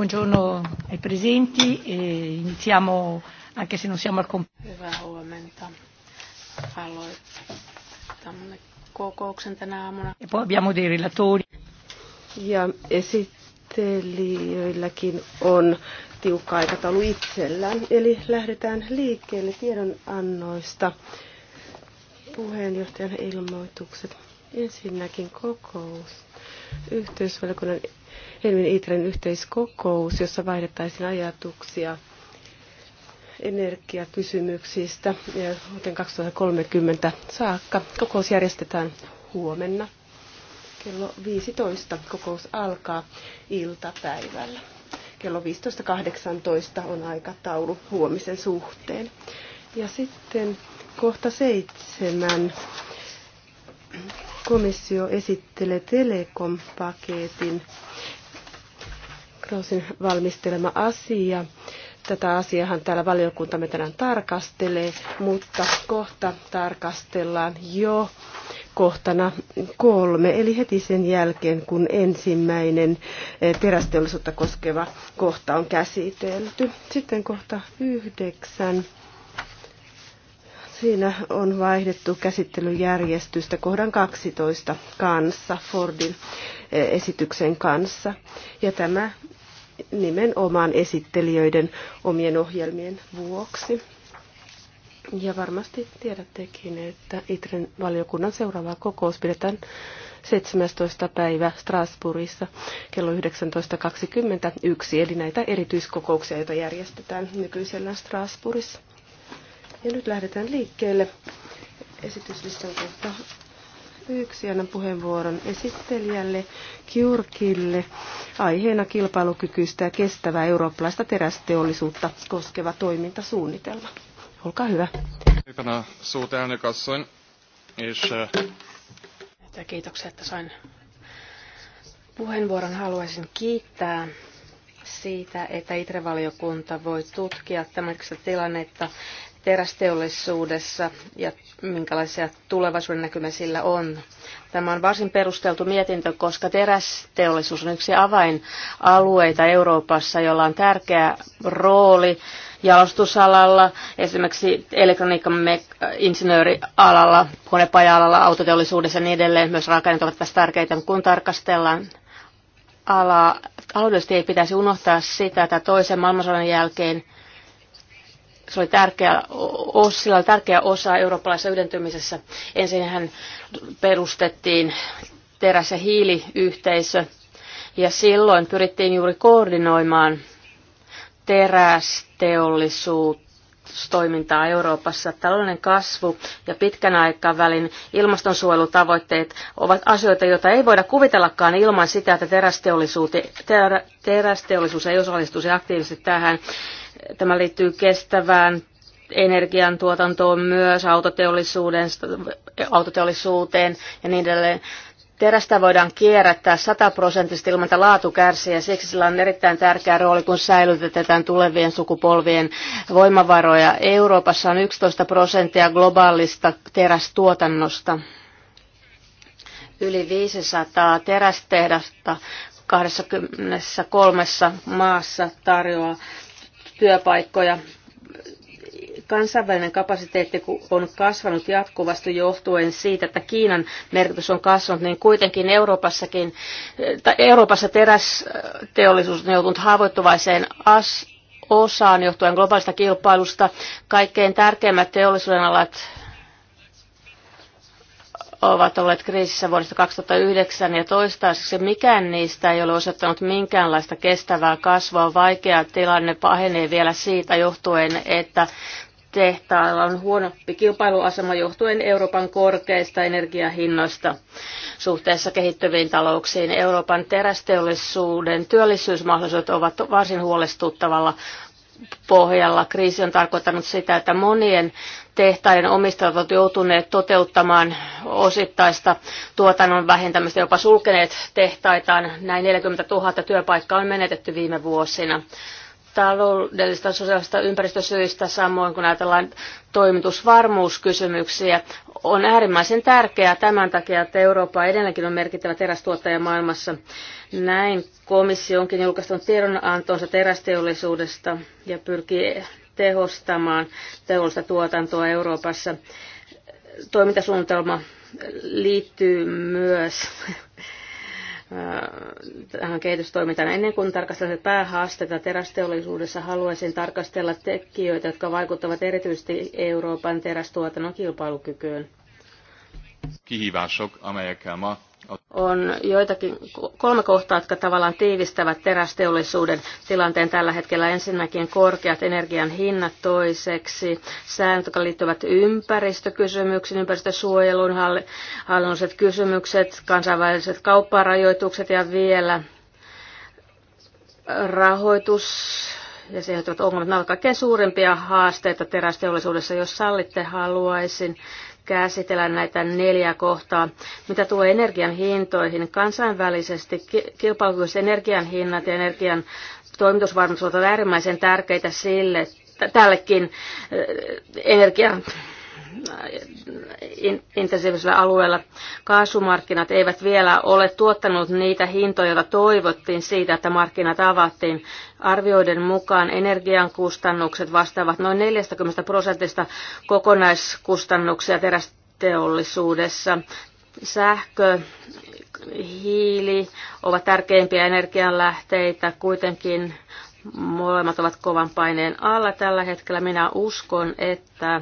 Buongiorno ai presenti e iniziamo anche se non siamo al Hyvää E poi abbiamo dei relatori. Ja esittelijöilläkin on tiukka aikataulu itsellään. Eli lähdetään liikkeelle tiedonannoista. Puheenjohtajan ilmoitukset. Ensinnäkin kokous yhteysvaliokunnan Helmin Itren yhteiskokous, jossa vaihdettaisiin ajatuksia energiakysymyksistä vuoteen 2030 saakka. Kokous järjestetään huomenna kello 15. Kokous alkaa iltapäivällä. Kello 15.18 on aikataulu huomisen suhteen. Ja sitten kohta seitsemän komissio esittelee Telekom-paketin, Krausin valmistelema asia. Tätä asiahan täällä valiokuntamme tänään tarkastelee, mutta kohta tarkastellaan jo kohtana kolme, eli heti sen jälkeen, kun ensimmäinen eh, terästeollisuutta koskeva kohta on käsitelty. Sitten kohta yhdeksän Siinä on vaihdettu käsittelyjärjestystä kohdan 12 kanssa, Fordin eh, esityksen kanssa. Ja tämä nimenomaan esittelijöiden omien ohjelmien vuoksi. Ja varmasti tiedättekin, että ITREN valiokunnan seuraava kokous pidetään 17. päivä Strasbourgissa kello 19.21, eli näitä erityiskokouksia, joita järjestetään nykyisellä Strasbourgissa. Ja nyt lähdetään liikkeelle. Esityslistan kohta yksi. Annan puheenvuoron esittelijälle Kiurkille. Aiheena kilpailukykyistä ja kestävää eurooppalaista terästeollisuutta koskeva toimintasuunnitelma. Olkaa hyvä. Hyvänä suut ja Kiitoksia, että sain puheenvuoron. Haluaisin kiittää siitä, että itre voi tutkia tämän tilannetta terästeollisuudessa ja minkälaisia tulevaisuuden näkymä sillä on. Tämä on varsin perusteltu mietintö, koska terästeollisuus on yksi avainalueita Euroopassa, jolla on tärkeä rooli jalostusalalla, esimerkiksi elektroniikka-insinöörialalla, konepaja-alalla, autoteollisuudessa ja niin edelleen. Myös rakennet ovat tässä tärkeitä, kun tarkastellaan alaa. Taloudellisesti ei pitäisi unohtaa sitä, että toisen maailmansodan jälkeen – se oli tärkeä, sillä oli tärkeä osa eurooppalaisessa yhdentymisessä. hän perustettiin teräs- ja hiiliyhteisö, ja silloin pyrittiin juuri koordinoimaan terästeollisuutta toimintaa Euroopassa. Talouden kasvu ja pitkän aikavälin ilmastonsuojelutavoitteet ovat asioita, joita ei voida kuvitellakaan ilman sitä, että terästeollisuus ei osallistuisi aktiivisesti tähän. Tämä liittyy kestävään energiantuotantoon myös, autoteollisuuden, autoteollisuuteen ja niin edelleen. Terästä voidaan kierrättää sataprosenttisesti ilman, että laatu kärsii ja siksi sillä on erittäin tärkeä rooli, kun säilytetään tulevien sukupolvien voimavaroja. Euroopassa on 11 prosenttia globaalista terästuotannosta. Yli 500 terästehdasta 23 maassa tarjoaa työpaikkoja Kansainvälinen kapasiteetti on kasvanut jatkuvasti johtuen siitä, että Kiinan merkitys on kasvanut, niin kuitenkin Euroopassakin, tai Euroopassa terästeollisuus on joutunut haavoittuvaiseen as- osaan johtuen globaalista kilpailusta. Kaikkein tärkeimmät teollisuuden alat ovat olleet kriisissä vuodesta 2009 ja toistaiseksi mikään niistä ei ole osoittanut minkäänlaista kestävää kasvua. Vaikea tilanne pahenee vielä siitä johtuen, että tehtailla on huonompi kilpailuasema johtuen Euroopan korkeista energiahinnoista suhteessa kehittyviin talouksiin. Euroopan terästeollisuuden työllisyysmahdollisuudet ovat varsin huolestuttavalla pohjalla. Kriisi on tarkoittanut sitä, että monien tehtaiden omistajat ovat joutuneet toteuttamaan osittaista tuotannon vähentämistä, jopa sulkeneet tehtaitaan. Näin 40 000 työpaikkaa on menetetty viime vuosina taloudellista sosiaalista ympäristösyistä, samoin kun ajatellaan toimitusvarmuuskysymyksiä, on äärimmäisen tärkeää tämän takia, että Eurooppa edelleenkin on merkittävä terästuottaja maailmassa. Näin komissio onkin julkaistunut tiedonantonsa terästeollisuudesta ja pyrkii tehostamaan teollista tuotantoa Euroopassa. Toimintasuunnitelma liittyy myös Äh, tähän kehitystoimintaan. Ennen kuin tarkastelen päähaasteita terästeollisuudessa, haluaisin tarkastella tekijöitä, jotka vaikuttavat erityisesti Euroopan terästuotannon kilpailukykyyn. Kihívások, amelyekkel ma on joitakin kolme kohtaa, jotka tavallaan tiivistävät terästeollisuuden tilanteen tällä hetkellä. Ensinnäkin korkeat energian hinnat toiseksi, säännöt, jotka liittyvät ympäristökysymyksiin, ympäristösuojeluun, hallinnolliset kysymykset, kansainväliset kaupparajoitukset ja vielä rahoitus ja siihen ongelmat. Nämä ovat kaikkein suurimpia haasteita terästeollisuudessa. Jos sallitte, haluaisin käsitellä näitä neljä kohtaa. Mitä tulee energian hintoihin, kansainvälisesti kilpailukykyiset energian hinnat ja energian toimitusvarmuus ovat äärimmäisen tärkeitä sille, tällekin eh, energian intensiivisellä alueella. Kaasumarkkinat eivät vielä ole tuottanut niitä hintoja, joita toivottiin siitä, että markkinat avattiin. Arvioiden mukaan energian kustannukset vastaavat noin 40 prosentista kokonaiskustannuksia terästeollisuudessa. Sähkö, hiili ovat tärkeimpiä energianlähteitä, kuitenkin molemmat ovat kovan paineen alla tällä hetkellä. Minä uskon, että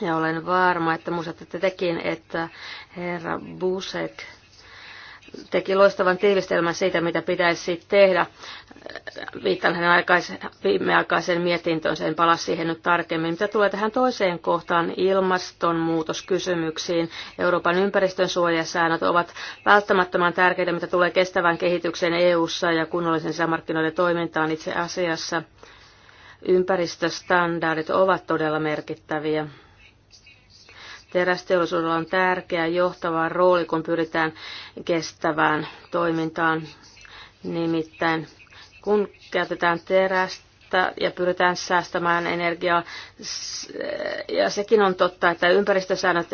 ja olen varma, että muistatte tekin, että herra Busek teki loistavan tiivistelmän siitä, mitä pitäisi tehdä. Viittaan hänen aikaisen, viimeaikaisen mietintöön, sen pala siihen nyt tarkemmin. Mitä tulee tähän toiseen kohtaan, ilmastonmuutoskysymyksiin, Euroopan ympäristön suojasäännöt ovat välttämättömän tärkeitä, mitä tulee kestävän kehitykseen EU-ssa ja kunnollisen sisämarkkinoiden toimintaan itse asiassa. Ympäristöstandardit ovat todella merkittäviä. Terästeollisuudella on tärkeä johtava rooli, kun pyritään kestävään toimintaan. Nimittäin kun käytetään terästä, ja pyritään säästämään energiaa. Ja sekin on totta, että ympäristösäännöt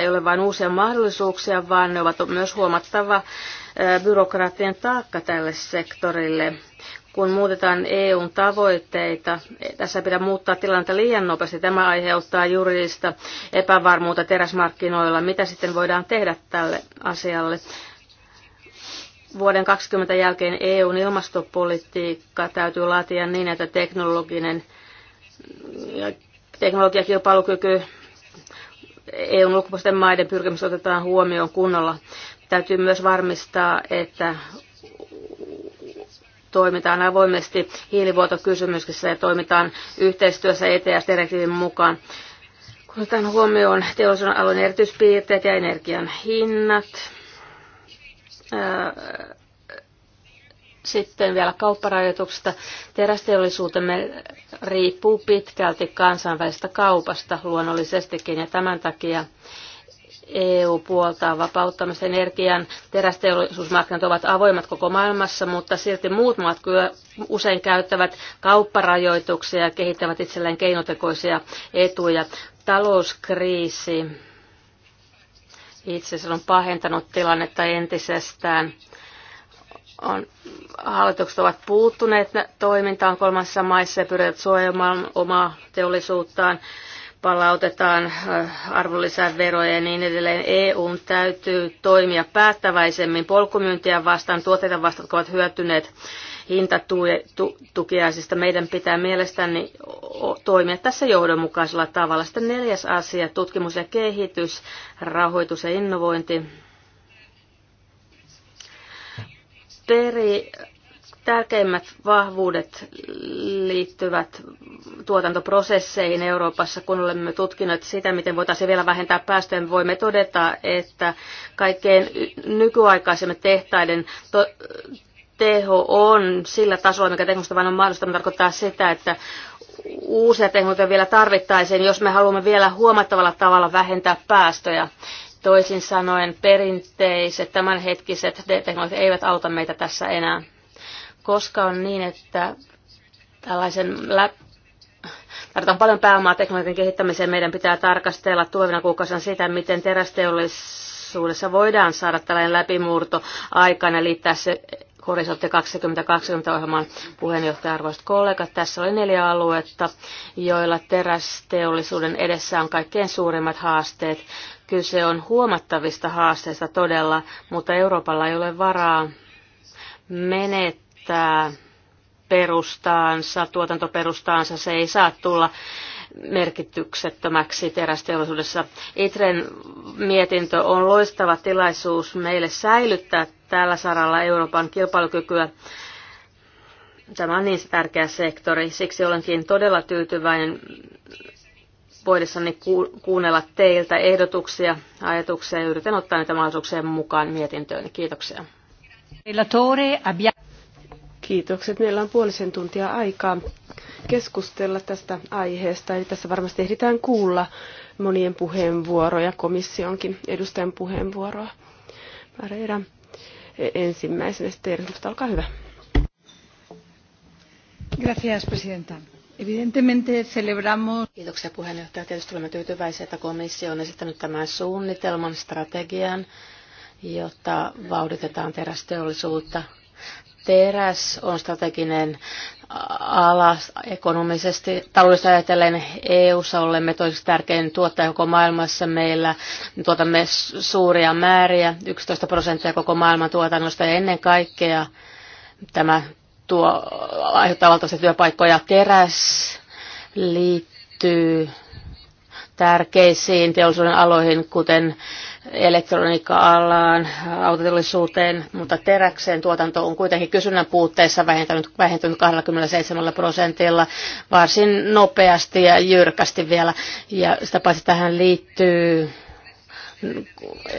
ei ole vain uusia mahdollisuuksia, vaan ne ovat myös huomattava byrokraattien taakka tälle sektorille kun muutetaan EUn tavoitteita, tässä pitää muuttaa tilannetta liian nopeasti. Tämä aiheuttaa juridista epävarmuutta teräsmarkkinoilla. Mitä sitten voidaan tehdä tälle asialle? Vuoden 2020 jälkeen EUn ilmastopolitiikka täytyy laatia niin, että teknologinen teknologiakilpailukyky EUn ulkopuolisten maiden pyrkimys otetaan huomioon kunnolla. Täytyy myös varmistaa, että toimitaan avoimesti hiilivuotokysymyksissä ja toimitaan yhteistyössä ETS-direktiivin mukaan. Kun otetaan huomioon teollisuuden alueen erityispiirteet ja energian hinnat, sitten vielä kaupparajoituksista. Terästeollisuutemme riippuu pitkälti kansainvälisestä kaupasta luonnollisestikin ja tämän takia EU puoltaa vapauttamista. Energian terästeollisuusmarkkinat ovat avoimat koko maailmassa, mutta silti muut maat kyllä usein käyttävät kaupparajoituksia ja kehittävät itselleen keinotekoisia etuja. Talouskriisi itse asiassa on pahentanut tilannetta entisestään. On, hallitukset ovat puuttuneet toimintaan kolmansissa maissa ja pyrkivät suojelemaan omaa teollisuuttaan palautetaan äh, arvonlisäveroja ja niin edelleen. EUn täytyy toimia päättäväisemmin polkumyyntiä vastaan, tuotteita vastaan, jotka ovat hyötyneet hintatukiaisista. Meidän pitää mielestäni toimia tässä johdonmukaisella tavalla. Sitten neljäs asia, tutkimus ja kehitys, rahoitus ja innovointi. Peri, Tärkeimmät vahvuudet liittyvät tuotantoprosesseihin Euroopassa. Kun olemme tutkineet sitä, miten voitaisiin vielä vähentää päästöjä, me voimme todeta, että kaikkein nykyaikaisemmat tehtaiden to- teho on sillä tasolla, mikä teknologista vain on mahdollista. mutta tarkoittaa sitä, että uusia teknologioita vielä tarvittaisiin, jos me haluamme vielä huomattavalla tavalla vähentää päästöjä. Toisin sanoen perinteiset, tämänhetkiset teknologiat eivät auta meitä tässä enää koska on niin, että tällaisen läp- Tarvitaan paljon pääomaa teknologian kehittämiseen. Meidän pitää tarkastella tulevina kuukausina sitä, miten terästeollisuudessa voidaan saada tällainen läpimurto aikana liittää se Horisontti 2020 ohjelman puheenjohtaja arvoiset kollegat. Tässä oli neljä aluetta, joilla terästeollisuuden edessä on kaikkein suurimmat haasteet. Kyse on huomattavista haasteista todella, mutta Euroopalla ei ole varaa menettää menettää perustaansa, tuotantoperustaansa, se ei saa tulla merkityksettömäksi terästeollisuudessa. ITREn mietintö on loistava tilaisuus meille säilyttää tällä saralla Euroopan kilpailukykyä. Tämä on niin tärkeä sektori, siksi olenkin todella tyytyväinen voidessani kuunnella teiltä ehdotuksia, ajatuksia ja yritän ottaa niitä mahdollisuuksien mukaan mietintöön. Kiitoksia. Kiitokset. Meillä on puolisen tuntia aikaa keskustella tästä aiheesta. Eli tässä varmasti ehditään kuulla monien puheenvuoroja, komissionkin edustajan puheenvuoroa. Mareira, e- ensimmäisenä sitten olkaa hyvä. Gracias, presidenta. Evidentemente celebramos... Kiitoksia puheenjohtaja. Tietysti olemme tyytyväisiä, että komissio on esittänyt tämän suunnitelman strategian, jotta vauhditetaan terästeollisuutta Teräs on strateginen ala ekonomisesti. Taloudellisesti ajatellen EU-ssa olemme toiseksi tärkein tuottaja koko maailmassa. Meillä tuotamme suuria määriä, 11 prosenttia koko maailman tuotannosta ja ennen kaikkea tämä tuo aiheuttaa valtavasti työpaikkoja. Teräs liittyy tärkeisiin teollisuuden aloihin, kuten elektroniikka-alaan, autoteollisuuteen, mutta teräkseen tuotanto on kuitenkin kysynnän puutteessa vähentynyt, vähentynyt 27 prosentilla varsin nopeasti ja jyrkästi vielä. Ja sitä paitsi tähän liittyy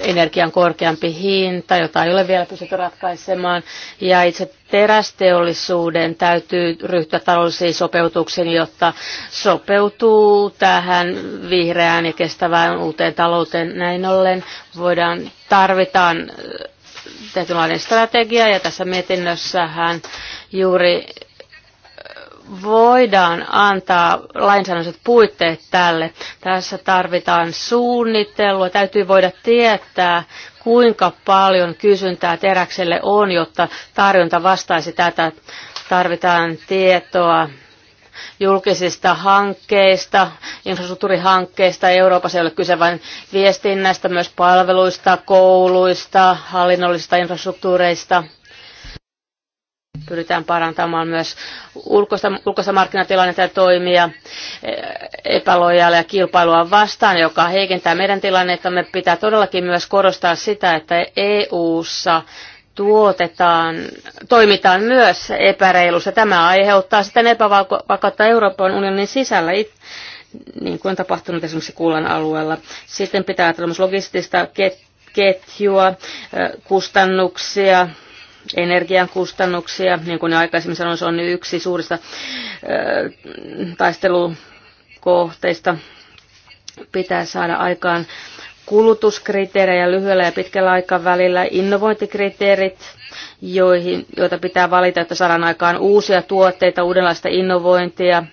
energian korkeampi hinta, jota ei ole vielä pystytty ratkaisemaan. Ja itse terästeollisuuden täytyy ryhtyä taloudellisiin sopeutuksiin, jotta sopeutuu tähän vihreään ja kestävään uuteen talouteen. Näin ollen voidaan, tarvitaan äh, tietynlainen strategia ja tässä mietinnössähän juuri voidaan antaa lainsäädännölliset puitteet tälle. Tässä tarvitaan suunnittelua, täytyy voida tietää, kuinka paljon kysyntää teräkselle on, jotta tarjonta vastaisi tätä. Tarvitaan tietoa julkisista hankkeista, infrastruktuurihankkeista. Euroopassa ei ole kyse vain viestinnästä, myös palveluista, kouluista, hallinnollisista infrastruktuureista – pyritään parantamaan myös ulkoista, ulkoista markkinatilannetta ja toimia eh, epälojaalia kilpailua vastaan, joka heikentää meidän tilannetta. Me Pitää todellakin myös korostaa sitä, että EU-ssa tuotetaan, toimitaan myös epäreilussa. Tämä aiheuttaa sitten epävakautta Euroopan unionin sisällä, niin kuin on tapahtunut esimerkiksi Kullan alueella. Sitten pitää ajatella myös logistista ketjua, eh, kustannuksia, energian kustannuksia. Niin kuin aikaisemmin sanoin, se on yksi suurista taistelukohteista. Pitää saada aikaan kulutuskriteerejä lyhyellä ja pitkällä aikavälillä, innovointikriteerit, joihin, joita pitää valita, että saadaan aikaan uusia tuotteita, uudenlaista innovointia.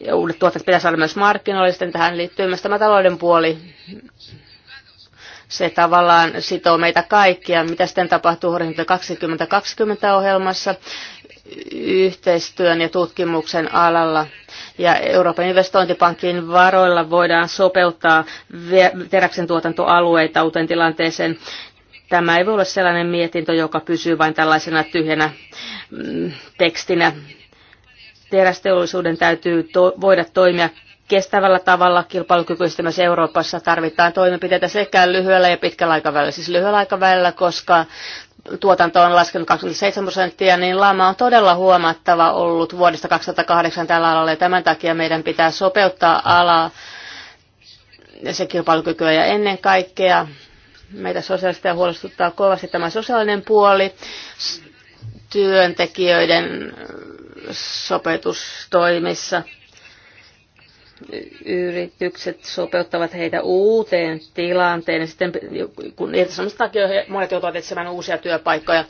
Ja uudet tuotteet pitää saada myös markkinoille, sitten tähän liittyy myös tämä talouden puoli, se tavallaan sitoo meitä kaikkia. Mitä sitten tapahtuu Horisontti 2020 ohjelmassa yhteistyön ja tutkimuksen alalla? Ja Euroopan investointipankin varoilla voidaan sopeuttaa teräksen tuotantoalueita uuteen tilanteeseen. Tämä ei voi olla sellainen mietintö, joka pysyy vain tällaisena tyhjänä mm, tekstinä. Terästeollisuuden täytyy to- voida toimia kestävällä tavalla kilpailukykyistä myös Euroopassa tarvitaan toimenpiteitä sekä lyhyellä ja pitkällä aikavälillä. Siis lyhyellä aikavälillä, koska tuotanto on laskenut 27 prosenttia, niin lama on todella huomattava ollut vuodesta 2008 tällä alalla ja tämän takia meidän pitää sopeuttaa alaa ja se kilpailukykyä ja ennen kaikkea meitä sosiaalista huolestuttaa kovasti tämä sosiaalinen puoli, työntekijöiden sopeutustoimissa yritykset sopeuttavat heitä uuteen tilanteen. Sitten kun irtisanomisen takia monet joutuvat etsimään uusia työpaikkoja.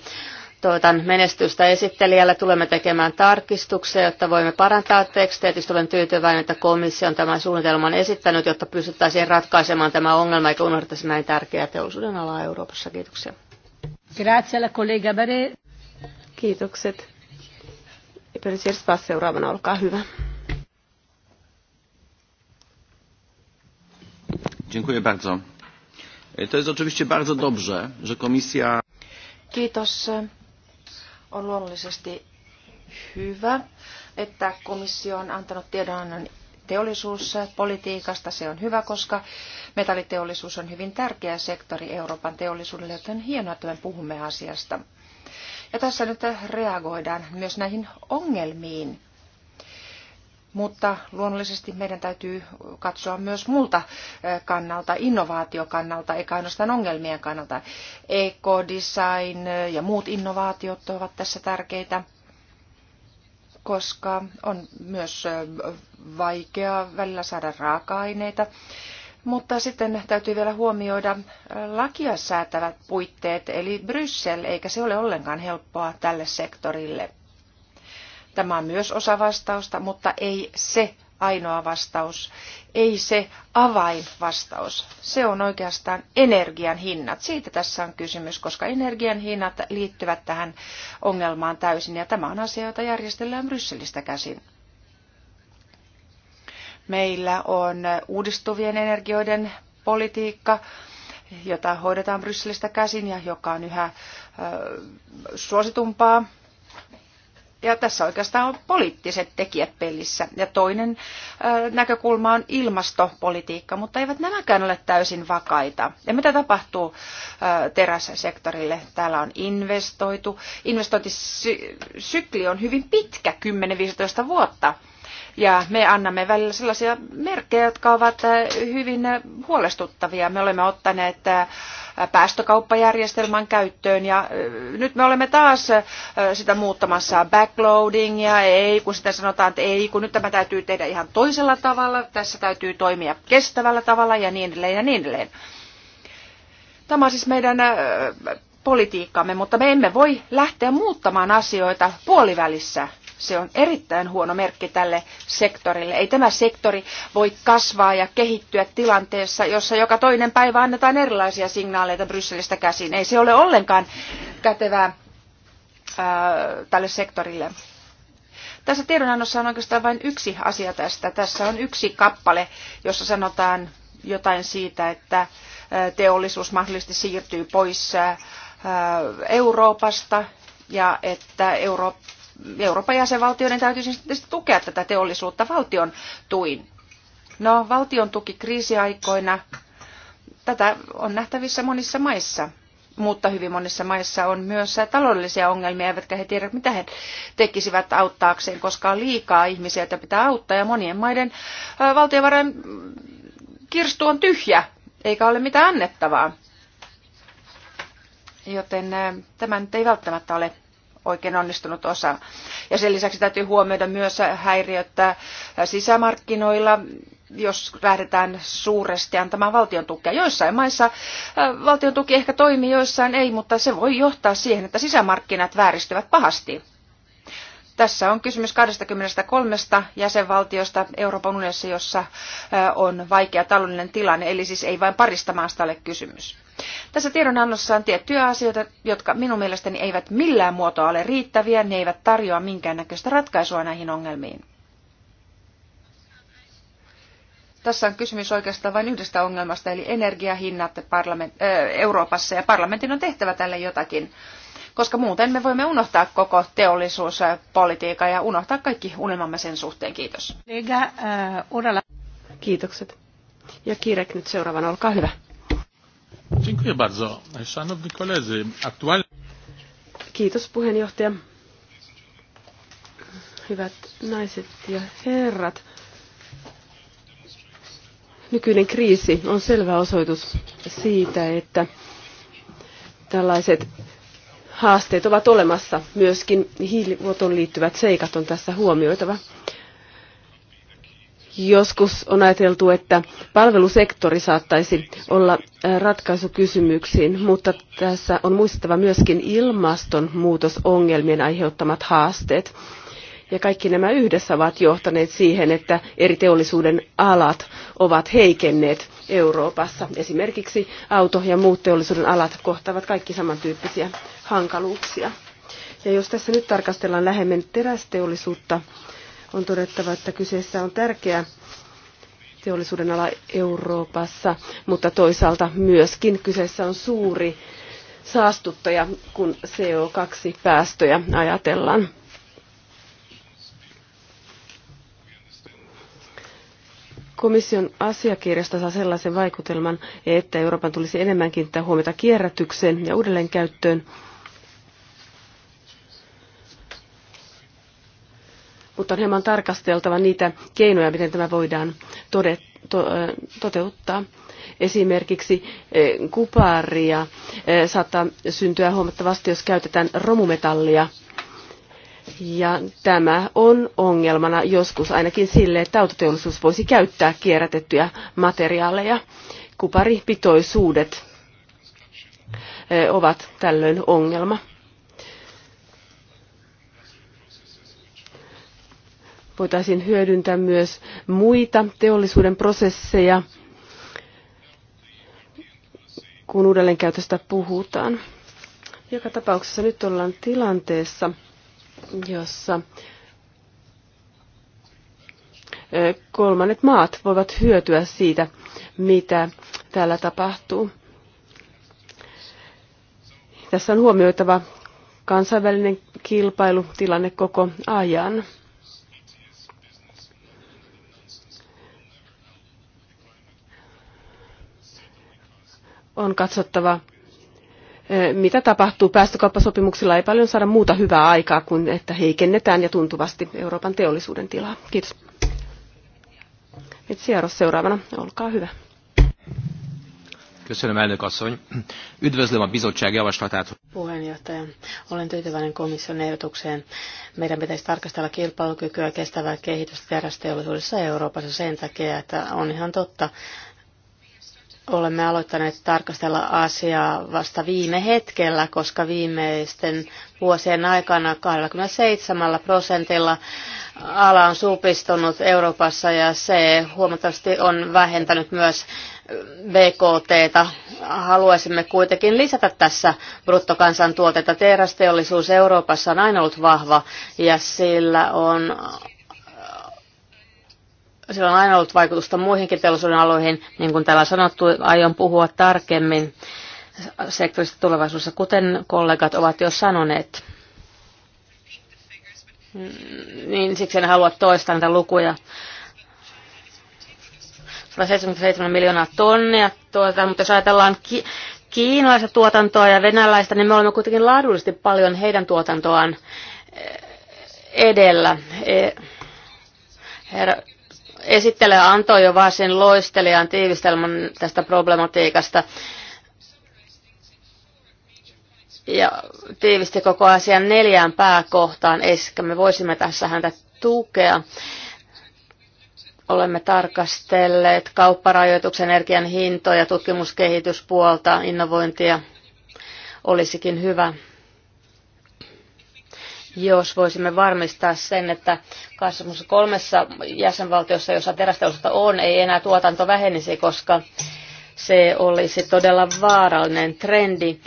Toivotan menestystä esittelijälle. Tulemme tekemään tarkistuksia, jotta voimme parantaa tekstejä. Tietysti olen tyytyväinen, että komissio on tämän suunnitelman esittänyt, jotta pystyttäisiin ratkaisemaan tämä ongelma eikä unohtaisi näin tärkeää teollisuuden alaa Euroopassa. Kiitoksia. Grazie alla collega Kiitokset. seuraavana, olkaa hyvä. E, to jest oczywiście bardzo dobrze, że komisja... Kiitos. On luonnollisesti hyvä, että komissio on antanut tiedonannon teollisuuspolitiikasta. Se on hyvä, koska metalliteollisuus on hyvin tärkeä sektori Euroopan teollisuudelle, joten hienoa, että me puhumme asiasta. Ja tässä nyt reagoidaan myös näihin ongelmiin, mutta luonnollisesti meidän täytyy katsoa myös multa kannalta, innovaatiokannalta, eikä ainoastaan ongelmien kannalta. Ekodesign ja muut innovaatiot ovat tässä tärkeitä, koska on myös vaikea välillä saada raaka-aineita. Mutta sitten täytyy vielä huomioida lakia säätävät puitteet, eli Bryssel, eikä se ole ollenkaan helppoa tälle sektorille. Tämä on myös osa vastausta, mutta ei se ainoa vastaus, ei se avainvastaus. Se on oikeastaan energian hinnat. Siitä tässä on kysymys, koska energian hinnat liittyvät tähän ongelmaan täysin, ja tämä on asia, jota järjestellään Brysselistä käsin. Meillä on uudistuvien energioiden politiikka, jota hoidetaan Brysselistä käsin ja joka on yhä ö, suositumpaa ja tässä oikeastaan on poliittiset tekijät pelissä. Ja toinen näkökulma on ilmastopolitiikka, mutta eivät nämäkään ole täysin vakaita. Ja mitä tapahtuu terässektorille? Täällä on investoitu. Investointisykli on hyvin pitkä, 10-15 vuotta. Ja me annamme välillä sellaisia merkkejä, jotka ovat äh, hyvin äh, huolestuttavia. Me olemme ottaneet äh, päästökauppajärjestelmän käyttöön ja nyt me olemme taas sitä muuttamassa backloading ja ei, kun sitä sanotaan, että ei, kun nyt tämä täytyy tehdä ihan toisella tavalla, tässä täytyy toimia kestävällä tavalla ja niin edelleen ja niin edelleen. Tämä on siis meidän politiikkaamme, mutta me emme voi lähteä muuttamaan asioita puolivälissä. Se on erittäin huono merkki tälle sektorille. Ei tämä sektori voi kasvaa ja kehittyä tilanteessa, jossa joka toinen päivä annetaan erilaisia signaaleita Brysselistä käsin. Ei se ole ollenkaan kätevää ää, tälle sektorille. Tässä tiedonannossa on oikeastaan vain yksi asia tästä. Tässä on yksi kappale, jossa sanotaan jotain siitä, että teollisuus mahdollisesti siirtyy pois Euroopasta ja että Eurooppa Euroopan jäsenvaltioiden täytyisi sitten tukea tätä teollisuutta valtion tuin. No, valtion tuki kriisiaikoina, tätä on nähtävissä monissa maissa, mutta hyvin monissa maissa on myös taloudellisia ongelmia, eivätkä he tiedä, mitä he tekisivät auttaakseen, koska on liikaa ihmisiä, joita pitää auttaa, ja monien maiden valtiovarain kirstu on tyhjä, eikä ole mitään annettavaa. Joten tämä nyt ei välttämättä ole oikein onnistunut osa. Ja sen lisäksi täytyy huomioida myös häiriötä sisämarkkinoilla, jos lähdetään suuresti antamaan valtion tukea. Joissain maissa äh, valtion tuki ehkä toimii, joissain ei, mutta se voi johtaa siihen, että sisämarkkinat vääristyvät pahasti. Tässä on kysymys 23 jäsenvaltiosta Euroopan unionissa, jossa äh, on vaikea taloudellinen tilanne, eli siis ei vain parista maasta ole kysymys. Tässä tiedonannossa on tiettyjä asioita, jotka minun mielestäni eivät millään muotoa ole riittäviä, ne eivät tarjoa minkäännäköistä ratkaisua näihin ongelmiin. Tässä on kysymys oikeastaan vain yhdestä ongelmasta, eli energiahinnat parlament, Euroopassa, ja parlamentin on tehtävä tälle jotakin, koska muuten me voimme unohtaa koko teollisuuspolitiikan ja unohtaa kaikki unelmamme sen suhteen. Kiitos. Kiitokset. Ja Kiirek nyt seuraavan, olkaa hyvä. Dziękuję bardzo. Szanowni koledzy, aktualnie... Kiitos puheenjohtaja. Hyvät naiset ja herrat. Nykyinen kriisi on selvä osoitus siitä, että tällaiset haasteet ovat olemassa. Myöskin hiilivuotoon liittyvät seikat on tässä huomioitava. Joskus on ajateltu, että palvelusektori saattaisi olla äh, ratkaisu kysymyksiin, mutta tässä on muistettava myöskin ilmastonmuutosongelmien aiheuttamat haasteet. Ja kaikki nämä yhdessä ovat johtaneet siihen, että eri teollisuuden alat ovat heikenneet Euroopassa. Esimerkiksi auto- ja muut teollisuuden alat kohtaavat kaikki samantyyppisiä hankaluuksia. Ja jos tässä nyt tarkastellaan lähemmin terästeollisuutta, on todettava, että kyseessä on tärkeä teollisuuden ala Euroopassa, mutta toisaalta myöskin kyseessä on suuri saastuttaja, kun CO2-päästöjä ajatellaan. Komission asiakirjasta saa sellaisen vaikutelman, että Euroopan tulisi enemmän kiinnittää huomiota kierrätykseen ja uudelleenkäyttöön. käyttöön mutta on hieman tarkasteltava niitä keinoja, miten tämä voidaan todet, to, toteuttaa. Esimerkiksi kuparia saattaa syntyä huomattavasti, jos käytetään romumetallia. Ja tämä on ongelmana joskus ainakin sille, että autoteollisuus voisi käyttää kierrätettyjä materiaaleja. Kuparipitoisuudet ovat tällöin ongelma voitaisiin hyödyntää myös muita teollisuuden prosesseja, kun uudelleenkäytöstä puhutaan. Joka tapauksessa nyt ollaan tilanteessa, jossa kolmannet maat voivat hyötyä siitä, mitä täällä tapahtuu. Tässä on huomioitava kansainvälinen kilpailutilanne koko ajan. on katsottava, eh, mitä tapahtuu. Päästökauppasopimuksilla ei paljon saada muuta hyvää aikaa kuin, että heikennetään ja tuntuvasti Euroopan teollisuuden tilaa. Kiitos. Etsiaros seuraavana, olkaa hyvä. Köszönöm, elnök asszony. Üdvözlöm a bizottság javaslatát. Puheenjohtaja, olen tyytyväinen komission ehdotukseen. Meidän pitäisi tarkastella kilpailukykyä kestävää kehitystä terästeollisuudessa Euroopassa sen takia, että on ihan totta, olemme aloittaneet tarkastella asiaa vasta viime hetkellä, koska viimeisten vuosien aikana 27 prosentilla ala on supistunut Euroopassa ja se huomattavasti on vähentänyt myös VKE-ta. Haluaisimme kuitenkin lisätä tässä bruttokansantuotetta. Terästeollisuus Euroopassa on aina ollut vahva ja sillä on sillä on aina ollut vaikutusta muihinkin teollisuuden aloihin, niin kuin täällä on sanottu, aion puhua tarkemmin sektorista tulevaisuudessa, kuten kollegat ovat jo sanoneet. Niin siksi en halua toistaa näitä lukuja. 177 miljoonaa tonnia tuotetaan, mutta jos ajatellaan ki- kiinalaista tuotantoa ja venäläistä, niin me olemme kuitenkin laadullisesti paljon heidän tuotantoaan edellä. E, herra Esittelijä antoi jo varsin loistelijan tiivistelmän tästä problematiikasta ja tiivisti koko asian neljään pääkohtaan, eikä me voisimme tässä häntä tukea. Olemme tarkastelleet kaupparajoituksen energian hintoja, tutkimuskehityspuolta, innovointia. Olisikin hyvä jos voisimme varmistaa sen, että 23 jäsenvaltiossa, jossa terästeollisuutta on, ei enää tuotanto vähenisi, koska se olisi todella vaarallinen trendi.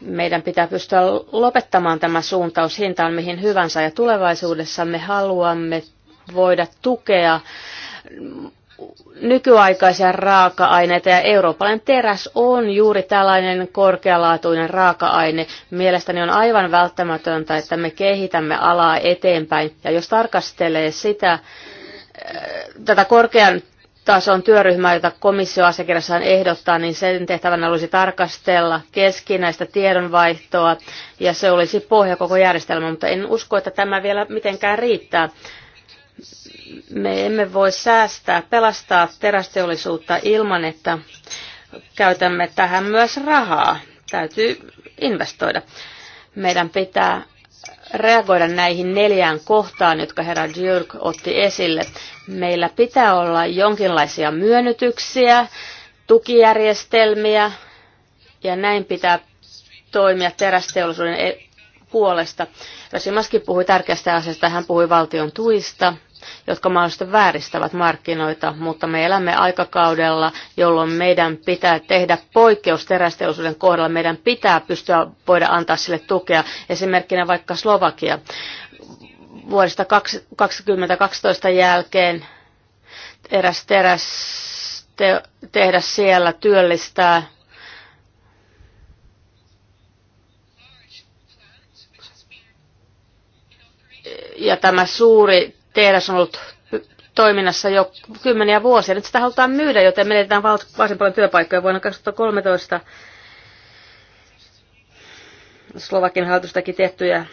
Meidän pitää pystyä lopettamaan tämä suuntaus hintaan mihin hyvänsä ja tulevaisuudessa me haluamme voida tukea nykyaikaisia raaka-aineita ja eurooppalainen teräs on juuri tällainen korkealaatuinen raaka-aine. Mielestäni on aivan välttämätöntä, että me kehitämme alaa eteenpäin ja jos tarkastelee sitä, äh, tätä korkean tason työryhmää, jota komissio asiakirjassaan ehdottaa, niin sen tehtävänä olisi tarkastella keskinäistä tiedonvaihtoa ja se olisi pohja koko järjestelmä, mutta en usko, että tämä vielä mitenkään riittää me emme voi säästää, pelastaa terästeollisuutta ilman, että käytämme tähän myös rahaa. Täytyy investoida. Meidän pitää reagoida näihin neljään kohtaan, jotka herra Dyrk otti esille. Meillä pitää olla jonkinlaisia myönnytyksiä, tukijärjestelmiä ja näin pitää toimia terästeollisuuden puolesta. Rasimaski puhui tärkeästä asiasta, hän puhui valtion tuista, jotka mahdollisesti vääristävät markkinoita, mutta me elämme aikakaudella, jolloin meidän pitää tehdä poikkeus terästeollisuuden kohdalla. Meidän pitää pystyä voida antaa sille tukea. Esimerkkinä vaikka Slovakia vuodesta 2012 jälkeen eräs teräs te, tehdä siellä työllistää ja tämä suuri tehdas on ollut toiminnassa jo kymmeniä vuosia. Nyt sitä halutaan myydä, joten menetetään varsin paljon työpaikkoja vuonna 2013. Slovakin hallitus teki tiettyjä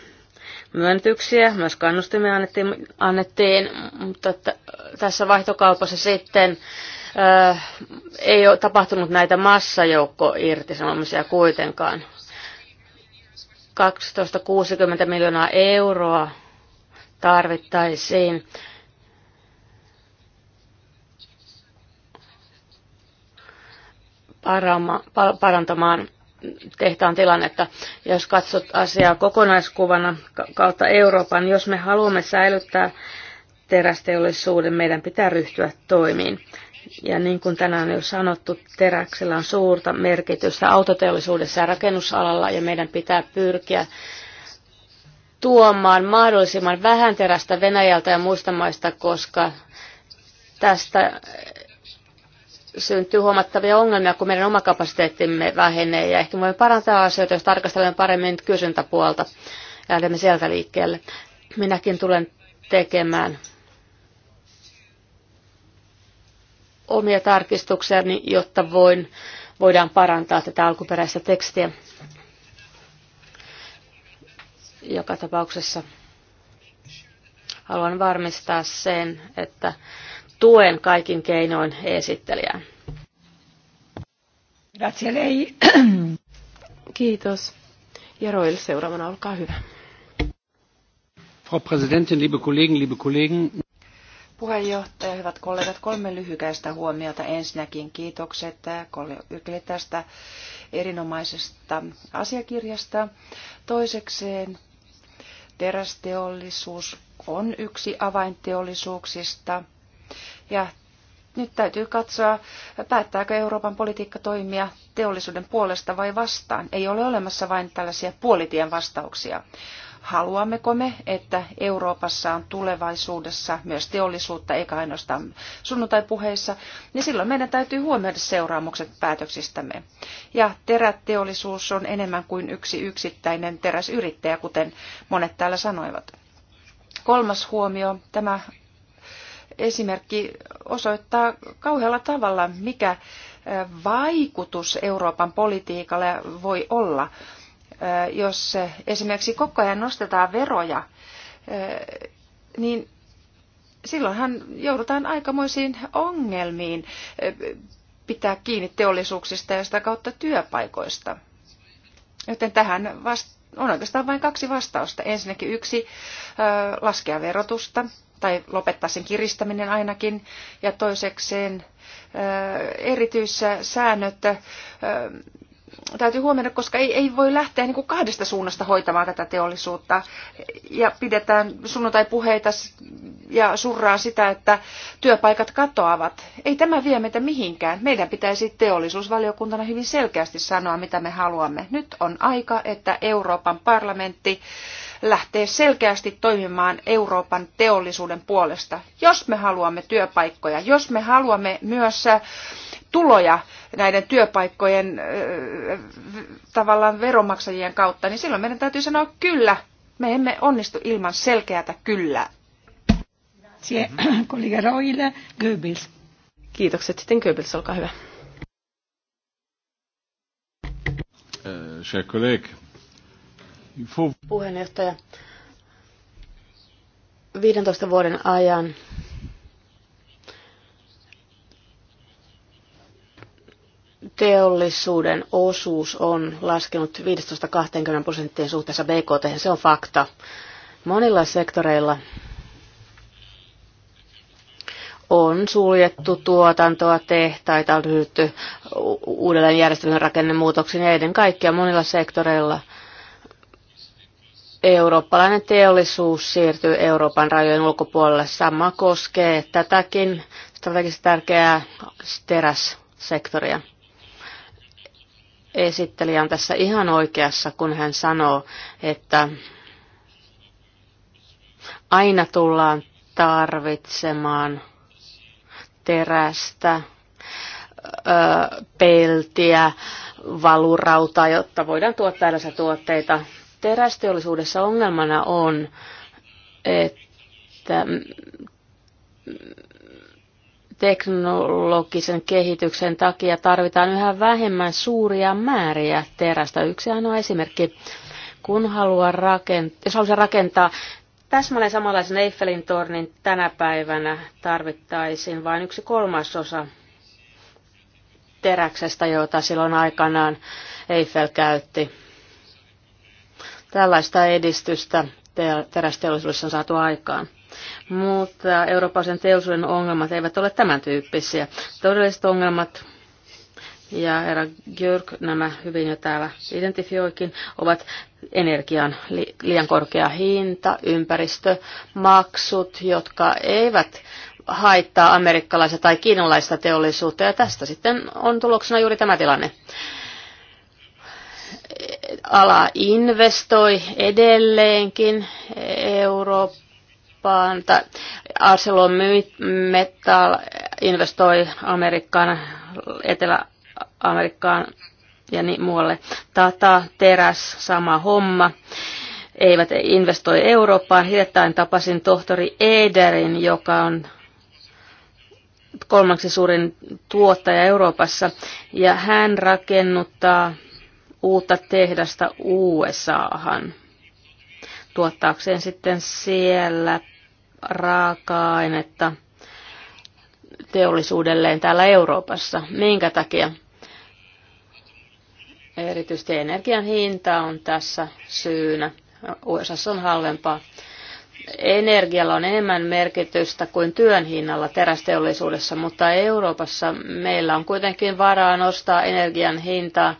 myöntyksiä, myös kannustimia annettiin, annettiin mutta tässä vaihtokaupassa sitten ö, ei ole tapahtunut näitä massajoukkoirtisanomisia kuitenkaan. 1260 miljoonaa euroa tarvittaisiin. parantamaan tehtaan tilannetta. Jos katsot asiaa kokonaiskuvana kautta Euroopan, jos me haluamme säilyttää terästeollisuuden, meidän pitää ryhtyä toimiin. Ja niin kuin tänään on jo sanottu, teräksellä on suurta merkitystä autoteollisuudessa ja rakennusalalla, ja meidän pitää pyrkiä tuomaan mahdollisimman vähän terästä Venäjältä ja muista maista, koska tästä syntyy huomattavia ongelmia, kun meidän oma kapasiteettimme vähenee ja ehkä voimme parantaa asioita, jos tarkastelemme paremmin kysyntäpuolta ja lähdemme sieltä liikkeelle. Minäkin tulen tekemään omia tarkistuksiani, jotta voin, voidaan parantaa tätä alkuperäistä tekstiä. Joka tapauksessa haluan varmistaa sen, että tuen kaikin keinoin esittelijää. Grazie lei. Kiitos. Ja Roil seuraavana, olkaa hyvä. Frau Präsidentin, liebe Kollegen, liebe Kollegen. Puheenjohtaja, hyvät kollegat, kolme lyhykäistä huomiota. Ensinnäkin kiitokset kollegille tästä erinomaisesta asiakirjasta. Toisekseen Terästeollisuus on yksi avainteollisuuksista. Ja nyt täytyy katsoa, päättääkö Euroopan politiikka toimia teollisuuden puolesta vai vastaan. Ei ole olemassa vain tällaisia puolitien vastauksia. Haluammeko me, että Euroopassa on tulevaisuudessa myös teollisuutta, eikä ainoastaan sunnuntaipuheissa, niin silloin meidän täytyy huomioida seuraamukset päätöksistämme. Ja teräteollisuus on enemmän kuin yksi yksittäinen teräsyrittäjä, kuten monet täällä sanoivat. Kolmas huomio, tämä esimerkki osoittaa kauhealla tavalla, mikä eh, vaikutus Euroopan politiikalla voi olla jos esimerkiksi koko ajan nostetaan veroja, niin silloinhan joudutaan aikamoisiin ongelmiin pitää kiinni teollisuuksista ja sitä kautta työpaikoista. Joten tähän vasta- on oikeastaan vain kaksi vastausta. Ensinnäkin yksi, ö, laskea verotusta tai lopettaa sen kiristäminen ainakin. Ja toisekseen ö, erityissäännöt ö, täytyy huomioida, koska ei, ei voi lähteä niin kuin kahdesta suunnasta hoitamaan tätä teollisuutta. Ja pidetään sunnuntai-puheita ja surraa sitä, että työpaikat katoavat. Ei tämä vie meitä mihinkään. Meidän pitäisi teollisuusvaliokuntana hyvin selkeästi sanoa, mitä me haluamme. Nyt on aika, että Euroopan parlamentti lähtee selkeästi toimimaan Euroopan teollisuuden puolesta. Jos me haluamme työpaikkoja, jos me haluamme myös äh, tuloja näiden työpaikkojen tavallaan veromaksajien kautta, niin silloin meidän täytyy sanoa kyllä. Me emme onnistu ilman selkeätä kyllä. Kollega Kiitokset sitten Goebbels, olkaa hyvä. Eh, Puheenjohtaja, 15 vuoden ajan teollisuuden osuus on laskenut 15-20 prosenttia suhteessa BKT, se on fakta. Monilla sektoreilla on suljettu tuotantoa, tehtaita on ryhdytty uudelleen järjestelmän rakennemuutoksiin ja ennen kaikkea monilla sektoreilla eurooppalainen teollisuus siirtyy Euroopan rajojen ulkopuolelle. Sama koskee tätäkin strategisesti tärkeää terässektoria. Esittelijä on tässä ihan oikeassa, kun hän sanoo, että aina tullaan tarvitsemaan terästä, peltiä, valurautaa, jotta voidaan tuottaa tällaisia tuotteita. Terästeollisuudessa ongelmana on, että teknologisen kehityksen takia tarvitaan yhä vähemmän suuria määriä terästä. Yksi ainoa esimerkki, kun haluaa rakentaa, jos haluaa rakentaa täsmälleen samanlaisen Eiffelin tornin tänä päivänä tarvittaisiin vain yksi kolmasosa teräksestä, jota silloin aikanaan Eiffel käytti. Tällaista edistystä terästeollisuudessa on saatu aikaan. Mutta eurooppalaisen teollisuuden ongelmat eivät ole tämän tyyppisiä. Todelliset ongelmat ja herra Georg nämä hyvin jo täällä identifioikin, ovat energian liian korkea hinta, ympäristömaksut, jotka eivät haittaa amerikkalaista tai kiinalaista teollisuutta, ja tästä sitten on tuloksena juuri tämä tilanne. Ala investoi edelleenkin Eurooppaan. Eurooppaan. Tai Arcelor Metal investoi Amerikkaan, Etelä-Amerikkaan ja niin muualle. Tata, teräs, sama homma. Eivät investoi Eurooppaan. Hiljattain tapasin tohtori Ederin, joka on kolmanneksi suurin tuottaja Euroopassa, ja hän rakennuttaa uutta tehdasta USAhan tuottaakseen sitten siellä raaka-ainetta teollisuudelleen täällä Euroopassa. Minkä takia? Erityisesti energian hinta on tässä syynä. USA on halvempaa. Energialla on enemmän merkitystä kuin työn hinnalla terästeollisuudessa, mutta Euroopassa meillä on kuitenkin varaa nostaa energian hintaa,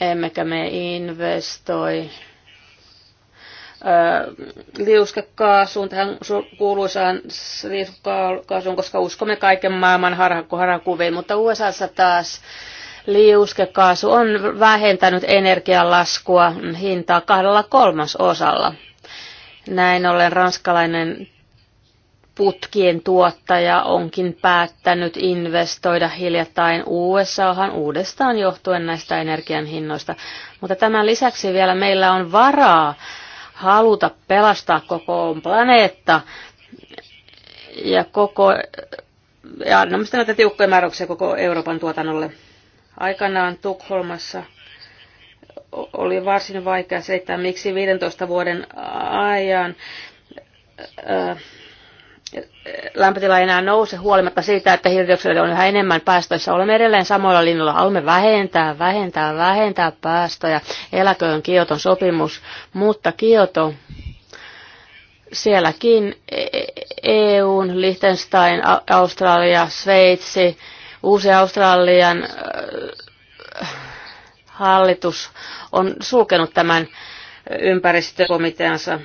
emmekä me investoi liuskekaasuun, tähän kuuluisaan liuskekaasuun, koska uskomme kaiken maailman harhakuviin, mutta USAssa taas liuskekaasu on vähentänyt energialaskua hintaa kahdella kolmasosalla. Näin ollen ranskalainen putkien tuottaja onkin päättänyt investoida hiljattain USAhan uudestaan johtuen näistä energian hinnoista. Mutta tämän lisäksi vielä meillä on varaa haluta pelastaa koko planeetta ja koko ja annamme mistä näitä tiukkoja määräyksiä koko Euroopan tuotannolle. Aikanaan Tukholmassa oli varsin vaikea selittää, miksi 15 vuoden ajan äh, lämpötila ei enää nouse huolimatta siitä, että hiilidioksidia on yhä enemmän päästöissä. Olemme edelleen samoilla linjoilla. Haluamme vähentää, vähentää, vähentää päästöjä. Eläköön Kioton sopimus, mutta Kioto sielläkin EUn, e-, e-, e-, Liechtenstein, Australia, Sveitsi, Uusi-Australian hallitus on sulkenut tämän ympäristökomiteansa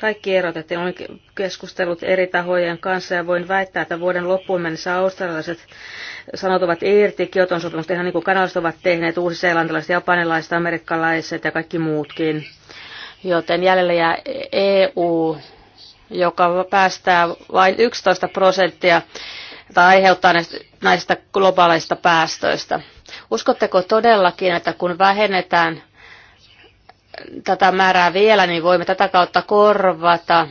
kaikki erotettiin. Olin keskustellut eri tahojen kanssa ja voin väittää, että vuoden loppuun mennessä australialaiset sanoutuvat irti Kioton sopimusta ihan niin kuin kanalaiset ovat tehneet, uusiseelantilaiset, japanilaiset, amerikkalaiset ja kaikki muutkin. Joten jäljellä jää EU, joka päästää vain 11 prosenttia tai aiheuttaa näistä globaaleista päästöistä. Uskotteko todellakin, että kun vähennetään tätä määrää vielä, niin voimme tätä kautta korvata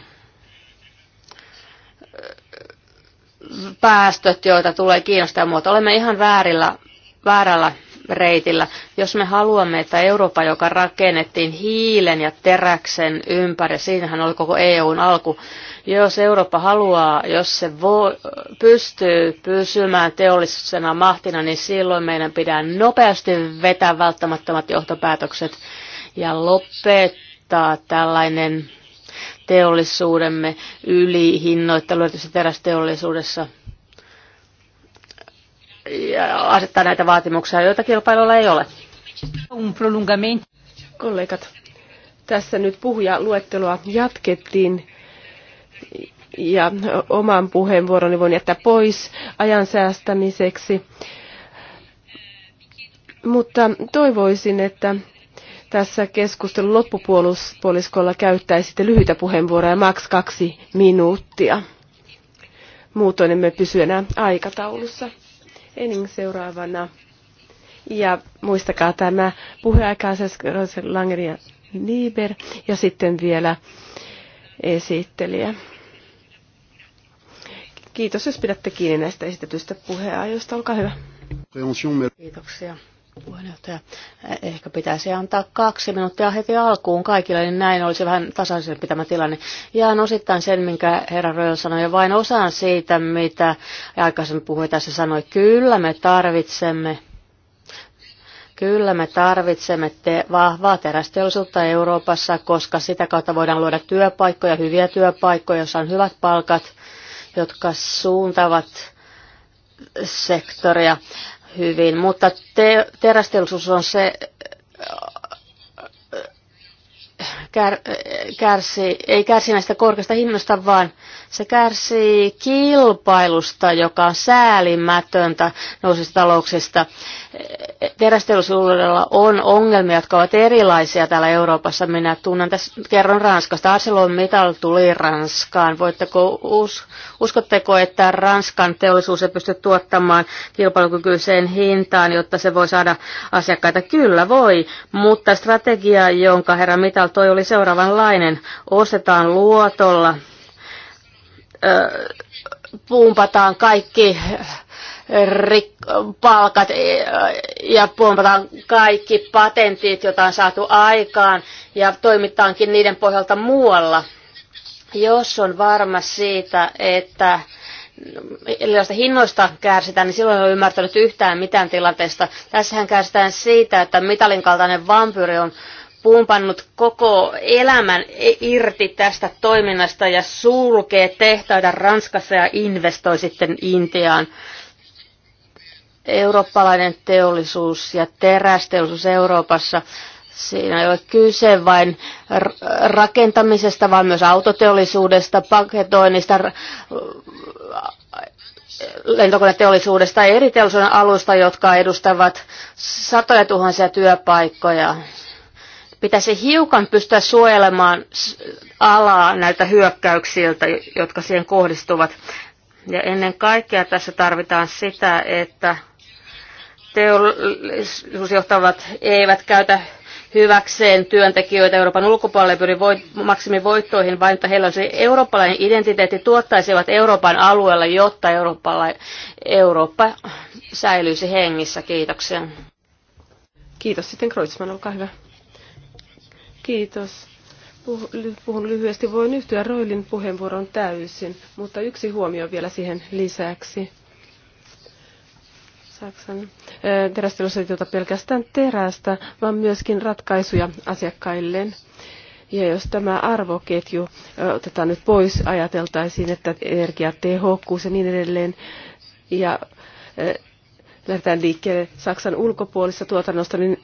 päästöt, joita tulee kiinnostaa muuta. Olemme ihan väärillä, väärällä reitillä. Jos me haluamme, että Eurooppa, joka rakennettiin hiilen ja teräksen ympäri, siinähän oli koko EUn alku, jos Eurooppa haluaa, jos se voi, pystyy pysymään teollisena mahtina, niin silloin meidän pitää nopeasti vetää välttämättömät johtopäätökset ja lopettaa tällainen teollisuudemme ylihinnoittelu, erityisesti terästeollisuudessa ja asettaa näitä vaatimuksia, joita kilpailulla ei ole. Kollegat, tässä nyt luettelua jatkettiin ja oman puheenvuoroni voin jättää pois ajan säästämiseksi. Mutta toivoisin, että tässä keskustelun loppupuoliskolla käyttäisitte lyhyitä puheenvuoroja, maks kaksi minuuttia. Muutoin emme pysy enää aikataulussa. Enin seuraavana. Ja muistakaa tämä Rosen Langer ja Lieber ja sitten vielä esittelijä. Kiitos, jos pidätte kiinni näistä esitetyistä puheenajoista. Olkaa hyvä. Kiitoksia. Puheenjohtaja, eh, ehkä pitäisi antaa kaksi minuuttia heti alkuun kaikille, niin näin olisi vähän tasaisempi tämä tilanne. Jaan osittain sen, minkä herra Rööl sanoi, ja vain osaan siitä, mitä aikaisemmin puhui tässä sanoi. Kyllä me tarvitsemme Kyllä, me tarvitsemme te vahvaa terästeollisuutta Euroopassa, koska sitä kautta voidaan luoda työpaikkoja, hyviä työpaikkoja, joissa on hyvät palkat, jotka suuntaavat sektoria hyvin, mutta te, terästeollisuus on se kär, kärsii, ei kärsi näistä korkeista hinnoista, vaan se kärsii kilpailusta, joka on säälimätöntä nousista talouksista terästeollisuudella on ongelmia, jotka ovat erilaisia täällä Euroopassa. Minä tunnen tässä, kerron Ranskasta. Arcelon Metal tuli Ranskaan. Voitteko us, uskotteko, että Ranskan teollisuus ei pysty tuottamaan kilpailukykyiseen hintaan, jotta se voi saada asiakkaita? Kyllä voi, mutta strategia, jonka herra Metal toi, oli seuraavanlainen. Ostetaan luotolla, Öö, puumpataan kaikki rik- palkat e, ja pumpataan kaikki patentit, joita on saatu aikaan ja toimitaankin niiden pohjalta muualla, jos on varma siitä, että erilaisista hinnoista kärsitään, niin silloin ei ole ymmärtänyt yhtään mitään tilanteesta. Tässähän kärsitään siitä, että mitalin kaltainen vampyri on pumpannut koko elämän irti tästä toiminnasta ja sulkee tehtaita Ranskassa ja investoi sitten Intiaan eurooppalainen teollisuus ja terästeollisuus Euroopassa Siinä ei ole kyse vain rakentamisesta, vaan myös autoteollisuudesta, paketoinnista, lentokoneteollisuudesta ja eri teollisuuden alusta, jotka edustavat satoja tuhansia työpaikkoja. Pitäisi hiukan pystyä suojelemaan alaa näiltä hyökkäyksiltä, jotka siihen kohdistuvat. Ja ennen kaikkea tässä tarvitaan sitä, että teollisuusjohtavat eivät käytä hyväkseen työntekijöitä Euroopan ulkopuolelle pyri maksimi maksimivoittoihin, vain että heillä on se eurooppalainen identiteetti, tuottaisivat Euroopan alueella, jotta Eurooppa, Eurooppa säilyisi hengissä. Kiitoksia. Kiitos sitten Kreutzmann, olkaa hyvä. Kiitos. Puhun lyhyesti, voin yhtyä Roilin puheenvuoron täysin, mutta yksi huomio vielä siihen lisäksi. Saksan tuota pelkästään terästä, vaan myöskin ratkaisuja asiakkailleen. Ja jos tämä arvoketju otetaan nyt pois, ajateltaisiin, että energiatehokkuus ja niin edelleen, ja lähdetään liikkeelle Saksan ulkopuolista tuotannosta, niin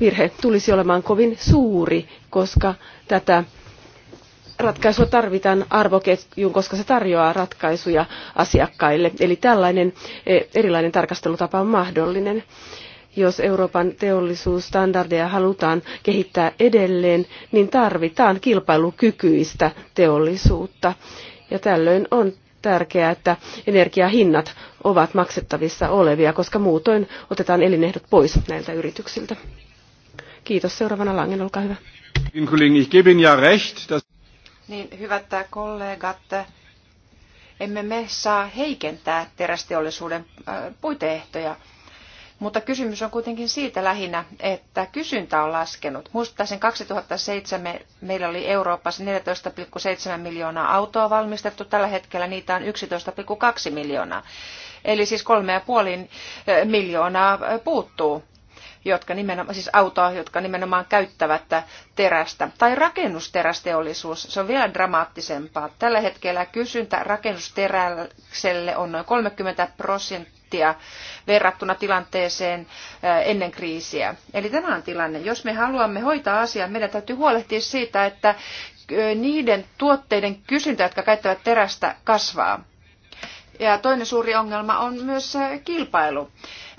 virhe tulisi olemaan kovin suuri, koska tätä ratkaisua tarvitaan arvoketjuun, koska se tarjoaa ratkaisuja asiakkaille. Eli tällainen e, erilainen tarkastelutapa on mahdollinen. Jos Euroopan teollisuusstandardeja halutaan kehittää edelleen, niin tarvitaan kilpailukykyistä teollisuutta. Ja tällöin on tärkeää, että energiahinnat ovat maksettavissa olevia, koska muutoin otetaan elinehdot pois näiltä yrityksiltä. Kiitos. Seuraavana Langen, olkaa hyvä. Niin hyvät kollegat, emme me saa heikentää terästeollisuuden puiteehtoja, mutta kysymys on kuitenkin siitä lähinnä, että kysyntä on laskenut. Muistaisin 2007 meillä oli Euroopassa 14,7 miljoonaa autoa valmistettu, tällä hetkellä niitä on 11,2 miljoonaa. Eli siis 3,5 miljoonaa puuttuu jotka nimenomaan, siis autoa, jotka nimenomaan käyttävät terästä. Tai rakennusterästeollisuus, se on vielä dramaattisempaa. Tällä hetkellä kysyntä rakennusteräkselle on noin 30 prosenttia verrattuna tilanteeseen ennen kriisiä. Eli tämä on tilanne. Jos me haluamme hoitaa asiaa, meidän täytyy huolehtia siitä, että niiden tuotteiden kysyntä, jotka käyttävät terästä, kasvaa. Ja toinen suuri ongelma on myös eh, kilpailu.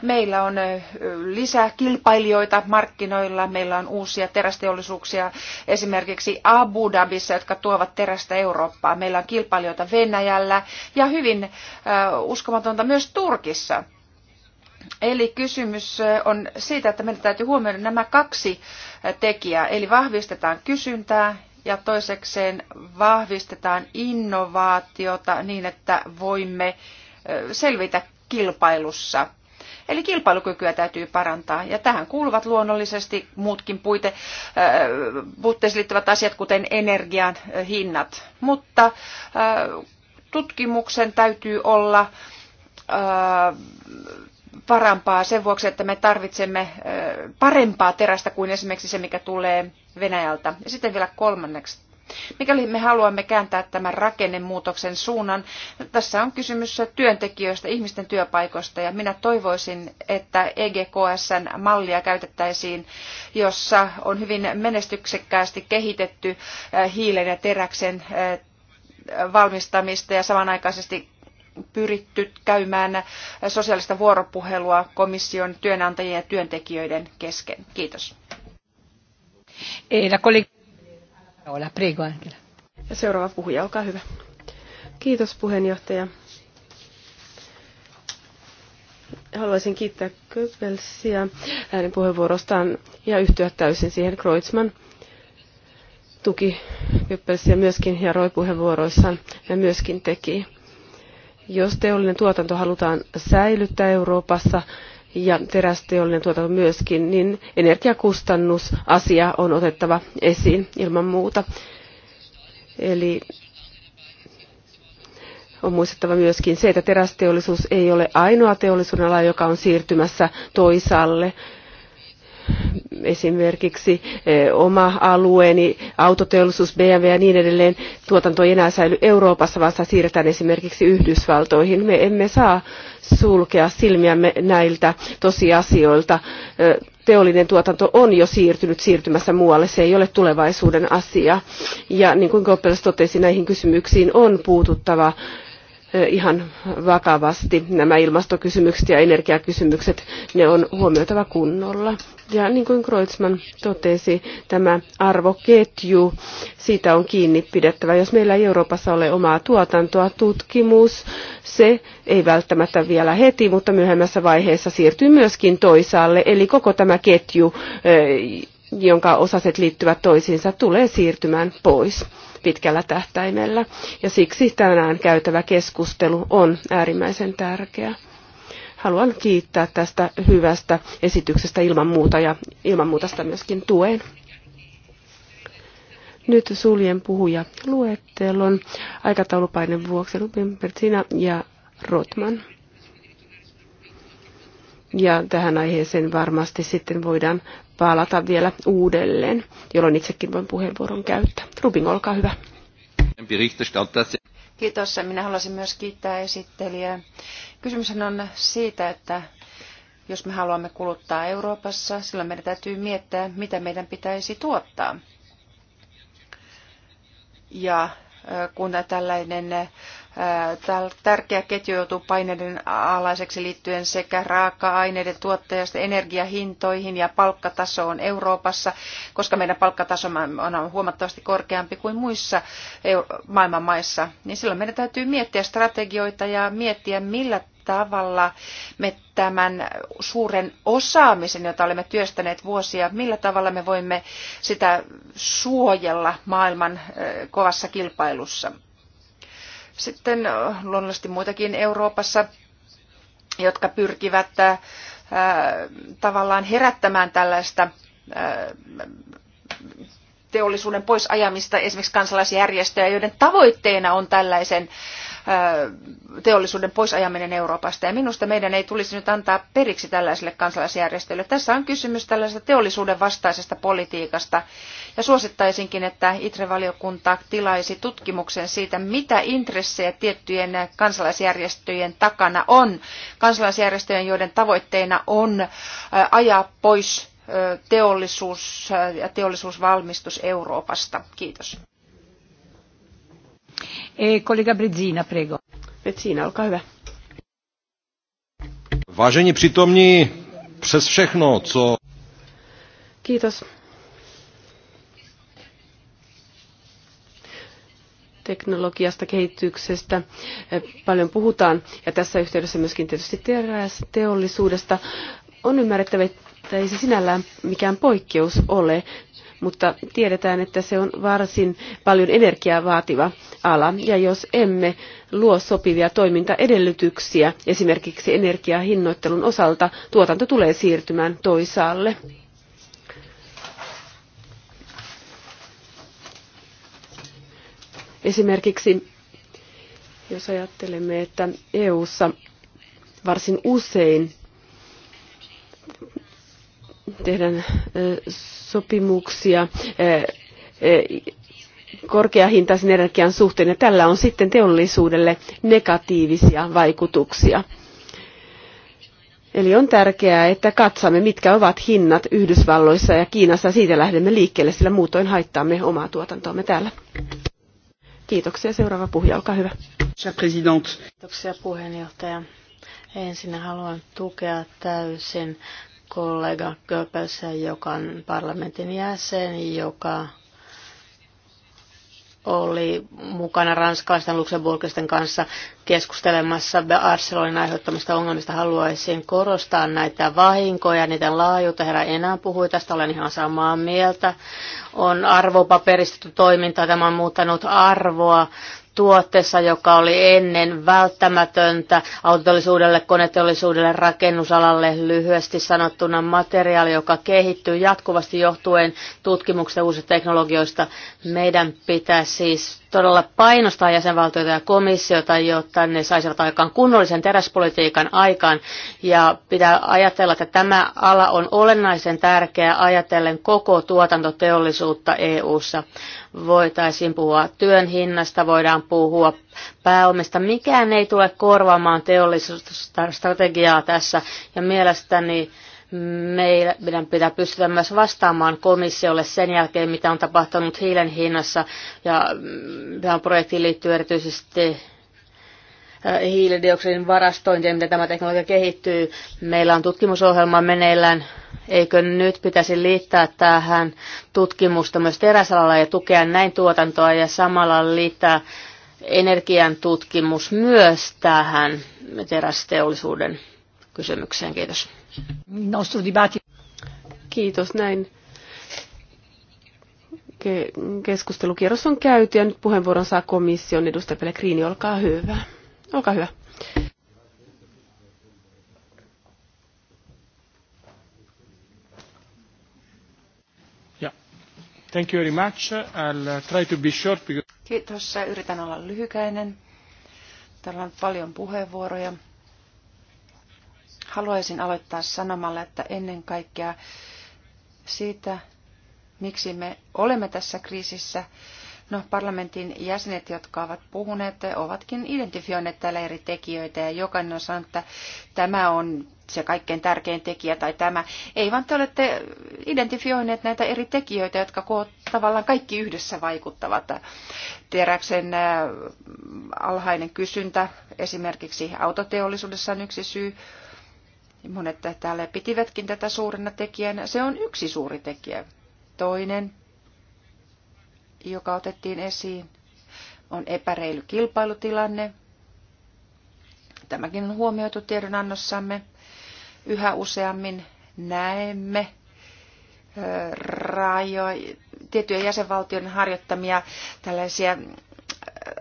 Meillä on eh, lisää kilpailijoita markkinoilla, meillä on uusia terästeollisuuksia esimerkiksi Abu Dhabissa, jotka tuovat terästä Eurooppaan. Meillä on kilpailijoita Venäjällä ja hyvin eh, uskomatonta myös Turkissa. Eli kysymys on siitä, että meidän täytyy huomioida nämä kaksi tekijää, eli vahvistetaan kysyntää ja toisekseen vahvistetaan innovaatiota niin, että voimme selvitä kilpailussa. Eli kilpailukykyä täytyy parantaa ja tähän kuuluvat luonnollisesti muutkin puite, puutteisiin liittyvät asiat, kuten energian hinnat. Mutta tutkimuksen täytyy olla parempaa sen vuoksi, että me tarvitsemme parempaa terästä kuin esimerkiksi se, mikä tulee Venäjältä. Ja sitten vielä kolmanneksi. Mikäli me haluamme kääntää tämän rakennemuutoksen suunnan, tässä on kysymys työntekijöistä, ihmisten työpaikoista ja minä toivoisin, että EGKSn mallia käytettäisiin, jossa on hyvin menestyksekkäästi kehitetty hiilen ja teräksen valmistamista ja samanaikaisesti pyritty käymään sosiaalista vuoropuhelua komission työnantajien ja työntekijöiden kesken. Kiitos. Eh, no, eh, seuraava puhuja, olkaa hyvä. Kiitos puheenjohtaja. Haluaisin kiittää köpelsiä hänen puheenvuorostaan ja yhtyä täysin siihen Kreutzmann tuki Köppelsiä myöskin ja Roy puheenvuoroissaan ja myöskin teki jos teollinen tuotanto halutaan säilyttää Euroopassa ja terästeollinen tuotanto myöskin, niin energiakustannusasia on otettava esiin ilman muuta. Eli on muistettava myöskin se, että terästeollisuus ei ole ainoa teollisuudenala, joka on siirtymässä toisaalle Esimerkiksi eh, oma alueeni, autoteollisuus, BMW ja niin edelleen, tuotanto ei enää säily Euroopassa, vaan sitä siirretään esimerkiksi Yhdysvaltoihin. Me emme saa sulkea silmiämme näiltä tosiasioilta. Eh, teollinen tuotanto on jo siirtynyt siirtymässä muualle, se ei ole tulevaisuuden asia. Ja niin kuin Koppels totesi, näihin kysymyksiin on puututtava ihan vakavasti nämä ilmastokysymykset ja energiakysymykset, ne on huomioitava kunnolla. Ja niin kuin Kreutzmann totesi, tämä arvoketju, siitä on kiinni pidettävä. Jos meillä ei Euroopassa ole omaa tuotantoa, tutkimus, se ei välttämättä vielä heti, mutta myöhemmässä vaiheessa siirtyy myöskin toisaalle. Eli koko tämä ketju, jonka osaset liittyvät toisiinsa, tulee siirtymään pois pitkällä tähtäimellä. Ja siksi tänään käytävä keskustelu on äärimmäisen tärkeä. Haluan kiittää tästä hyvästä esityksestä ilman muuta ja ilman muuta sitä myöskin tuen. Nyt suljen puhuja luettelon aikataulupainen vuoksi Lupin Pertsina ja Rotman. Ja tähän aiheeseen varmasti sitten voidaan palata vielä uudelleen, jolloin itsekin voin puheenvuoron käyttää. Rubing, olkaa hyvä. Kiitos. Minä haluaisin myös kiittää esittelijää. Kysymys on siitä, että jos me haluamme kuluttaa Euroopassa, silloin meidän täytyy miettiä, mitä meidän pitäisi tuottaa. Ja kun tällainen tärkeä ketju joutuu paineiden alaiseksi liittyen sekä raaka-aineiden tuottajasta energiahintoihin ja palkkatasoon Euroopassa, koska meidän palkkataso on huomattavasti korkeampi kuin muissa maailman maissa, niin silloin meidän täytyy miettiä strategioita ja miettiä, millä tavalla me tämän suuren osaamisen, jota olemme työstäneet vuosia, millä tavalla me voimme sitä suojella maailman kovassa kilpailussa sitten luonnollisesti muitakin Euroopassa, jotka pyrkivät tavallaan herättämään tällaista teollisuuden poisajamista, esimerkiksi kansalaisjärjestöjä, joiden tavoitteena on tällaisen teollisuuden poisajaminen Euroopasta. Ja minusta meidän ei tulisi nyt antaa periksi tällaisille kansalaisjärjestöille. Tässä on kysymys tällaisesta teollisuuden vastaisesta politiikasta. Ja suosittaisinkin, että ITRE-valiokunta tilaisi tutkimuksen siitä, mitä intressejä tiettyjen kansalaisjärjestöjen takana on. Kansalaisjärjestöjen, joiden tavoitteena on ajaa pois teollisuus ja teollisuusvalmistus Euroopasta. Kiitos. E, Kollega olkaa hyvä. Vážení přítomní, přes všechno, co... Kiitos. teknologiasta, kehityksestä e, paljon puhutaan ja tässä yhteydessä myöskin tietysti teollisuudesta. On ymmärrettävä, että ei se sinällään mikään poikkeus ole mutta tiedetään, että se on varsin paljon energiaa vaativa ala. Ja jos emme luo sopivia toimintaedellytyksiä esimerkiksi energiahinnoittelun osalta, tuotanto tulee siirtymään toisaalle. Esimerkiksi jos ajattelemme, että EU:ssa varsin usein tehdään sopimuksia eh, eh, korkeahintaisen energian suhteen ja tällä on sitten teollisuudelle negatiivisia vaikutuksia. Eli on tärkeää, että katsomme, mitkä ovat hinnat Yhdysvalloissa ja Kiinassa ja siitä lähdemme liikkeelle, sillä muutoin haittaamme omaa tuotantoamme täällä. Kiitoksia. Seuraava puhuja, olkaa hyvä. Kiitoksia puheenjohtaja. Ensin haluan tukea täysin kollega Goebbels, joka on parlamentin jäsen, joka oli mukana ranskalaisten Luxemburgisten kanssa keskustelemassa Arselonin aiheuttamista ongelmista. Haluaisin korostaa näitä vahinkoja, niiden laajuutta. Herra enää puhui tästä, olen ihan samaa mieltä. On arvopaperistettu toimintaa, tämä on muuttanut arvoa tuotteessa, joka oli ennen välttämätöntä autollisuudelle, koneteollisuudelle, rakennusalalle, lyhyesti sanottuna materiaali, joka kehittyy jatkuvasti johtuen tutkimuksesta uusista teknologioista. Meidän pitää siis todella painostaa jäsenvaltioita ja komissiota, jotta ne saisivat aikaan kunnollisen teräspolitiikan aikaan. Ja pitää ajatella, että tämä ala on olennaisen tärkeä ajatellen koko tuotantoteollisuutta EU-ssa. Voitaisiin puhua työn hinnasta, voidaan puhua pääomista. Mikään ei tule korvaamaan teollisuusstrategiaa tässä. Ja mielestäni meidän pitää pystyä myös vastaamaan komissiolle sen jälkeen, mitä on tapahtunut hiilen hinnassa. Ja mm, tähän projektiin liittyy erityisesti äh, hiilidioksidin varastointia, miten tämä teknologia kehittyy. Meillä on tutkimusohjelma meneillään. Eikö nyt pitäisi liittää tähän tutkimusta myös teräsalalla ja tukea näin tuotantoa ja samalla liittää energian tutkimus myös tähän terästeollisuuden kysymykseen. Kiitos. Kiitos näin. keskustelukierros on käyty ja nyt puheenvuoron saa komission edustaja Pellegrini. Olkaa hyvä. Olkaa hyvä. Thank you very much. I'll try to be short because... Kiitos. Yritän olla lyhykäinen. Täällä on paljon puheenvuoroja. Haluaisin aloittaa sanomalla, että ennen kaikkea siitä, miksi me olemme tässä kriisissä, No, parlamentin jäsenet, jotka ovat puhuneet, ovatkin identifioineet täällä eri tekijöitä ja jokainen on sanonut, että tämä on se kaikkein tärkein tekijä tai tämä. Ei vaan te olette identifioineet näitä eri tekijöitä, jotka tavallaan kaikki yhdessä vaikuttavat. Teräksen äh, alhainen kysyntä esimerkiksi autoteollisuudessa on yksi syy. Monet täällä pitivätkin tätä suurena tekijänä. Se on yksi suuri tekijä. Toinen, joka otettiin esiin, on epäreilu kilpailutilanne. Tämäkin on huomioitu tiedonannossamme. Yhä useammin näemme rajo, tiettyjen jäsenvaltioiden harjoittamia tällaisia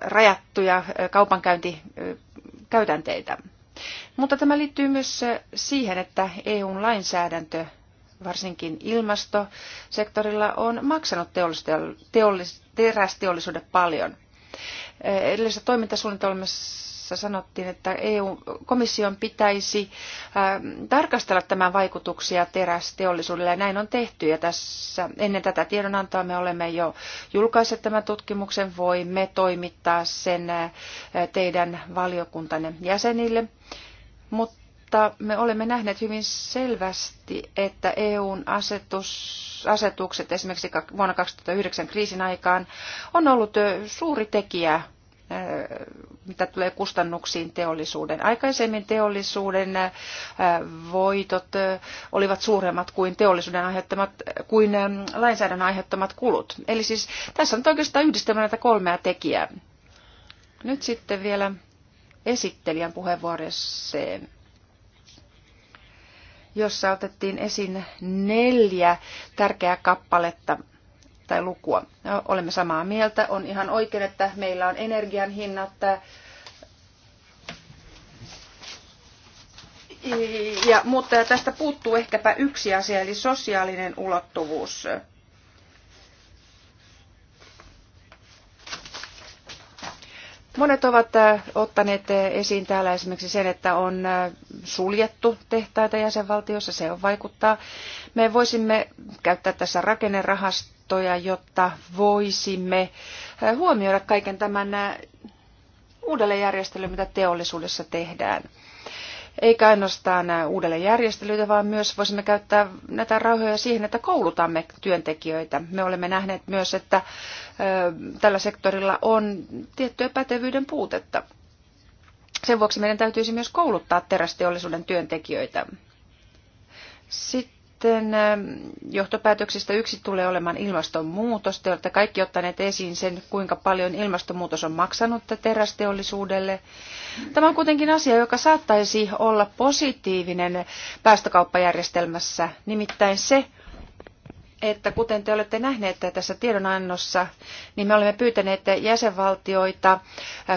rajattuja kaupankäyntikäytänteitä. Mutta tämä liittyy myös äh, siihen, että EUn lainsäädäntö, varsinkin ilmastosektorilla, on maksanut teollis, terästeollisuudelle paljon. Äh, edellisessä toimintasuunnitelmassa sanottiin, että EU-komission pitäisi äh, tarkastella tämän vaikutuksia terästeollisuudelle, ja näin on tehty. Ja tässä, ennen tätä tiedonantoa me olemme jo julkaisseet tämän tutkimuksen, voimme toimittaa sen teidän valiokuntanne jäsenille. Mutta me olemme nähneet hyvin selvästi, että EUn asetus, asetukset esimerkiksi vuonna 2009 kriisin aikaan on ollut suuri tekijä mitä tulee kustannuksiin teollisuuden. Aikaisemmin teollisuuden voitot olivat suuremmat kuin teollisuuden aiheuttamat, kuin lainsäädännön aiheuttamat kulut. Eli siis tässä on oikeastaan yhdistelmä näitä kolmea tekijää. Nyt sitten vielä esittelijän puheenvuorosseen, jossa otettiin esiin neljä tärkeää kappaletta tai lukua. Olemme samaa mieltä. On ihan oikein, että meillä on energian hinnat ja, mutta tästä puuttuu ehkäpä yksi asia, eli sosiaalinen ulottuvuus. Monet ovat äh, ottaneet äh, esiin täällä esimerkiksi sen, että on äh, suljettu tehtaita jäsenvaltiossa, se on vaikuttaa. Me voisimme käyttää tässä rakennerahastoja, jotta voisimme huomioida kaiken tämän uudelleenjärjestelyn, mitä teollisuudessa tehdään eikä ainoastaan uudelle järjestelyitä, vaan myös voisimme käyttää näitä rahoja siihen, että koulutamme työntekijöitä. Me olemme nähneet myös, että tällä sektorilla on tiettyä pätevyyden puutetta. Sen vuoksi meidän täytyisi myös kouluttaa terästeollisuuden työntekijöitä. Sitten sitten ähm, johtopäätöksistä yksi tulee olemaan ilmastonmuutos. Te olette kaikki ottaneet esiin sen, kuinka paljon ilmastonmuutos on maksanut terästeollisuudelle. Tämä on kuitenkin asia, joka saattaisi olla positiivinen päästökauppajärjestelmässä, nimittäin se, että kuten te olette nähneet tässä tiedonannossa, niin me olemme pyytäneet jäsenvaltioita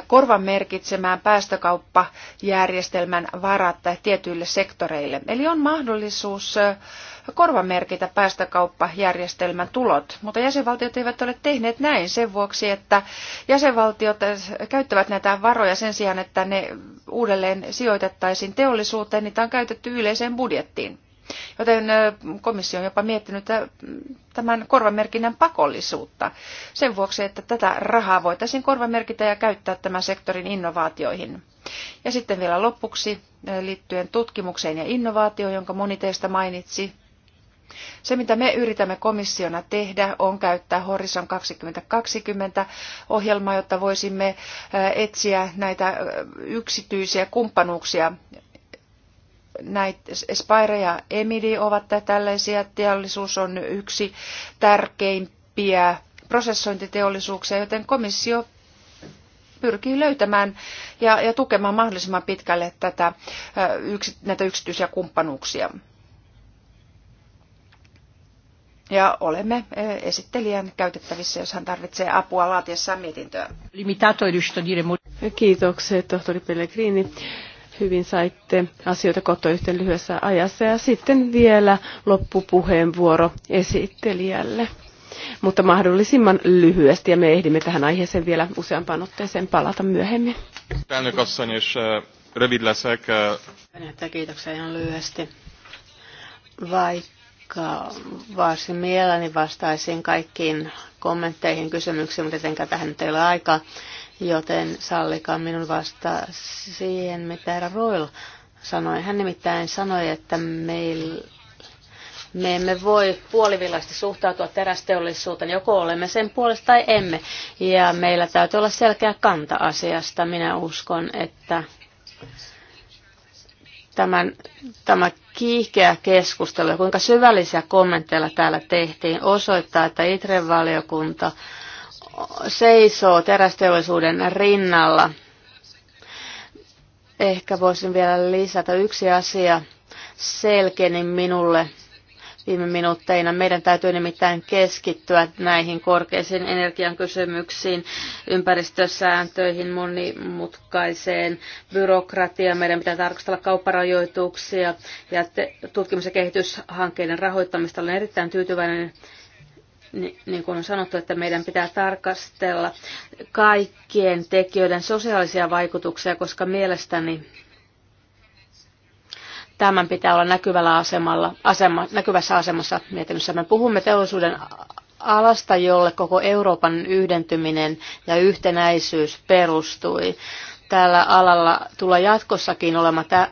korvamerkitsemään päästökauppajärjestelmän varat tietyille sektoreille. Eli on mahdollisuus korvamerkitä päästökauppajärjestelmän tulot, mutta jäsenvaltiot eivät ole tehneet näin sen vuoksi, että jäsenvaltiot käyttävät näitä varoja sen sijaan, että ne uudelleen sijoitettaisiin teollisuuteen, niitä on käytetty yleiseen budjettiin. Joten komissio on jopa miettinyt tämän korvamerkinnän pakollisuutta sen vuoksi, että tätä rahaa voitaisiin korvamerkitä ja käyttää tämän sektorin innovaatioihin. Ja sitten vielä lopuksi liittyen tutkimukseen ja innovaatioon, jonka moni teistä mainitsi. Se, mitä me yritämme komissiona tehdä, on käyttää Horizon 2020 ohjelmaa, jotta voisimme etsiä näitä yksityisiä kumppanuuksia näitä Spire ja Emidi ovat tällaisia. Teollisuus on yksi tärkeimpiä prosessointiteollisuuksia, joten komissio pyrkii löytämään ja, ja tukemaan mahdollisimman pitkälle tätä, yksi, näitä yksityisiä kumppanuuksia. Ja olemme esittelijän käytettävissä, jos hän tarvitsee apua laatiessaan mietintöä. Kiitoksia, tohtori Pellegrini hyvin saitte asioita kotoa yhteen lyhyessä ajassa. Ja sitten vielä loppupuheenvuoro esittelijälle. Mutta mahdollisimman lyhyesti, ja me ehdimme tähän aiheeseen vielä useampaan otteeseen palata myöhemmin. Kiitoksia ihan lyhyesti. Vaikka varsin mielelläni vastaisin kaikkiin kommentteihin, kysymyksiin, mutta etenkään tähän nyt ei ole aikaa joten sallikaa minun vasta siihen, mitä herra Royal sanoi. Hän nimittäin sanoi, että meillä me emme voi puolivillaisesti suhtautua terästeollisuuteen, joko olemme sen puolesta tai emme. Ja meillä täytyy olla selkeä kanta asiasta. Minä uskon, että tämän, tämä kiihkeä keskustelu ja kuinka syvällisiä kommentteja täällä tehtiin osoittaa, että Itren valiokunta seisoo terästeollisuuden rinnalla. Ehkä voisin vielä lisätä yksi asia selkeni minulle viime minuutteina. Meidän täytyy nimittäin keskittyä näihin korkeisiin energian kysymyksiin, ympäristösääntöihin, monimutkaiseen byrokratiaan. Meidän pitää tarkastella kaupparajoituksia ja tutkimus- ja kehityshankkeiden rahoittamista. Olen erittäin tyytyväinen niin, niin kuin on sanottu, että meidän pitää tarkastella kaikkien tekijöiden sosiaalisia vaikutuksia, koska mielestäni tämän pitää olla näkyvällä asemalla, asema, näkyvässä asemassa mietinnössä. Me puhumme teollisuuden alasta, jolle koko Euroopan yhdentyminen ja yhtenäisyys perustui tällä alalla tulla jatkossakin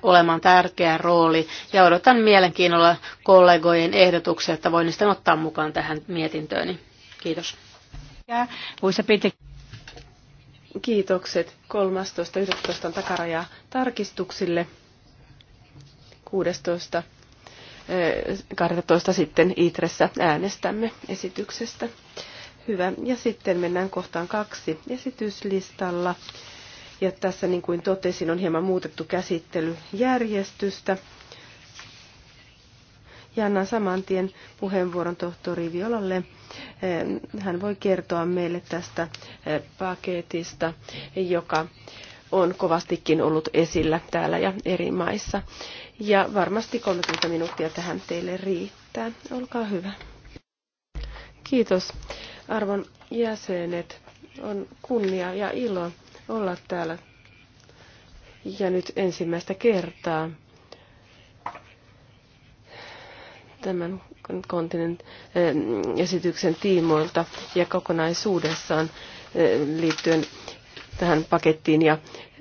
olemaan tärkeä rooli ja odotan mielenkiinnolla kollegojen ehdotuksia, että voin sitten ottaa mukaan tähän mietintööni. Kiitos. Kiitokset. 13.11. on takaraja tarkistuksille. 16. 12 eh, sitten Itressä äänestämme esityksestä. Hyvä. Ja sitten mennään kohtaan kaksi esityslistalla. Ja tässä, niin kuin totesin, on hieman muutettu käsittelyjärjestystä. Ja annan saman tien puheenvuoron tohtori Violalle. Eh, hän voi kertoa meille tästä eh, paketista, joka on kovastikin ollut esillä täällä ja eri maissa. Ja varmasti 30 minuuttia tähän teille riittää. Olkaa hyvä. Kiitos. Arvon jäsenet, on kunnia ja ilo olla täällä. Ja nyt ensimmäistä kertaa tämän kontinent eh, esityksen tiimoilta ja kokonaisuudessaan eh, liittyen tähän pakettiin ja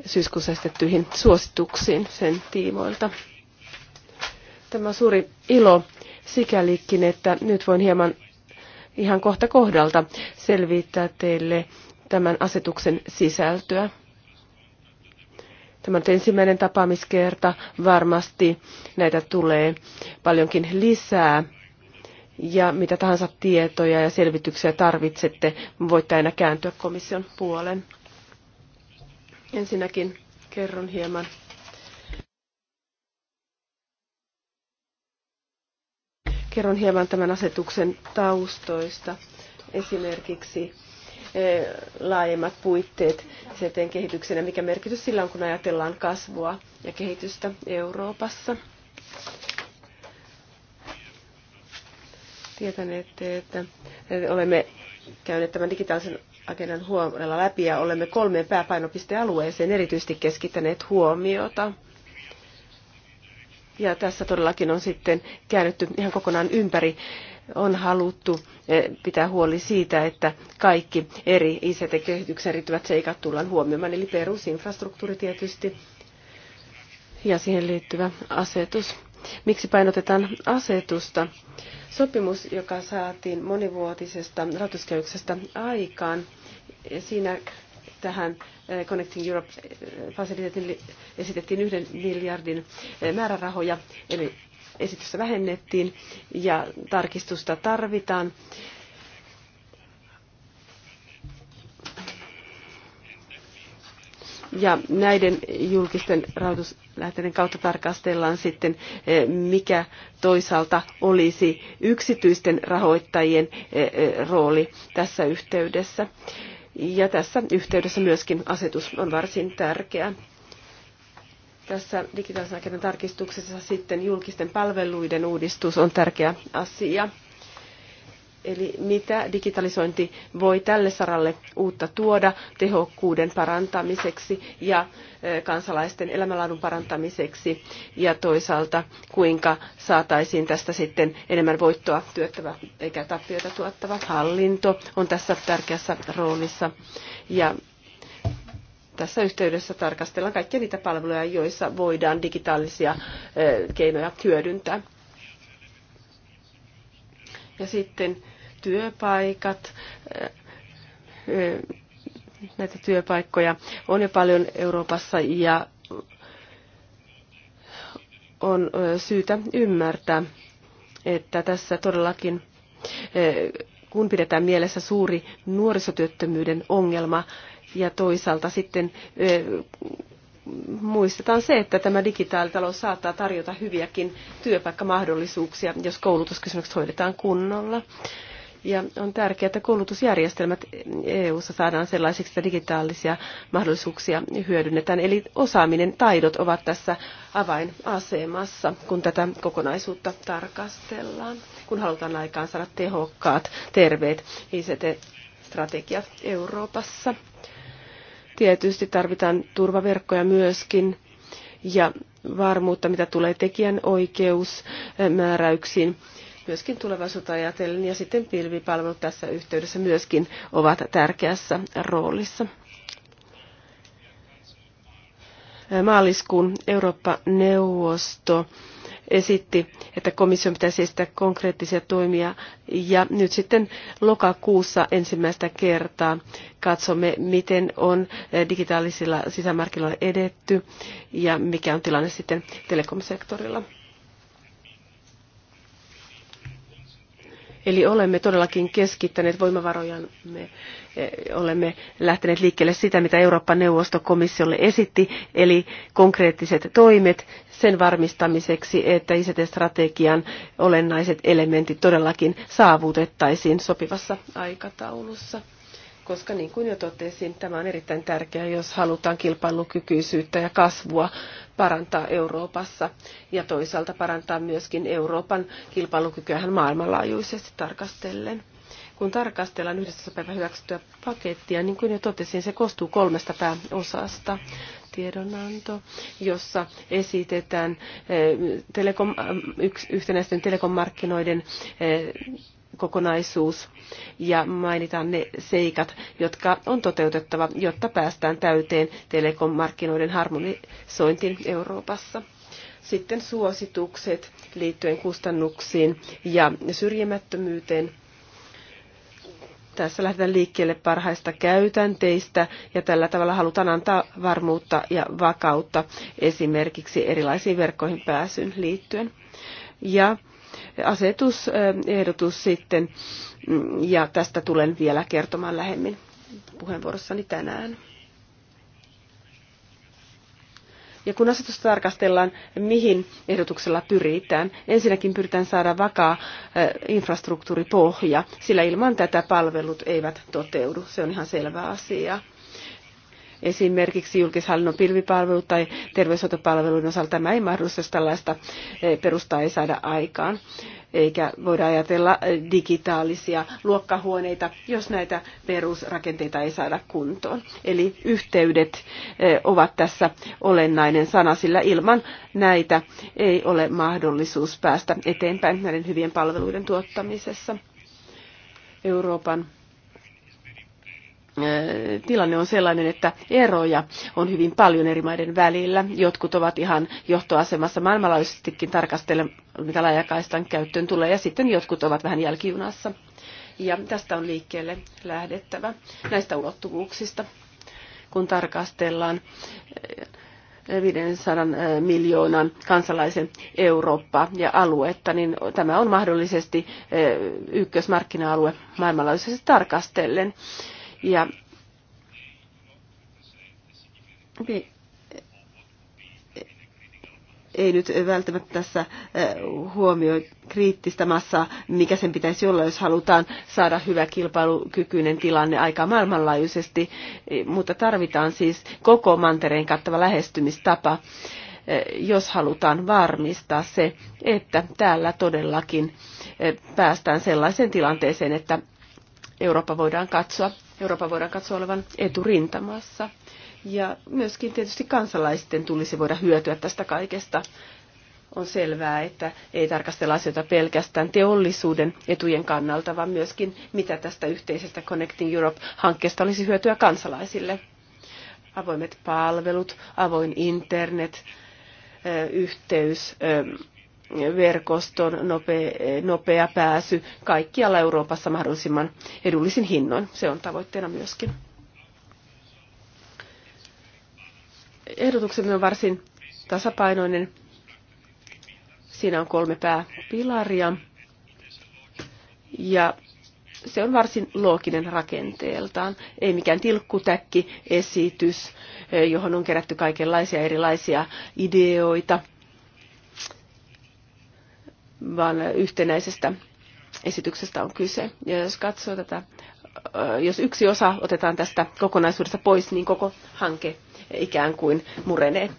syyskuussa esitettyihin suosituksiin sen tiimoilta. Tämä on suuri ilo sikälikin, että nyt voin hieman ihan kohta kohdalta selvittää teille tämän asetuksen sisältöä. Tämä on ensimmäinen tapaamiskerta. Varmasti näitä tulee paljonkin lisää. Ja mitä tahansa tietoja ja selvityksiä tarvitsette, voitte aina kääntyä komission puolen. Ensinnäkin kerron hieman kerron hieman tämän asetuksen taustoista. Esimerkiksi Eh, laajemmat puitteet sen kehityksenä, mikä merkitys sillä on, kun ajatellaan kasvua ja kehitystä Euroopassa. Tietänette, että olemme käyneet tämän digitaalisen agendan huolella läpi ja olemme kolmeen pääpainopistealueeseen erityisesti keskittäneet huomiota. Ja tässä todellakin on sitten käännetty ihan kokonaan ympäri on haluttu eh, pitää huoli siitä, että kaikki eri ict kehitykseen riittyvät seikat tullaan huomioimaan, eli perusinfrastruktuuri tietysti ja siihen liittyvä asetus. Miksi painotetaan asetusta? Sopimus, joka saatiin monivuotisesta rahoituskehyksestä aikaan, siinä tähän eh, Connecting europe eh, fasiliteettiin esitettiin yhden miljardin määrärahoja, eli esitystä vähennettiin ja tarkistusta tarvitaan. Ja näiden julkisten rahoituslähteiden kautta tarkastellaan sitten, eh, mikä toisaalta olisi yksityisten rahoittajien eh, eh, rooli tässä yhteydessä. Ja tässä yhteydessä myöskin asetus on varsin tärkeä. Tässä digitaalisen agendan tarkistuksessa sitten julkisten palveluiden uudistus on tärkeä asia. Eli mitä digitalisointi voi tälle saralle uutta tuoda tehokkuuden parantamiseksi ja kansalaisten elämänlaadun parantamiseksi ja toisaalta kuinka saataisiin tästä sitten enemmän voittoa työttävä eikä tappiota tuottava hallinto on tässä tärkeässä roolissa ja tässä yhteydessä tarkastella kaikkia niitä palveluja, joissa voidaan digitaalisia keinoja hyödyntää. Ja sitten työpaikat. Näitä työpaikkoja on jo paljon Euroopassa ja on syytä ymmärtää, että tässä todellakin, kun pidetään mielessä suuri nuorisotyöttömyyden ongelma, ja toisaalta sitten muistetaan se, että tämä digitaalitalous saattaa tarjota hyviäkin työpaikkamahdollisuuksia, jos koulutuskysymykset hoidetaan kunnolla. Ja on tärkeää, että koulutusjärjestelmät EU-ssa saadaan sellaisiksi, että digitaalisia mahdollisuuksia hyödynnetään. Eli osaaminen, taidot ovat tässä avainasemassa, kun tätä kokonaisuutta tarkastellaan, kun halutaan aikaan saada tehokkaat, terveet ICT-strategiat Euroopassa. Tietysti tarvitaan turvaverkkoja myöskin ja varmuutta, mitä tulee tekijän oikeusmääräyksiin eh, myöskin tulevaisuutta ajatellen. Ja sitten pilvipalvelut tässä yhteydessä myöskin ovat tärkeässä roolissa. Eh, maaliskuun Eurooppa-neuvosto esitti, että komission pitäisi esittää konkreettisia toimia. Ja nyt sitten lokakuussa ensimmäistä kertaa katsomme, miten on eh, digitaalisilla sisämarkkinoilla edetty ja mikä on tilanne sitten telekomsektorilla. Eli olemme todellakin keskittäneet voimavarojamme, e, olemme lähteneet liikkeelle sitä, mitä Euroopan neuvosto komissiolle esitti, eli konkreettiset toimet sen varmistamiseksi, että ICT-strategian olennaiset elementit todellakin saavutettaisiin sopivassa aikataulussa koska niin kuin jo totesin, tämä on erittäin tärkeää, jos halutaan kilpailukykyisyyttä ja kasvua parantaa Euroopassa ja toisaalta parantaa myöskin Euroopan kilpailukykyä maailmanlaajuisesti tarkastellen. Kun tarkastellaan yhdessä päivä hyväksyttyä pakettia, niin kuin jo totesin, se koostuu kolmesta pääosasta tiedonanto, jossa esitetään eh, telekom, eh, yhtenäisten telekommarkkinoiden eh, kokonaisuus ja mainitaan ne seikat, jotka on toteutettava, jotta päästään täyteen telekommarkkinoiden harmonisointiin Euroopassa. Sitten suositukset liittyen kustannuksiin ja syrjimättömyyteen. Tässä lähdetään liikkeelle parhaista käytänteistä ja tällä tavalla halutaan antaa varmuutta ja vakautta esimerkiksi erilaisiin verkkoihin pääsyn liittyen. Ja asetusehdotus sitten, mm, ja tästä tulen vielä kertomaan lähemmin puheenvuorossani tänään. Ja kun asetusta tarkastellaan, mihin ehdotuksella pyritään, ensinnäkin pyritään saada vakaa infrastruktuuripohja, sillä ilman tätä palvelut eivät toteudu. Se on ihan selvä asia esimerkiksi julkishallinnon pilvipalvelut tai terveyshoitopalveluiden osalta tämä ei mahdollista, jos tällaista eh, perustaa ei saada aikaan. Eikä voida ajatella eh, digitaalisia luokkahuoneita, jos näitä perusrakenteita ei saada kuntoon. Eli yhteydet eh, ovat tässä olennainen sana, sillä ilman näitä ei ole mahdollisuus päästä eteenpäin näiden hyvien palveluiden tuottamisessa. Euroopan tilanne on sellainen, että eroja on hyvin paljon eri maiden välillä. Jotkut ovat ihan johtoasemassa maailmanlaajuisestikin tarkastellen, mitä laajakaistan käyttöön tulee, ja sitten jotkut ovat vähän jälkijunassa. Ja tästä on liikkeelle lähdettävä näistä ulottuvuuksista, kun tarkastellaan 500 miljoonan kansalaisen Eurooppaa ja aluetta, niin tämä on mahdollisesti ykkösmarkkina-alue maailmanlaajuisesti tarkastellen. Ja ei nyt välttämättä tässä huomioi kriittistä massaa, mikä sen pitäisi olla, jos halutaan saada hyvä kilpailukykyinen tilanne aika maailmanlaajuisesti, e, mutta tarvitaan siis koko mantereen kattava lähestymistapa, jos halutaan varmistaa se, että täällä todellakin päästään sellaiseen tilanteeseen, että Eurooppa voidaan katsoa, Eurooppa voidaan katsoa olevan eturintamassa. Ja myöskin tietysti kansalaisten tulisi voida hyötyä tästä kaikesta. On selvää, että ei tarkastella asioita pelkästään teollisuuden etujen kannalta, vaan myöskin mitä tästä yhteisestä Connecting Europe-hankkeesta olisi hyötyä kansalaisille. Avoimet palvelut, avoin internet, yhteys verkoston nopea, nopea pääsy kaikkialla Euroopassa mahdollisimman edullisin hinnoin. Se on tavoitteena myöskin. Ehdotuksemme on varsin tasapainoinen. Siinä on kolme pääpilaria ja se on varsin looginen rakenteeltaan. Ei mikään tilkkutäkki esitys, eh, johon on kerätty kaikenlaisia erilaisia ideoita – vaan yhtenäisestä esityksestä on kyse. Ja jos katsoo tätä, jos yksi osa otetaan tästä kokonaisuudesta pois, niin koko hanke ikään kuin murenee.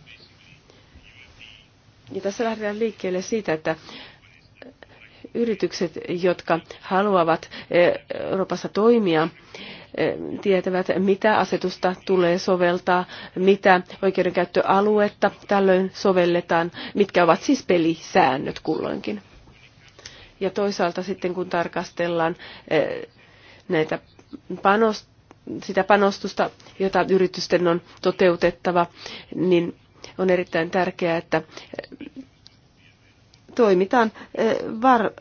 Ja tässä lähdetään liikkeelle siitä, että yritykset, jotka haluavat Euroopassa toimia, tietävät, mitä asetusta tulee soveltaa, mitä oikeudenkäyttöaluetta tällöin sovelletaan, mitkä ovat siis pelisäännöt kulloinkin. Ja toisaalta sitten kun tarkastellaan eh, näitä panost- sitä panostusta, jota yritysten on toteutettava, niin on erittäin tärkeää, että eh, toimitaan eh, var-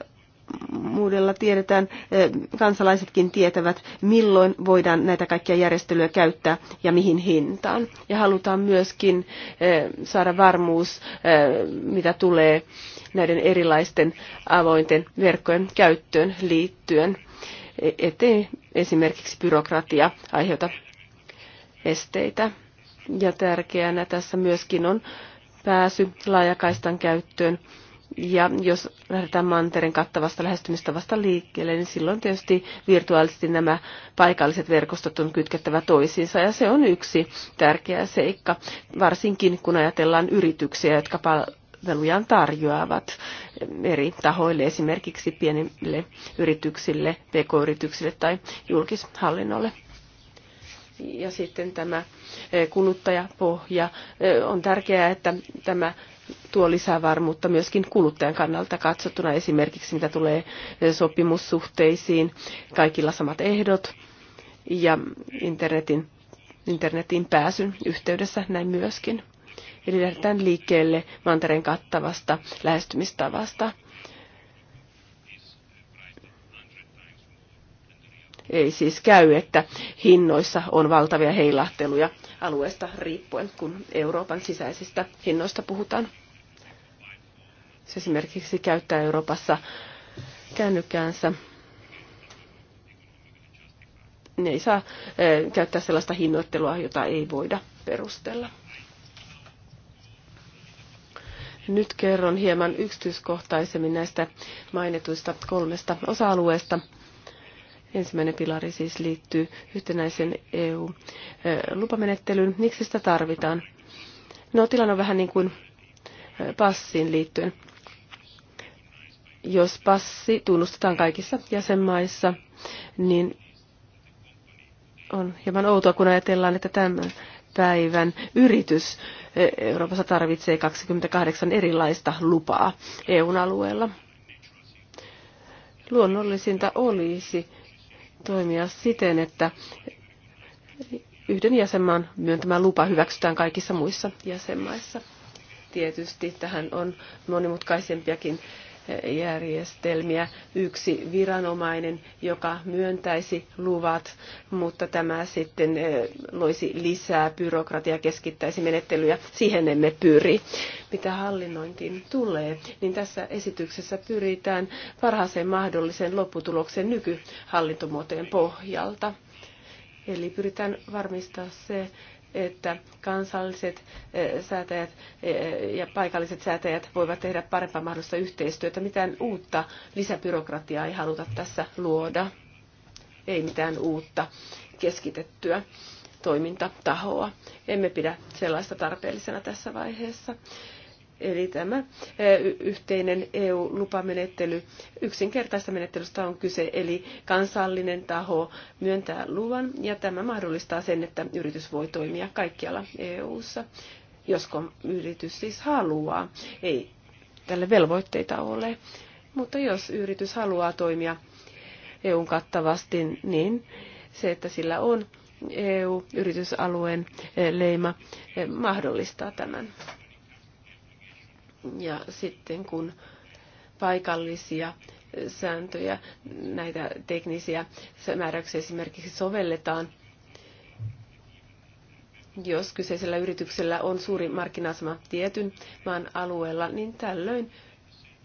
varmuudella tiedetään, eh, kansalaisetkin tietävät, milloin voidaan näitä kaikkia järjestelyjä käyttää ja mihin hintaan. Ja halutaan myöskin eh, saada varmuus, eh, mitä tulee näiden erilaisten avointen verkkojen käyttöön liittyen, e, ettei esimerkiksi byrokratia aiheuta esteitä. Ja tärkeänä tässä myöskin on pääsy laajakaistan käyttöön ja jos lähdetään mantereen kattavasta lähestymistavasta liikkeelle, niin silloin tietysti virtuaalisesti nämä paikalliset verkostot on kytkettävä toisiinsa. Ja se on yksi tärkeä seikka, varsinkin kun ajatellaan yrityksiä, jotka palvelujaan tarjoavat eri tahoille, esimerkiksi pienille yrityksille, pk-yrityksille tai julkishallinnolle. Ja sitten tämä eh, kuluttajapohja. Eh, on tärkeää, että tämä tuo lisää varmuutta myöskin kuluttajan kannalta katsottuna esimerkiksi mitä tulee eh, sopimussuhteisiin, kaikilla samat ehdot ja internetin, internetin pääsyn yhteydessä näin myöskin. Eli lähdetään liikkeelle mantereen kattavasta lähestymistavasta ei siis käy, että hinnoissa on valtavia heilahteluja alueesta riippuen, kun Euroopan sisäisistä hinnoista puhutaan. Se esimerkiksi käyttää Euroopassa kännykkäänsä. Ne ei saa eh, käyttää sellaista hinnoittelua, jota ei voida perustella. Nyt kerron hieman yksityiskohtaisemmin näistä mainituista kolmesta osa-alueesta. Ensimmäinen pilari siis liittyy yhtenäisen EU-lupamenettelyyn. Miksi sitä tarvitaan? No tilanne on vähän niin kuin passiin liittyen. Jos passi tunnustetaan kaikissa jäsenmaissa, niin on hieman outoa, kun ajatellaan, että tämän päivän yritys Euroopassa tarvitsee 28 erilaista lupaa eu alueella. Luonnollisinta olisi toimia siten, että yhden jäsenmaan myöntämä lupa hyväksytään kaikissa muissa jäsenmaissa. Tietysti tähän on monimutkaisempiakin järjestelmiä. Yksi viranomainen, joka myöntäisi luvat, mutta tämä sitten eh, loisi lisää byrokratiaa, keskittäisi menettelyjä. Siihen emme pyri. Mitä hallinnointiin tulee, niin tässä esityksessä pyritään parhaaseen mahdolliseen lopputulokseen nykyhallintomuotojen pohjalta. Eli pyritään varmistaa se, että kansalliset eh, säätäjät eh, ja paikalliset säätäjät voivat tehdä parempaa mahdollista yhteistyötä. Mitään uutta lisäbyrokratiaa ei haluta tässä luoda. Ei mitään uutta keskitettyä toimintatahoa. Emme pidä sellaista tarpeellisena tässä vaiheessa. Eli tämä yhteinen EU-lupamenettely, yksinkertaista menettelystä on kyse, eli kansallinen taho myöntää luvan ja tämä mahdollistaa sen, että yritys voi toimia kaikkialla EU-ssa, josko yritys siis haluaa. Ei tälle velvoitteita ole, mutta jos yritys haluaa toimia EUn kattavasti, niin se, että sillä on EU-yritysalueen leima, mahdollistaa tämän. Ja sitten kun paikallisia sääntöjä, näitä teknisiä määräyksiä esimerkiksi sovelletaan, jos kyseisellä yrityksellä on suuri markkinasema tietyn maan alueella, niin tällöin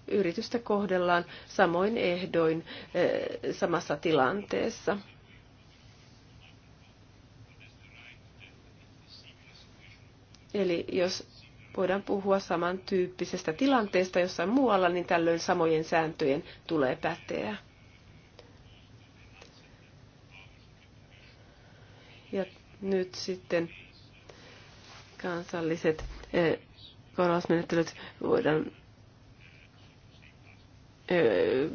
yritystä kohdellaan samoin ehdoin eh, samassa tilanteessa. Eli jos voidaan puhua samantyyppisestä tilanteesta jossain muualla, niin tällöin samojen sääntöjen tulee päteä. Ja nyt sitten kansalliset eh, korvausmenettelyt voidaan eh,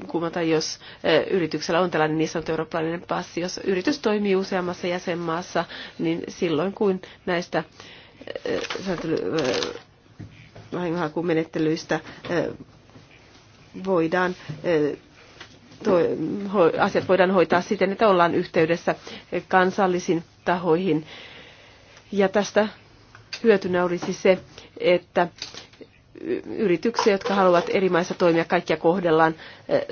kumota, jos eh, yrityksellä on tällainen niin sanottu eurooppalainen passi. Jos yritys toimii useammassa jäsenmaassa, niin silloin kun näistä vahingonhakumenettelyistä voidaan toi, ho, asiat voidaan hoitaa siten, että ollaan yhteydessä kansallisiin tahoihin. Ja tästä hyötynä olisi se, että yrityksiä, jotka haluavat eri maissa toimia, kaikkia kohdellaan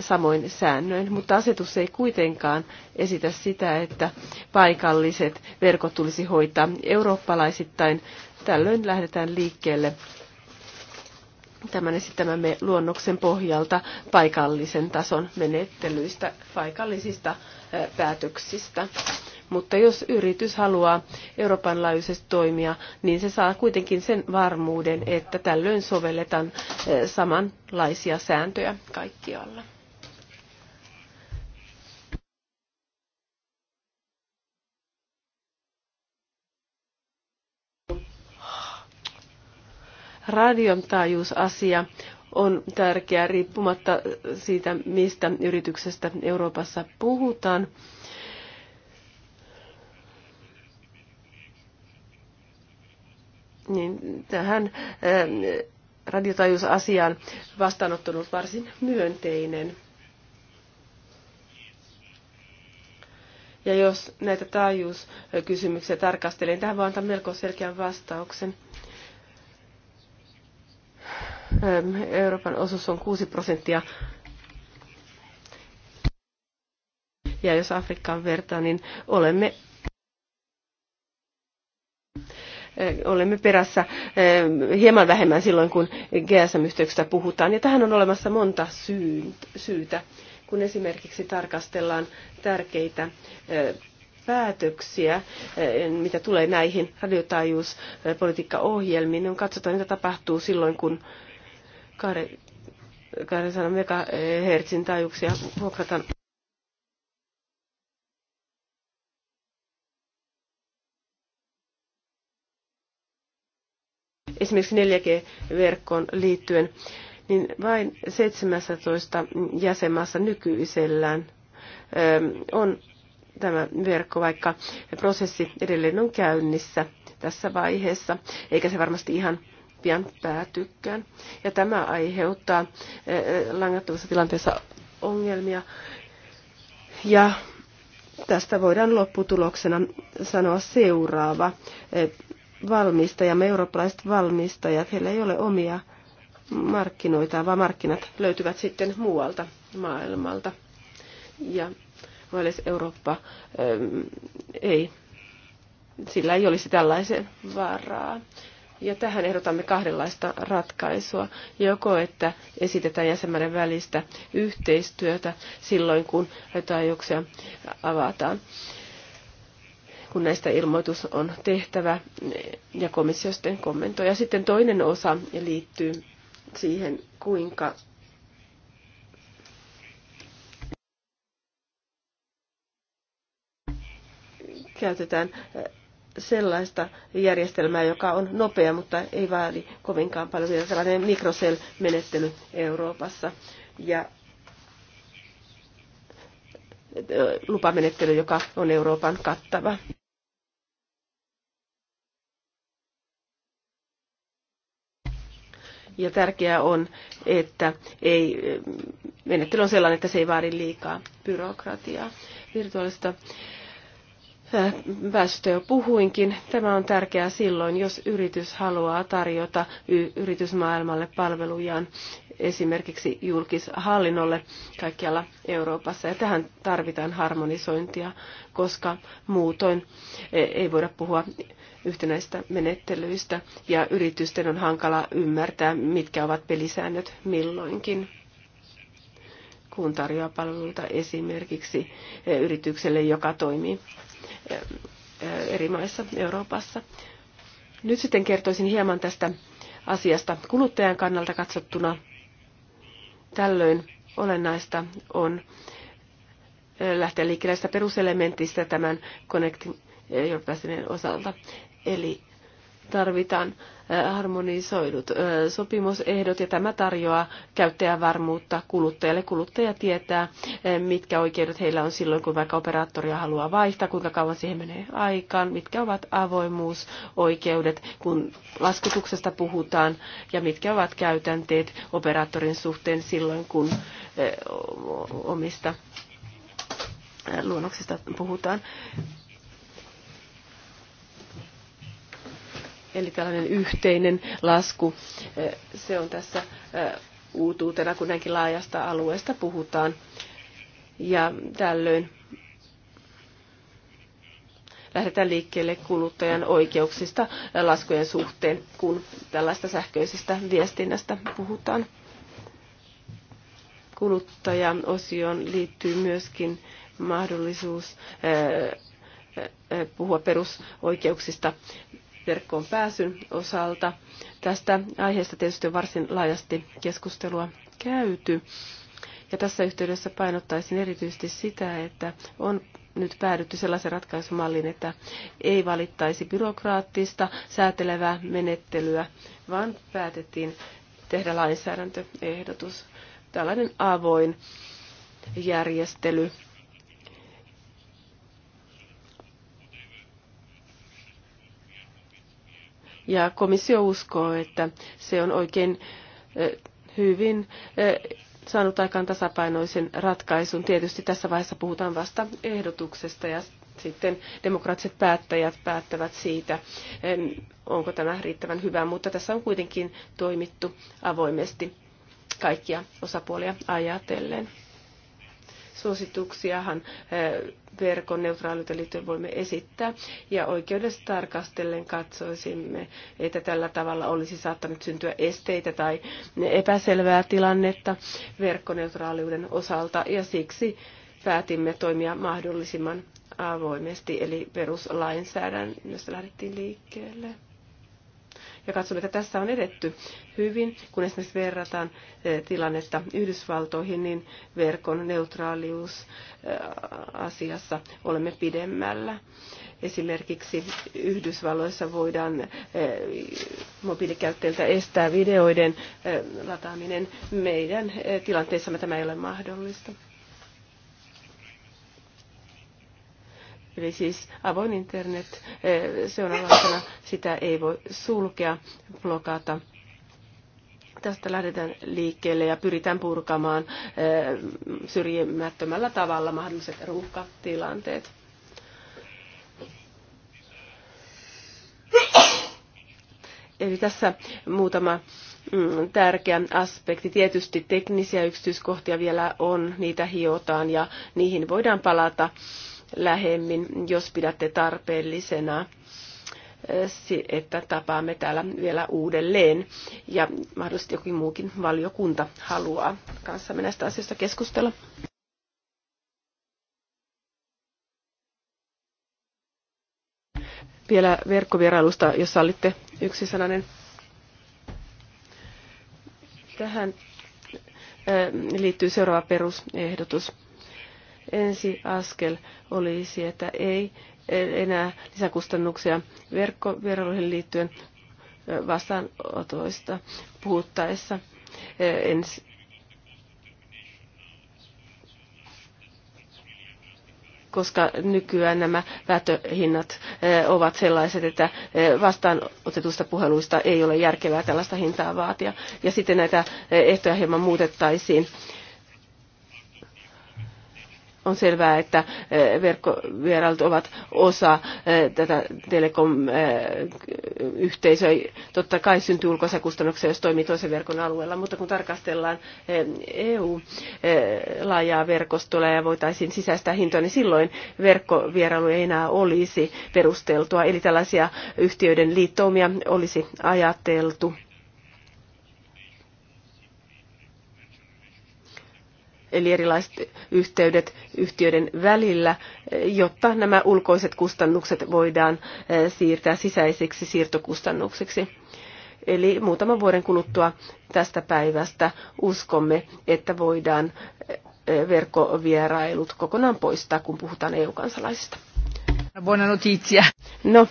samoin säännöin. Mutta asetus ei kuitenkaan esitä sitä, että paikalliset verkot tulisi hoitaa eurooppalaisittain. Tällöin lähdetään liikkeelle tämän esittämämme luonnoksen pohjalta paikallisen tason menettelyistä, paikallisista päätöksistä. Mutta jos yritys haluaa Euroopan laajuisesti toimia, niin se saa kuitenkin sen varmuuden, että tällöin sovelletaan samanlaisia sääntöjä kaikkialla. Radion taajuusasia on tärkeä riippumatta siitä, mistä yrityksestä Euroopassa puhutaan. Niin tähän ähm, radiotajuusasiaan vastaanottunut varsin myönteinen. Ja jos näitä taajuuskysymyksiä tarkastelen, niin tähän voi antaa melko selkeän vastauksen. Euroopan osuus on 6 prosenttia. Ja jos Afrikkaan vertaa, niin olemme olemme perässä hieman vähemmän silloin, kun GSM-yhteyksistä puhutaan. Ja tähän on olemassa monta syytä, kun esimerkiksi tarkastellaan tärkeitä päätöksiä, mitä tulee näihin radiotaajuuspolitiikkaohjelmiin, niin katsotaan, mitä tapahtuu silloin, kun 200 megahertsin eh, taajuuksia vuokrataan. Esimerkiksi 4G-verkkoon liittyen, niin vain 17 jäsenmaassa nykyisellään ähm, on tämä verkko, vaikka prosessi edelleen on käynnissä tässä vaiheessa, eikä se varmasti ihan pian päätykään. Ja tämä aiheuttaa eh, eh, langattomassa tilanteessa ongelmia. Ja tästä voidaan lopputuloksena sanoa seuraava. Valmistajamme, eurooppalaiset valmistajat, heillä ei ole omia markkinoita, vaan markkinat löytyvät sitten muualta maailmalta. Ja Wales Eurooppa eh, ei, sillä ei olisi tällaisen varaa. Ja tähän ehdotamme kahdenlaista ratkaisua. Joko, että esitetään jäsenmaiden välistä yhteistyötä silloin, kun rajoituksia avataan kun näistä ilmoitus on tehtävä ja komissio sitten kommentoi. Ja sitten toinen osa liittyy siihen, kuinka käytetään sellaista järjestelmää, joka on nopea, mutta ei vaadi kovinkaan paljon vielä sellainen mikrosel-menettely Euroopassa. Ja lupamenettely, joka on Euroopan kattava. Ja tärkeää on, että ei, menettely on sellainen, että se ei vaadi liikaa byrokratiaa. Virtuaalista pääsystä puhuinkin. Tämä on tärkeää silloin, jos yritys haluaa tarjota yritysmaailmalle palvelujaan esimerkiksi julkishallinnolle kaikkialla Euroopassa. Ja tähän tarvitaan harmonisointia, koska muutoin e, ei voida puhua yhtenäistä menettelyistä ja yritysten on hankala ymmärtää, mitkä ovat pelisäännöt milloinkin kun tarjoaa palveluita esimerkiksi eh, yritykselle, joka toimii eh, eh, eri maissa Euroopassa. Nyt sitten kertoisin hieman tästä asiasta kuluttajan kannalta katsottuna. Tällöin olennaista on lähteä liikkeelle peruselementistä tämän Connecting osalta. Eli tarvitaan harmonisoidut sopimusehdot ja tämä tarjoaa käyttäjävarmuutta kuluttajalle. Kuluttaja tietää, mitkä oikeudet heillä on silloin, kun vaikka operaattoria haluaa vaihtaa, kuinka kauan siihen menee aikaan, mitkä ovat avoimuusoikeudet, kun laskutuksesta puhutaan ja mitkä ovat käytänteet operaattorin suhteen silloin, kun omista luonnoksista puhutaan. Eli tällainen yhteinen lasku, eh, se on tässä eh, uutuutena, kun näinkin laajasta alueesta puhutaan. Ja tällöin lähdetään liikkeelle kuluttajan oikeuksista eh, laskujen suhteen, kun tällaista sähköisestä viestinnästä puhutaan. Kuluttajaosioon liittyy myöskin mahdollisuus puhua perusoikeuksista verkkoon pääsyn osalta. Tästä aiheesta tietysti on varsin laajasti keskustelua käyty. Ja tässä yhteydessä painottaisin erityisesti sitä, että on nyt päädytty sellaisen ratkaisumalliin, että ei valittaisi byrokraattista säätelevää menettelyä, vaan päätettiin tehdä lainsäädäntöehdotus, tällainen avoin järjestely Ja komissio uskoo, että se on oikein hyvin saanut aikaan tasapainoisen ratkaisun. Tietysti tässä vaiheessa puhutaan vasta ehdotuksesta ja sitten demokraattiset päättäjät päättävät siitä, onko tämä riittävän hyvä, mutta tässä on kuitenkin toimittu avoimesti kaikkia osapuolia ajatellen. Suosituksiahan verkon neutraaliuteen liittyen voimme esittää. Ja oikeudessa tarkastellen katsoisimme, että tällä tavalla olisi saattanut syntyä esteitä tai epäselvää tilannetta verkkoneutraaliuden osalta. Ja siksi päätimme toimia mahdollisimman avoimesti, eli peruslainsäädännöstä lähdettiin liikkeelle ja katson, että tässä on edetty hyvin. Kun esimerkiksi verrataan eh, tilannetta Yhdysvaltoihin, niin verkon neutraalius eh, asiassa olemme pidemmällä. Esimerkiksi Yhdysvalloissa voidaan eh, mobiilikäyttäjiltä estää videoiden lataaminen. Meidän tilanteessamme tämä ei ole mahdollista. Eli siis avoin internet, se on avattuna, sitä ei voi sulkea, blokata. Tästä lähdetään liikkeelle ja pyritään purkamaan eh, syrjimättömällä tavalla mahdolliset ruuhkatilanteet. Eli tässä muutama mm, tärkeä aspekti. Tietysti teknisiä yksityiskohtia vielä on, niitä hiotaan ja niihin voidaan palata lähemmin, jos pidätte tarpeellisena eh, että tapaamme täällä vielä uudelleen. Ja mahdollisesti jokin muukin valiokunta haluaa kanssamme näistä asioista keskustella. Vielä verkkovierailusta, jos sallitte yksi sananen. Tähän eh, liittyy seuraava perusehdotus ensi askel olisi, että ei enää lisäkustannuksia verkkoveroihin liittyen vastaanotoista puhuttaessa. Ensi koska nykyään nämä vätöhinnat eh, ovat sellaiset, että eh, vastaanotetusta puheluista ei ole järkevää tällaista hintaa vaatia. Ja sitten näitä eh, ehtoja hieman muutettaisiin on selvää, että eh, verkkovierailut ovat osa eh, tätä telekom-yhteisöä. Eh, Totta kai syntyy ulkoisia kustannuksia, jos toimii toisen verkon alueella, mutta kun tarkastellaan EU-laajaa e verkostoa ja voitaisiin sisäistää hintoja, niin silloin verkkovierailu ei enää olisi perusteltua. Eli tällaisia yhtiöiden liittoumia olisi ajateltu eli erilaiset yhteydet yhtiöiden välillä, jotta nämä ulkoiset kustannukset voidaan eh, siirtää sisäisiksi siirtokustannuksiksi. Eli muutaman vuoden kuluttua tästä päivästä uskomme, että voidaan eh, verkkovierailut kokonaan poistaa, kun puhutaan EU-kansalaisista. Buona notizia. No,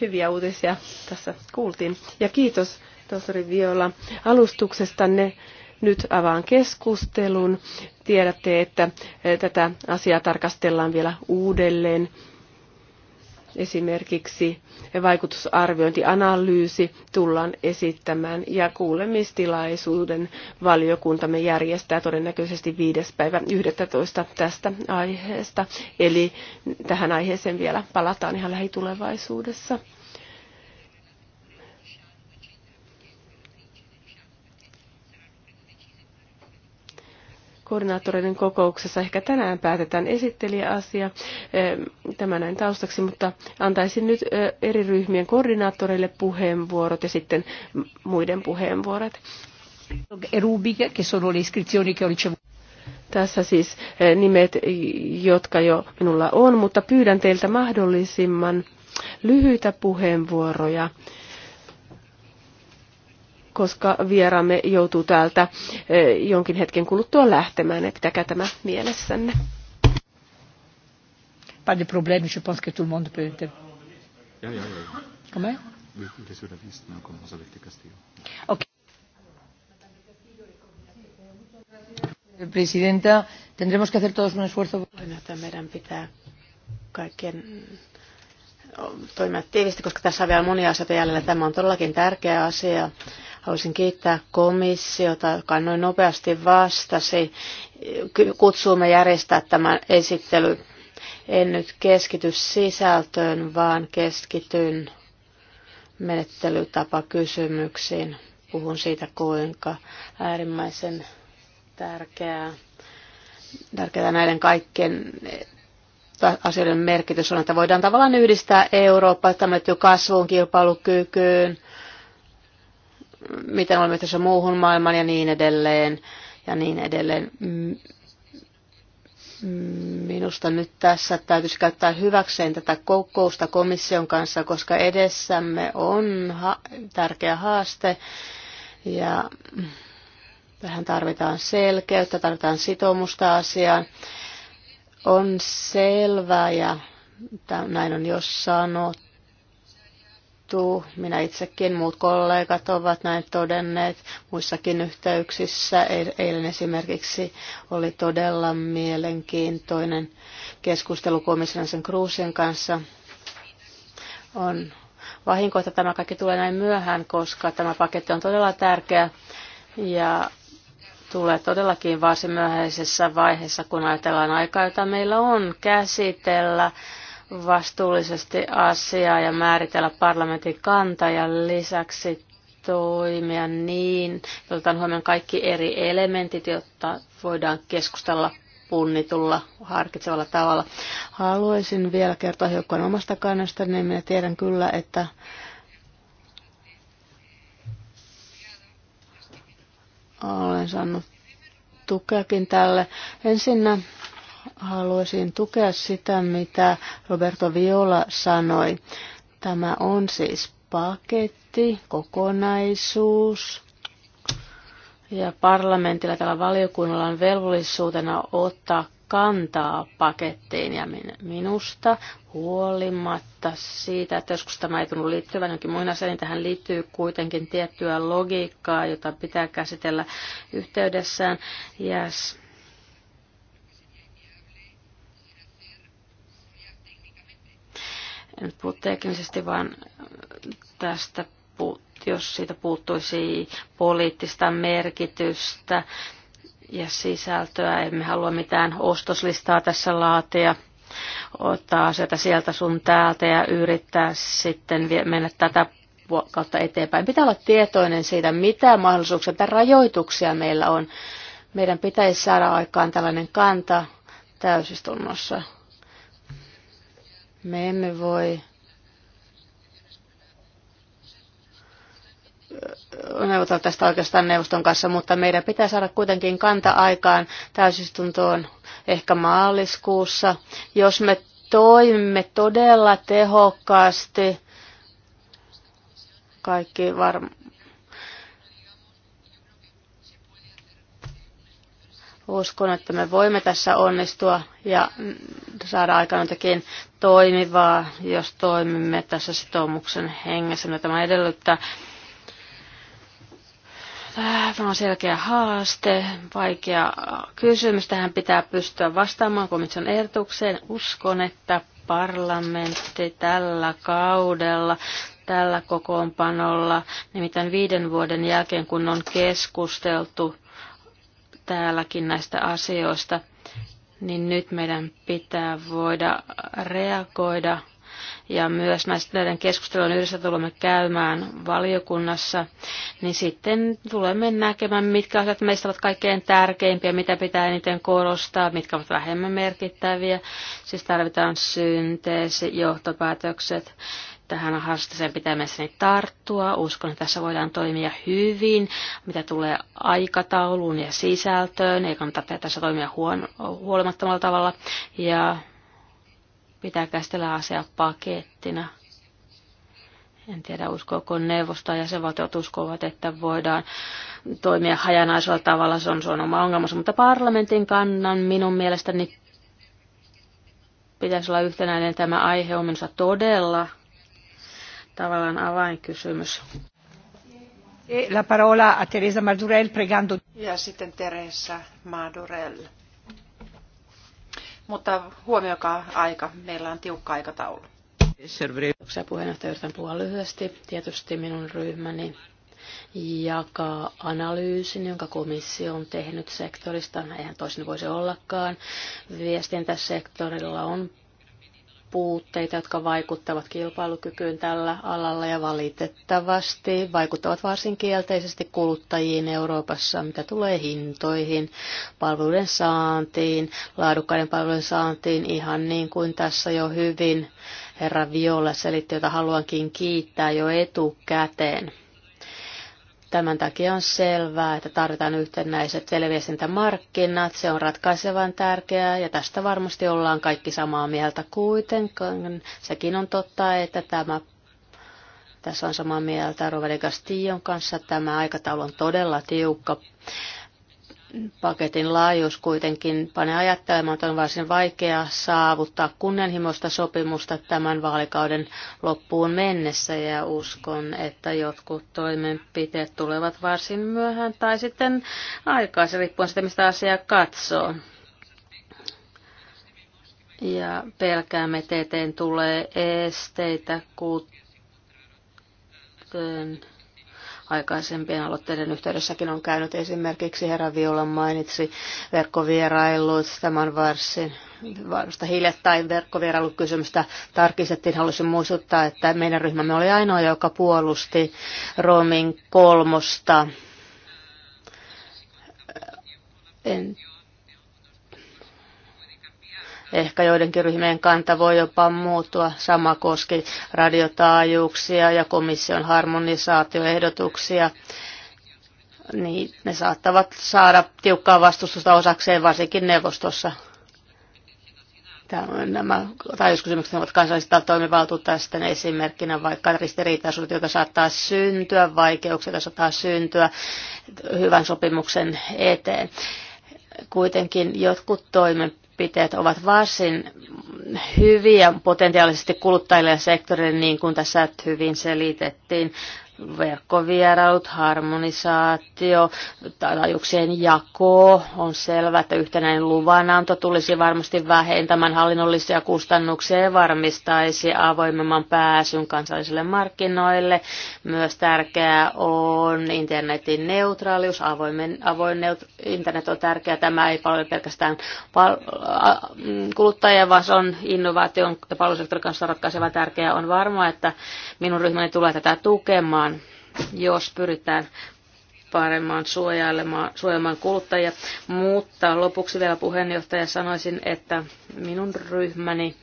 hyviä uutisia tässä kuultiin. Ja kiitos, tohtori Viola, alustuksestanne. Nyt avaan keskustelun. Tiedätte, että eh, tätä asiaa tarkastellaan vielä uudelleen. Esimerkiksi vaikutusarviointianalyysi tullaan esittämään ja kuulemistilaisuuden valiokuntamme järjestää todennäköisesti 5. päivä 11. tästä aiheesta. Eli tähän aiheeseen vielä palataan ihan lähitulevaisuudessa. koordinaattoreiden kokouksessa. Ehkä tänään päätetään esittelijäasia eh, tämä näin taustaksi, mutta antaisin nyt eh, eri ryhmien koordinaattoreille puheenvuorot ja sitten muiden puheenvuorot. E Tässä siis eh, nimet, jotka jo minulla on, mutta pyydän teiltä mahdollisimman lyhyitä puheenvuoroja koska vieraamme joutuu täältä eh, jonkin hetken kuluttua lähtemään, että pitäkää tämä mielessänne. Pas de problème, je pense que tout le monde peut okay. Presidenta, tendremos que hacer todos un esfuerzo. Bueno, meidän pitää kaikkien toimia tiivisti, koska tässä on vielä monia asioita jäljellä. Tämä on todellakin tärkeä asia. Haluaisin kiittää komissiota, joka noin nopeasti vastasi. Kutsuumme järjestää tämän esittely. En nyt keskity sisältöön, vaan keskityn menettelytapakysymyksiin. Puhun siitä, kuinka äärimmäisen tärkeää tärkeää näiden kaikkien asioiden merkitys on, että voidaan tavallaan yhdistää Eurooppa tämä kasvuun, kilpailukykyyn, miten olemme tässä muuhun maailmaan ja niin edelleen. Ja niin edelleen. Mm, minusta nyt tässä täytyisi käyttää hyväkseen tätä kokousta komission kanssa, koska edessämme on ha- tärkeä haaste ja tähän tarvitaan selkeyttä, tarvitaan sitoumusta asiaan. On selvää ja näin on jo sanottu. Minä itsekin, muut kollegat ovat näin todenneet muissakin yhteyksissä. Eilen esimerkiksi oli todella mielenkiintoinen keskustelu sen Kruusin kanssa. On vahinko, että tämä kaikki tulee näin myöhään, koska tämä paketti on todella tärkeä ja tulee todellakin varsin myöhäisessä vaiheessa, kun ajatellaan aikaa, jota meillä on käsitellä vastuullisesti asiaa ja määritellä parlamentin kanta ja lisäksi toimia niin, otetaan huomioon kaikki eri elementit, jotta voidaan keskustella punnitulla, harkitsevalla tavalla. Haluaisin vielä kertoa hiukan omasta kannastani, niin minä tiedän kyllä, että Olen saanut tukeakin tälle. Ensinnä haluaisin tukea sitä, mitä Roberto Viola sanoi. Tämä on siis paketti, kokonaisuus. Ja parlamentilla tällä valiokunnalla on velvollisuutena ottaa kantaa pakettiin ja minusta huolimatta siitä, että joskus tämä ei tunnu liittyvän jonkin muihin niin tähän liittyy kuitenkin tiettyä logiikkaa, jota pitää käsitellä yhteydessään. Yes. En puhu teknisesti, vaan tästä, jos siitä puuttuisi poliittista merkitystä, ja sisältöä. Emme halua mitään ostoslistaa tässä laatia, ottaa sieltä sieltä sun täältä ja yrittää sitten mennä tätä kautta eteenpäin. Pitää olla tietoinen siitä, mitä mahdollisuuksia tai rajoituksia meillä on. Meidän pitäisi saada aikaan tällainen kanta täysistunnossa. Me emme voi neuvotella tästä oikeastaan neuvoston kanssa, mutta meidän pitää saada kuitenkin kanta aikaan täysistuntoon ehkä maaliskuussa. Jos me toimimme todella tehokkaasti, kaikki varmaan uskon, että me voimme tässä onnistua ja saada aikaan jotakin toimivaa, jos toimimme tässä sitoumuksen hengessä, mitä tämä edellyttää. Tämä on selkeä haaste, vaikea kysymys. Tähän pitää pystyä vastaamaan komission ehdotukseen. Uskon, että parlamentti tällä kaudella, tällä kokoonpanolla, nimittäin viiden vuoden jälkeen, kun on keskusteltu täälläkin näistä asioista, niin nyt meidän pitää voida reagoida ja myös näiden keskustelujen yhdessä tulemme käymään valiokunnassa, niin sitten tulemme näkemään, mitkä asiat meistä ovat kaikkein tärkeimpiä, mitä pitää eniten korostaa, mitkä ovat vähemmän merkittäviä. Siis tarvitaan synteesi, johtopäätökset, tähän haasteeseen pitää mielestäni tarttua. Uskon, että tässä voidaan toimia hyvin, mitä tulee aikatauluun ja sisältöön. Ei kannata tässä toimia huon, huolimattomalla tavalla. Ja pitää käsitellä asiaa pakettina. En tiedä, uskoako neuvosto ja jäsenvaltiot uskovat, että voidaan toimia hajanaisella tavalla, se on, se on oma ongelmansa, mutta parlamentin kannan minun mielestäni pitäisi olla yhtenäinen. Tämä aihe on minusta todella tavallaan avainkysymys. E la parola a Teresa Madurell pregando. Ja sitten Teresa Madurell mutta huomioikaa aika, meillä on tiukka aikataulu. Kiitoksia puheenjohtaja, yritän puhua lyhyesti. Tietysti minun ryhmäni jakaa analyysin, jonka komissio on tehnyt sektorista. Eihän toisin voisi ollakaan. Viestintäsektorilla on puutteita, jotka vaikuttavat kilpailukykyyn tällä alalla ja valitettavasti vaikuttavat varsin kielteisesti kuluttajiin Euroopassa, mitä tulee hintoihin, palveluiden saantiin, laadukkaiden palveluiden saantiin, ihan niin kuin tässä jo hyvin herra Viola selitti, jota haluankin kiittää jo etukäteen Tämän takia on selvää, että tarvitaan yhtenäiset televiestintämarkkinat. Se on ratkaisevan tärkeää ja tästä varmasti ollaan kaikki samaa mieltä kuitenkin. Sekin on totta, että tämä tässä on samaa mieltä Rovede Castillon kanssa. Tämä aikataulu on todella tiukka paketin laajuus kuitenkin panee ajattelemaan, että on varsin vaikea saavuttaa kunnianhimoista sopimusta tämän vaalikauden loppuun mennessä ja uskon, että jotkut toimenpiteet tulevat varsin myöhään tai sitten aikaa, se riippuu siitä, mistä asiaa katsoo. Ja pelkäämme, että eteen tulee esteitä, kuten aikaisempien aloitteiden yhteydessäkin on käynyt. Esimerkiksi herra Viola mainitsi verkkovierailut. tämän varsin vasta hiljattain verkkovierailukysymystä tarkistettiin. Haluaisin muistuttaa, että meidän ryhmämme oli ainoa, joka puolusti Roomin kolmosta. En Ehkä joidenkin ryhmien kanta voi jopa muuttua. Sama koski radiotaajuuksia ja komission harmonisaatioehdotuksia. Niin ne saattavat saada tiukkaa vastustusta osakseen, varsinkin neuvostossa. Tämä, nämä taajuuskysymykset ovat kansallista toimivaltuutta sitten esimerkkinä vaikka ristiriitaisuudet, joita saattaa syntyä, vaikeuksia, joita saattaa syntyä hyvän sopimuksen eteen. Kuitenkin jotkut toimen toimenpiteet ovat varsin hyviä potentiaalisesti kuluttajille ja sektorille, niin kuin tässä hyvin selitettiin verkkovierailut, harmonisaatio, taajuuksien jako on selvä, että yhtenäinen luvananto tulisi varmasti vähentämään hallinnollisia kustannuksia ja varmistaisi avoimemman pääsyn kansallisille markkinoille. Myös tärkeää on internetin neutraalius, avoimen, avoin neut, internet on tärkeää. Tämä ei palvele pelkästään pal- mm, kuluttajia, vaan se on innovaation ja palvelusektorin kanssa ratkaiseva tärkeää. On varmaa, että minun ryhmäni tulee tätä tukemaan mukaan, jos pyritään paremman suojelemaan, suojelemaan kuluttajia. Mutta lopuksi vielä puheenjohtaja sanoisin, että minun ryhmäni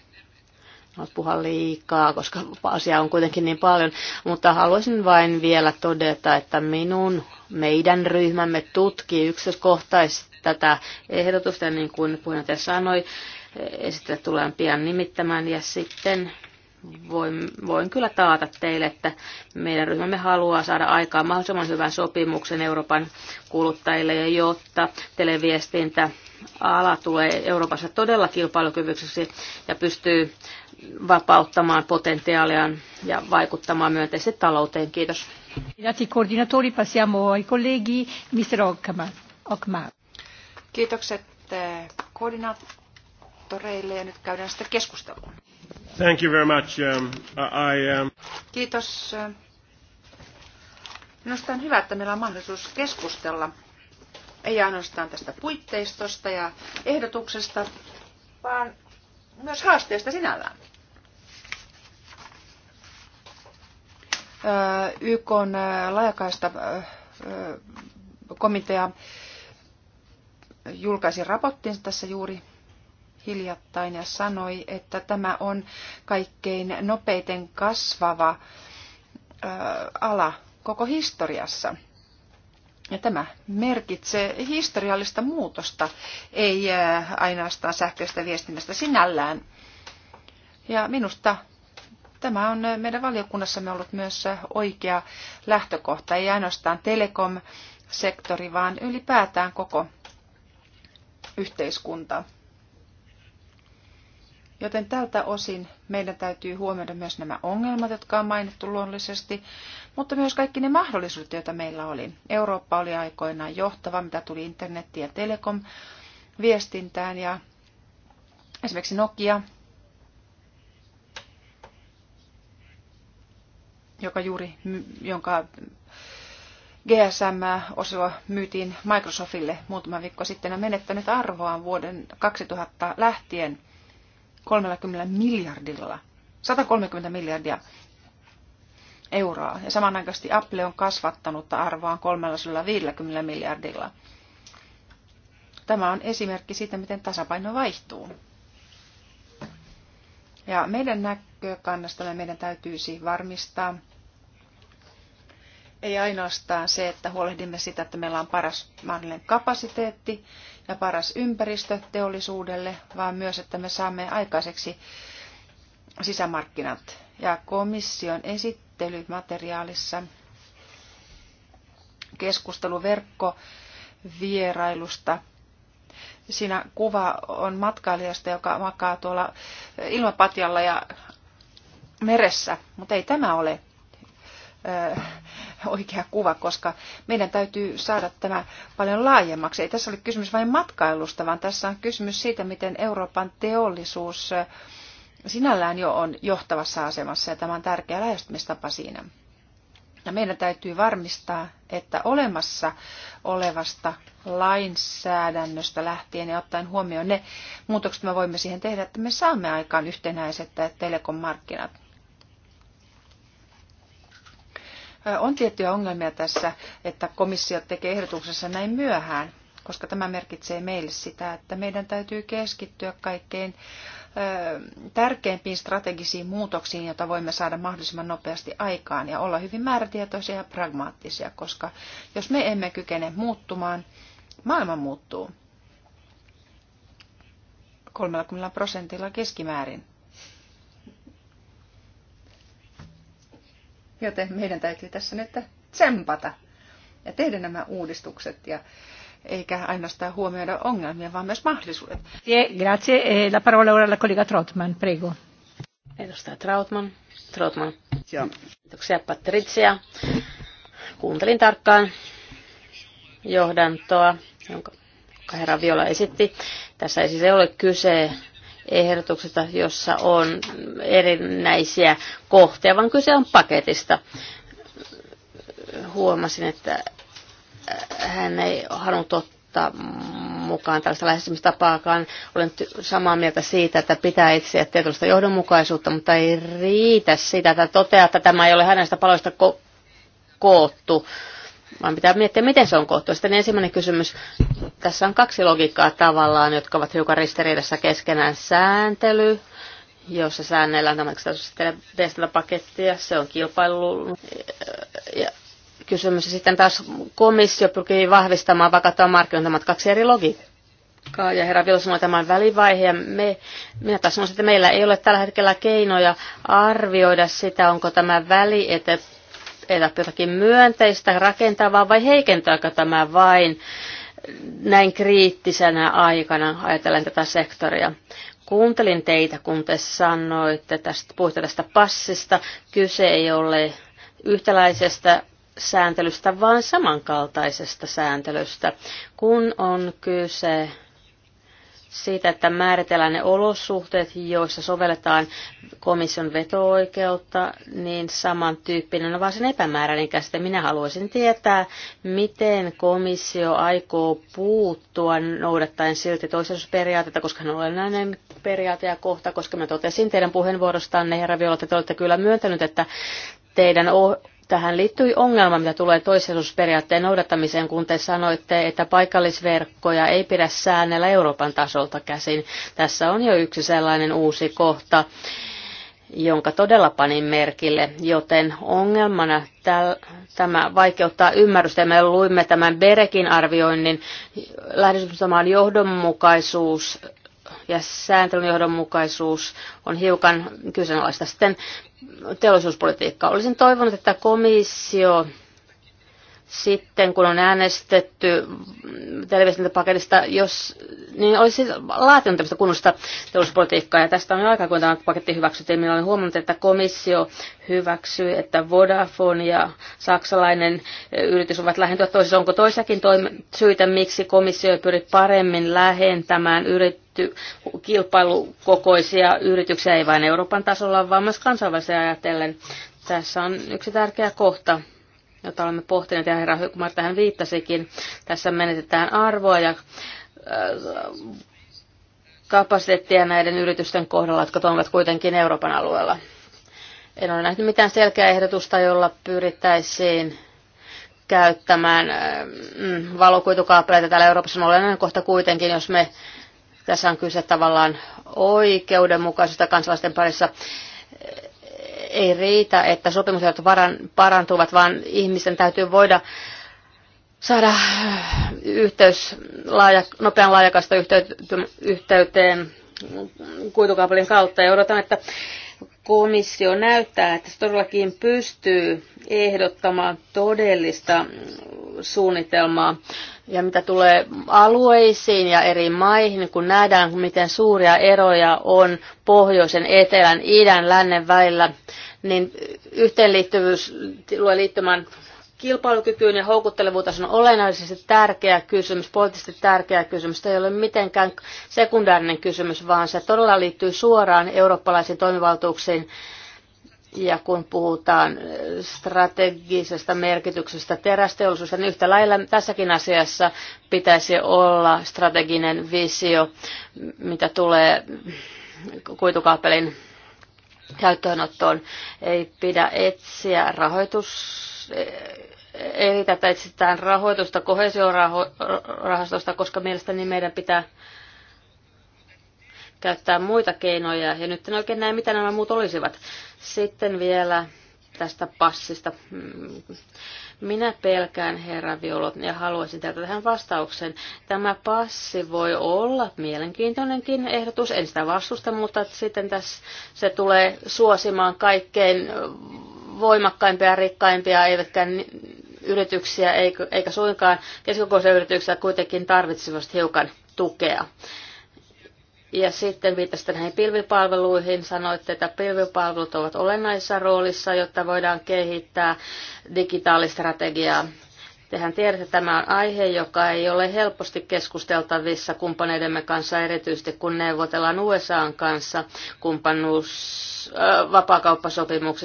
no, puhua liikaa, koska asia on kuitenkin niin paljon, mutta haluaisin vain vielä todeta, että minun, meidän ryhmämme tutkii yksityiskohtaisesti tätä ehdotusta, niin kuin puheenjohtaja sanoi, esittää tulee pian nimittämään, ja sitten voin, voin kyllä taata teille, että meidän ryhmämme haluaa saada aikaan mahdollisimman hyvän sopimuksen Euroopan kuluttajille, ja jotta televiestintä ala tulee Euroopassa todella kilpailukykyiseksi ja pystyy vapauttamaan potentiaaliaan ja vaikuttamaan myönteisesti talouteen. Kiitos. Kiitokset eh, koordinaattoreille ja nyt käydään sitä keskustelua. Thank you very much. Um, I, um... Kiitos. Minusta on hyvä, että meillä on mahdollisuus keskustella ei ainoastaan tästä puitteistosta ja ehdotuksesta, vaan myös haasteesta sinällään. YK on laajakaista komitea julkaisi raporttinsa tässä juuri hiljattain ja sanoi, että tämä on kaikkein nopeiten kasvava ala koko historiassa. Ja tämä merkitsee historiallista muutosta, ei ainoastaan sähköistä viestinnästä sinällään. Ja minusta tämä on meidän valiokunnassamme ollut myös oikea lähtökohta, ei ainoastaan telekom-sektori, vaan ylipäätään koko yhteiskunta. Joten tältä osin meidän täytyy huomioida myös nämä ongelmat, jotka on mainittu luonnollisesti, mutta myös kaikki ne mahdollisuudet, joita meillä oli. Eurooppa oli aikoinaan johtava, mitä tuli internettiin ja telekom-viestintään ja esimerkiksi Nokia, joka juuri, jonka GSM-osio myytiin Microsoftille muutama viikko sitten, on menettänyt arvoaan vuoden 2000 lähtien – 30 miljardilla, 130 miljardia euroa. Ja samanaikaisesti Apple on kasvattanut arvoaan 350 miljardilla. Tämä on esimerkki siitä, miten tasapaino vaihtuu. Ja meidän näkökannastamme meidän täytyisi varmistaa, ei ainoastaan se, että huolehdimme sitä, että meillä on paras mahdollinen kapasiteetti ja paras ympäristö teollisuudelle, vaan myös, että me saamme aikaiseksi sisämarkkinat. Ja komission esittelymateriaalissa keskusteluverkko vierailusta. Siinä kuva on matkailijasta, joka makaa tuolla ilmapatjalla ja meressä, mutta ei tämä ole oikea kuva, koska meidän täytyy saada tämä paljon laajemmaksi. Ei tässä ole kysymys vain matkailusta, vaan tässä on kysymys siitä, miten Euroopan teollisuus sinällään jo on johtavassa asemassa ja tämä on tärkeä lähestymistapa siinä. Ja meidän täytyy varmistaa, että olemassa olevasta lainsäädännöstä lähtien ja ottaen huomioon ne muutokset, me voimme siihen tehdä, että me saamme aikaan yhtenäiset telekommarkkinat. on tiettyjä ongelmia tässä, että komissio tekee ehdotuksensa näin myöhään, koska tämä merkitsee meille sitä, että meidän täytyy keskittyä kaikkein tärkeimpiin strategisiin muutoksiin, joita voimme saada mahdollisimman nopeasti aikaan ja olla hyvin määrätietoisia ja pragmaattisia, koska jos me emme kykene muuttumaan, maailma muuttuu 30 prosentilla keskimäärin. Joten meidän täytyy tässä nyt tsempata ja tehdä nämä uudistukset ja eikä ainoastaan huomioida ongelmia, vaan myös mahdollisuudet. Grazie. E, la parola ora alla collega Trotman, prego. Edustaja Trautman. Trotman. Kiitoksia Patricia. Kuuntelin tarkkaan johdantoa, jonka herra Viola esitti. Tässä ei siis ole kyse ehdotuksesta, jossa on erinäisiä kohteja, vaan kyse on paketista. Huomasin, että hän ei halunnut ottaa mukaan tällaista lähestymistapaakaan. Olen samaa mieltä siitä, että pitää etsiä tietynlaista johdonmukaisuutta, mutta ei riitä sitä, että toteaa, että tämä ei ole hänestä paloista ko- koottu vaan pitää miettiä, miten se on kohtuullista. Niin ensimmäinen kysymys. Tässä on kaksi logiikkaa tavallaan, jotka ovat hiukan ristiriidassa keskenään. Sääntely, jossa säännellään tämmöistä pakettia, se on kilpailu ja kysymys. Ja sitten taas komissio pyrkii vahvistamaan vakautta markkinoita, nämä kaksi eri logiikkaa. Ja herra Vilson sanoi tämän välivaihe, ja me, minä taas sanoisin, että meillä ei ole tällä hetkellä keinoja arvioida sitä, onko tämä väli, että etäpä jotakin myönteistä, rakentavaa vai heikentääkö tämä vain näin kriittisenä aikana, ajatellen tätä sektoria? Kuuntelin teitä, kun te sanoitte, tästä, puhutte tästä passista, kyse ei ole yhtäläisestä sääntelystä, vaan samankaltaisesta sääntelystä, kun on kyse siitä, että määritellään ne olosuhteet, joissa sovelletaan komission veto-oikeutta, niin samantyyppinen on varsin epämääräinen käsite. Minä haluaisin tietää, miten komissio aikoo puuttua noudattaen silti toisellisuusperiaatetta, koska hän on olennainen periaate ja kohta, koska mä totesin teidän puheenvuorostanne, herra Viola, että te olette kyllä myöntänyt, että teidän Tähän liittyy ongelma, mitä tulee toisellisuusperiaatteen noudattamiseen, kun te sanoitte, että paikallisverkkoja ei pidä säännellä Euroopan tasolta käsin. Tässä on jo yksi sellainen uusi kohta, jonka todella panin merkille, joten ongelmana tämä vaikeuttaa ymmärrystä. Me luimme tämän Berekin arvioinnin lähdetysmustamaan johdonmukaisuus ja sääntelyn johdonmukaisuus on hiukan kyseenalaista. Sitten teollisuuspolitiikkaa. Olisin toivonut, että komissio sitten, kun on äänestetty televisiointipaketista, jos, niin olisi laatinut tämmöistä kunnosta teollisuuspolitiikkaa. Ja tästä on jo aika, kun tämä paketti hyväksyttiin. Minä olen huomannut, että komissio hyväksyy, että Vodafone ja saksalainen yritys ovat lähentyä toisissa. Onko toisakin toim- syitä, miksi komissio ei pyri paremmin lähentämään yritty kilpailukokoisia yrityksiä, ei vain Euroopan tasolla, vaan myös kansainvälisiä ajatellen. Tässä on yksi tärkeä kohta jota olemme pohtineet, ja herra Hökmar tähän viittasikin. Tässä menetetään arvoa ja äh, kapasiteettia näiden yritysten kohdalla, jotka toimivat kuitenkin Euroopan alueella. En ole nähnyt mitään selkeää ehdotusta, jolla pyrittäisiin käyttämään äh, mm, valokuitukaapeleita täällä Euroopassa on olennainen kohta kuitenkin, jos me tässä on kyse tavallaan oikeudenmukaisesta kansalaisten parissa ei riitä, että sopimusjärjestöt parantuvat, vaan ihmisten täytyy voida saada äh, yhteys laaja, nopean laajakasta yhteyteen kuitukaapelin kautta. Ja odotan, että komissio näyttää, että se todellakin pystyy ehdottamaan todellista suunnitelmaa. Ja mitä tulee alueisiin ja eri maihin, niin kun nähdään, miten suuria eroja on pohjoisen, etelän, idän, lännen välillä, niin yhteenliittyvyys tulee liittymään Kilpailukykyyn ja houkuttelevuuteen on olennaisesti tärkeä kysymys, poliittisesti tärkeä kysymys. Se ei ole mitenkään sekundäärinen kysymys, vaan se todella liittyy suoraan eurooppalaisiin toimivaltuuksiin. Ja kun puhutaan strategisesta merkityksestä terästeollisuudesta, niin yhtä lailla tässäkin asiassa pitäisi olla strateginen visio, mitä tulee kuitukaapelin käyttöönottoon. Ei pidä etsiä rahoitus ei riitä, etsitään rahoitusta kohesiorahastosta, koska mielestäni meidän pitää käyttää muita keinoja. Ja nyt en oikein näe, mitä nämä muut olisivat. Sitten vielä tästä passista. Mm. Minä pelkään herra Violot ja haluaisin täältä tähän vastauksen. Tämä passi voi olla mielenkiintoinenkin ehdotus, en sitä vastusta, mutta sitten tässä se tulee suosimaan kaikkein voimakkaimpia ja rikkaimpia, eivätkä yrityksiä eikä suinkaan keskikokoisia yrityksiä kuitenkin tarvitsevat hiukan tukea. Ja sitten viittasitte näihin pilvipalveluihin, sanoitte, että pilvipalvelut ovat olennaisessa roolissa, jotta voidaan kehittää digitaalistrategiaa Tehän tiedätte, että tämä on aihe, joka ei ole helposti keskusteltavissa kumppaneidemme kanssa, erityisesti kun neuvotellaan USAn kanssa kumppanuus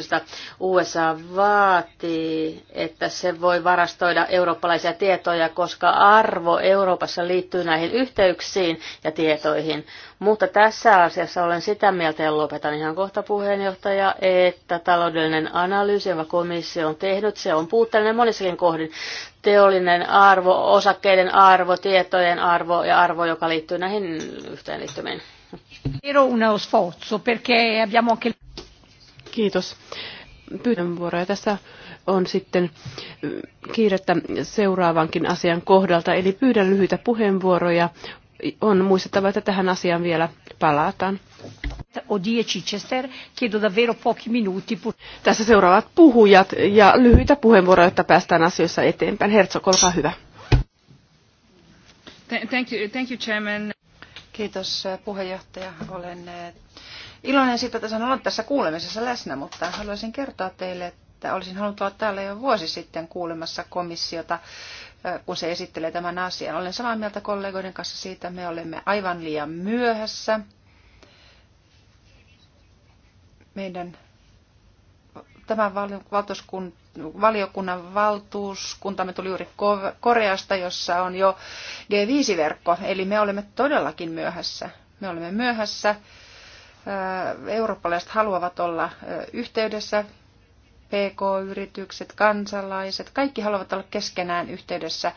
äh, USA vaatii, että se voi varastoida eurooppalaisia tietoja, koska arvo Euroopassa liittyy näihin yhteyksiin ja tietoihin. Mutta tässä asiassa olen sitä mieltä, ja lopetan ihan kohta puheenjohtaja, että taloudellinen analyysi, jonka komissio on tehnyt, se on puutteellinen monissakin kohdin. Teollinen arvo, osakkeiden arvo, tietojen arvo ja arvo, joka liittyy näihin yhteenliittymiin. Kiitos. Pyydän vuoroja tässä on sitten mm, kiirettä seuraavankin asian kohdalta. Eli pyydän lyhyitä puheenvuoroja on muistettava, että tähän asiaan vielä palataan. Tässä seuraavat puhujat ja lyhyitä puheenvuoroja, jotta päästään asioissa eteenpäin. Herzog, olkaa hyvä. Thank you, thank you, chairman. Kiitos äh, puheenjohtaja. Olen äh, iloinen siitä, että olen tässä kuulemisessa läsnä, mutta haluaisin kertoa teille, että olisin halunnut olla täällä jo vuosi sitten kuulemassa komissiota kun se esittelee tämän asian. Olen samaa mieltä kollegoiden kanssa siitä, me olemme aivan liian myöhässä. Meidän tämän valiokunnan valtuuskuntamme tuli juuri Koreasta, jossa on jo G5-verkko, eli me olemme todellakin myöhässä. Me olemme myöhässä. Eurooppalaiset haluavat olla yhteydessä PK-yritykset, kansalaiset, kaikki haluavat olla keskenään yhteydessä.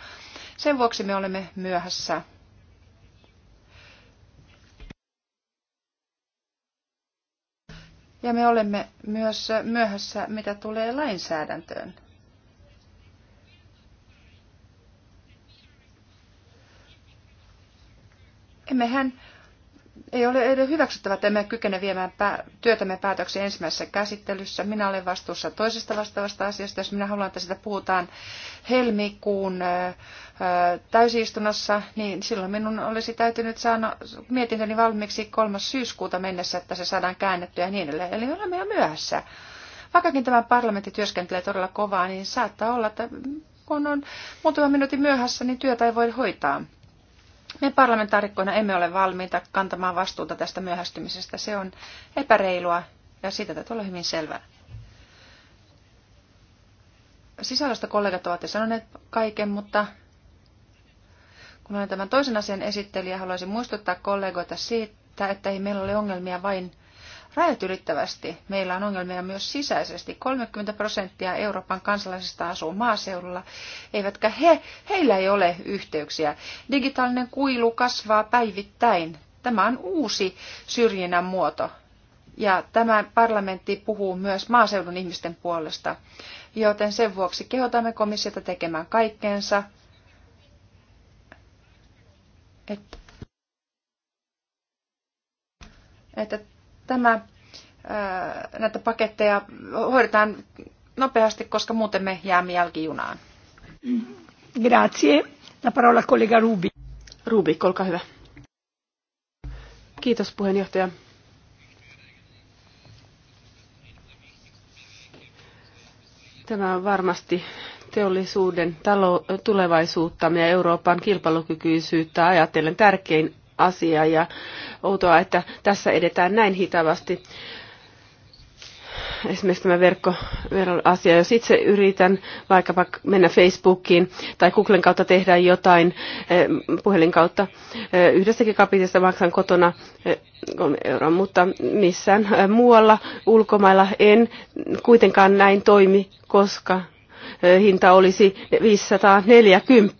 Sen vuoksi me olemme myöhässä. Ja me olemme myös myöhässä, mitä tulee lainsäädäntöön. Emmehän ei ole edes hyväksyttävä, että emme kykene viemään pää- työtämme päätöksiä ensimmäisessä käsittelyssä. Minä olen vastuussa toisesta vastaavasta asiasta. Jos minä haluan, että sitä puhutaan helmikuun ö, täysistunnossa, niin silloin minun olisi täytynyt saada mietintöni valmiiksi 3. syyskuuta mennessä, että se saadaan käännettyä ja niin edelleen. Eli olemme jo myöhässä. Vaikkakin tämä parlamentti työskentelee todella kovaa, niin saattaa olla, että kun on muutama minuutin myöhässä, niin työtä ei voi hoitaa. Me parlamentaarikkoina emme ole valmiita kantamaan vastuuta tästä myöhästymisestä. Se on epäreilua ja siitä täytyy olla hyvin selvää. Sisällöstä kollegat ovat jo sanoneet kaiken, mutta kun olen tämän toisen asian esittelijä, haluaisin muistuttaa kollegoita siitä, että ei meillä ole ongelmia vain rajat ylittävästi. Meillä on ongelmia myös sisäisesti. 30 prosenttia Euroopan kansalaisista asuu maaseudulla, eivätkä he, heillä ei ole yhteyksiä. Digitaalinen kuilu kasvaa päivittäin. Tämä on uusi syrjinnän muoto. Ja tämä parlamentti puhuu myös maaseudun ihmisten puolesta, joten sen vuoksi kehotamme komissiota tekemään kaikkeensa, että, että tämä, näitä paketteja hoidetaan nopeasti, koska muuten me jäämme jälkijunaan. Grazie. La parola collega Rubi. Rubi, olkaa hyvä. Kiitos puheenjohtaja. Tämä on varmasti teollisuuden tulevaisuutta ja Euroopan kilpailukykyisyyttä ajatellen tärkein asia ja outoa, että tässä edetään näin hitaasti. Esimerkiksi tämä verkkoasia, jos itse yritän vaikkapa mennä Facebookiin tai Googlen kautta tehdä jotain eh, puhelin kautta, eh, yhdessäkin kapitista maksan kotona eh, kolme euroa, mutta missään muualla ulkomailla en kuitenkaan näin toimi, koska hinta olisi 540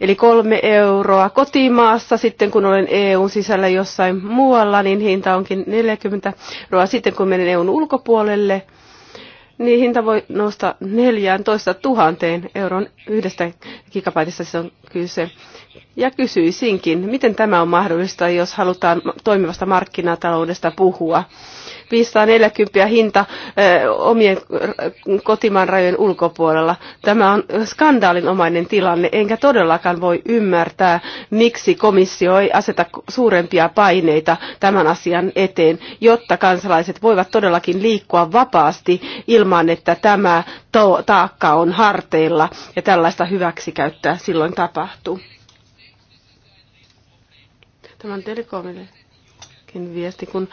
Eli kolme euroa kotimaassa, sitten kun olen EUn sisällä jossain muualla, niin hinta onkin 40 euroa. Sitten kun menen EUn ulkopuolelle, niin hinta voi nousta 14 000 euron yhdestä gigabaitista, se siis on kyse. Ja kysyisinkin, miten tämä on mahdollista, jos halutaan toimivasta markkinataloudesta puhua. 540 hinta ö, eh, omien kotimaan rajojen ulkopuolella. Tämä on skandaalinomainen tilanne, enkä todellakaan voi ymmärtää, miksi komissio ei aseta suurempia paineita tämän asian eteen, jotta kansalaiset voivat todellakin liikkua vapaasti ilman, että tämä taakka on harteilla ja tällaista hyväksikäyttää silloin tapahtuu tämän telekomillekin viesti, kun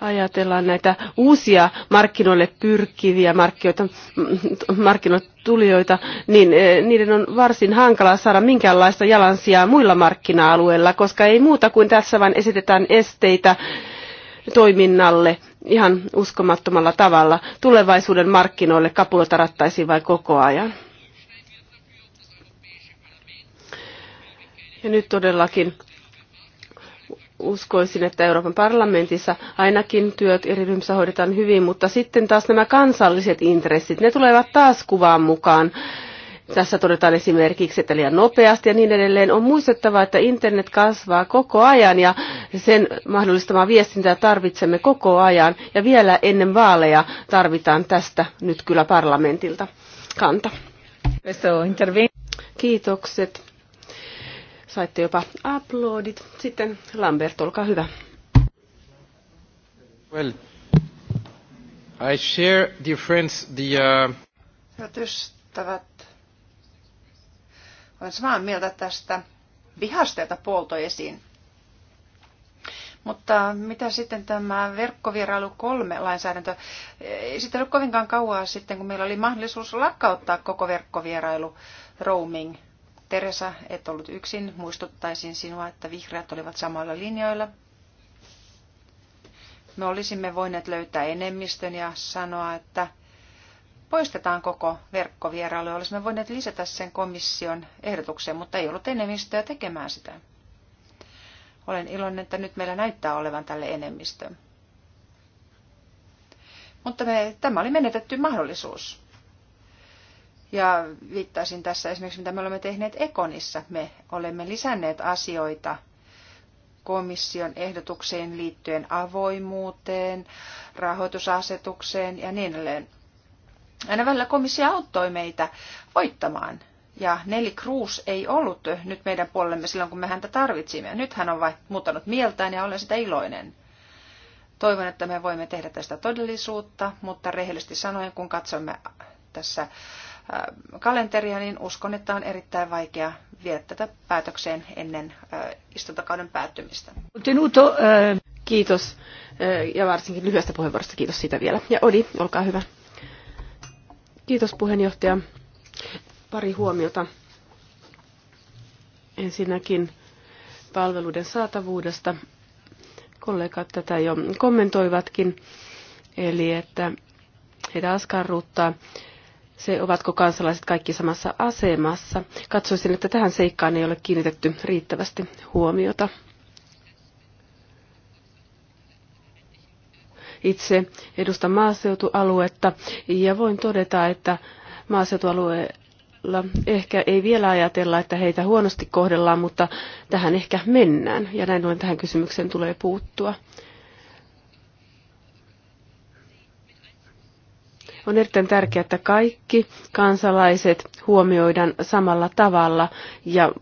ajatellaan näitä uusia markkinoille pyrkiviä markkinoita, mm, markkinoitulijoita, niin eh, niiden on varsin hankala saada minkäänlaista jalansijaa muilla markkina-alueilla, koska ei muuta kuin tässä vain esitetään esteitä toiminnalle ihan uskomattomalla tavalla. Tulevaisuuden markkinoille kapulota rattaisiin vain koko ajan. Ja nyt todellakin uskoisin, että Euroopan parlamentissa ainakin työt eri ryhmissä hoidetaan hyvin, mutta sitten taas nämä kansalliset intressit, ne tulevat taas kuvaan mukaan. Tässä todetaan esimerkiksi, että liian nopeasti ja niin edelleen. On muistettava, että internet kasvaa koko ajan ja sen mahdollistamaa viestintää tarvitsemme koko ajan. Ja vielä ennen vaaleja tarvitaan tästä nyt kyllä parlamentilta kanta. Kiitokset Saitte jopa uploadit. Sitten Lambert, olkaa hyvä. Well, I share, dear friends, the... Uh... Hyvät ystävät, olen samaa mieltä tästä vihasta, jota puolto esiin. Mutta mitä sitten tämä verkkovierailu kolme lainsäädäntö? Ei Sitten ollut kovinkaan kauaa sitten, kun meillä oli mahdollisuus lakkauttaa koko verkkovierailu roaming – Teresa, et ollut yksin. Muistuttaisin sinua, että vihreät olivat samoilla linjoilla. Me olisimme voineet löytää enemmistön ja sanoa, että poistetaan koko verkkovierailu. Olisimme voineet lisätä sen komission ehdotukseen, mutta ei ollut enemmistöä tekemään sitä. Olen iloinen, että nyt meillä näyttää olevan tälle enemmistö. Mutta me, tämä oli menetetty mahdollisuus. Ja viittaisin tässä esimerkiksi, mitä me olemme tehneet Ekonissa. Me olemme lisänneet asioita komission ehdotukseen liittyen avoimuuteen, rahoitusasetukseen ja niin edelleen. Aina välillä komissio auttoi meitä voittamaan. Ja Nelly Cruz ei ollut nyt meidän puolellemme silloin, kun me häntä tarvitsimme. Nyt hän on vain muuttanut mieltään ja olen sitä iloinen. Toivon, että me voimme tehdä tästä todellisuutta, mutta rehellisesti sanoen, kun katsomme tässä Äh, kalenteria, niin uskon, että on erittäin vaikea viedä tätä päätökseen ennen äh, istuntokauden päättymistä. Äh, kiitos ja varsinkin lyhyestä puheenvuorosta. Kiitos siitä vielä. Ja Odi, olkaa hyvä. Kiitos puheenjohtaja. Pari huomiota. Ensinnäkin palveluiden saatavuudesta. Kollegat tätä jo kommentoivatkin. Eli että heitä askarruttaa se, ovatko kansalaiset kaikki samassa asemassa. Katsoisin, että tähän seikkaan ei ole kiinnitetty riittävästi huomiota. Itse edustan maaseutualuetta ja voin todeta, että maaseutualueella ehkä ei vielä ajatella, että heitä huonosti kohdellaan, mutta tähän ehkä mennään ja näin ollen tähän kysymykseen tulee puuttua. On erittäin tärkeää, että kaikki kansalaiset huomioidaan samalla tavalla ja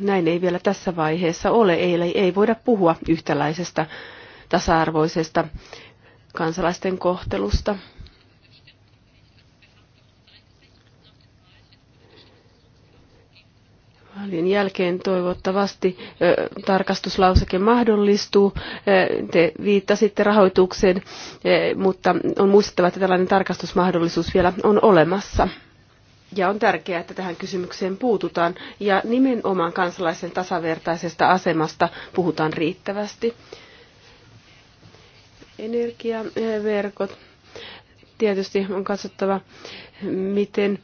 näin ei vielä tässä vaiheessa ole. Ei, ei voida puhua yhtäläisestä tasa-arvoisesta kansalaisten kohtelusta. vaalien jälkeen toivottavasti ö, tarkastuslauseke mahdollistuu. Ö, te viittasitte rahoitukseen, ö, mutta on muistettava, että tällainen tarkastusmahdollisuus vielä on olemassa. Ja on tärkeää, että tähän kysymykseen puututaan ja nimenomaan kansalaisen tasavertaisesta asemasta puhutaan riittävästi. Energiaverkot. Tietysti on katsottava, miten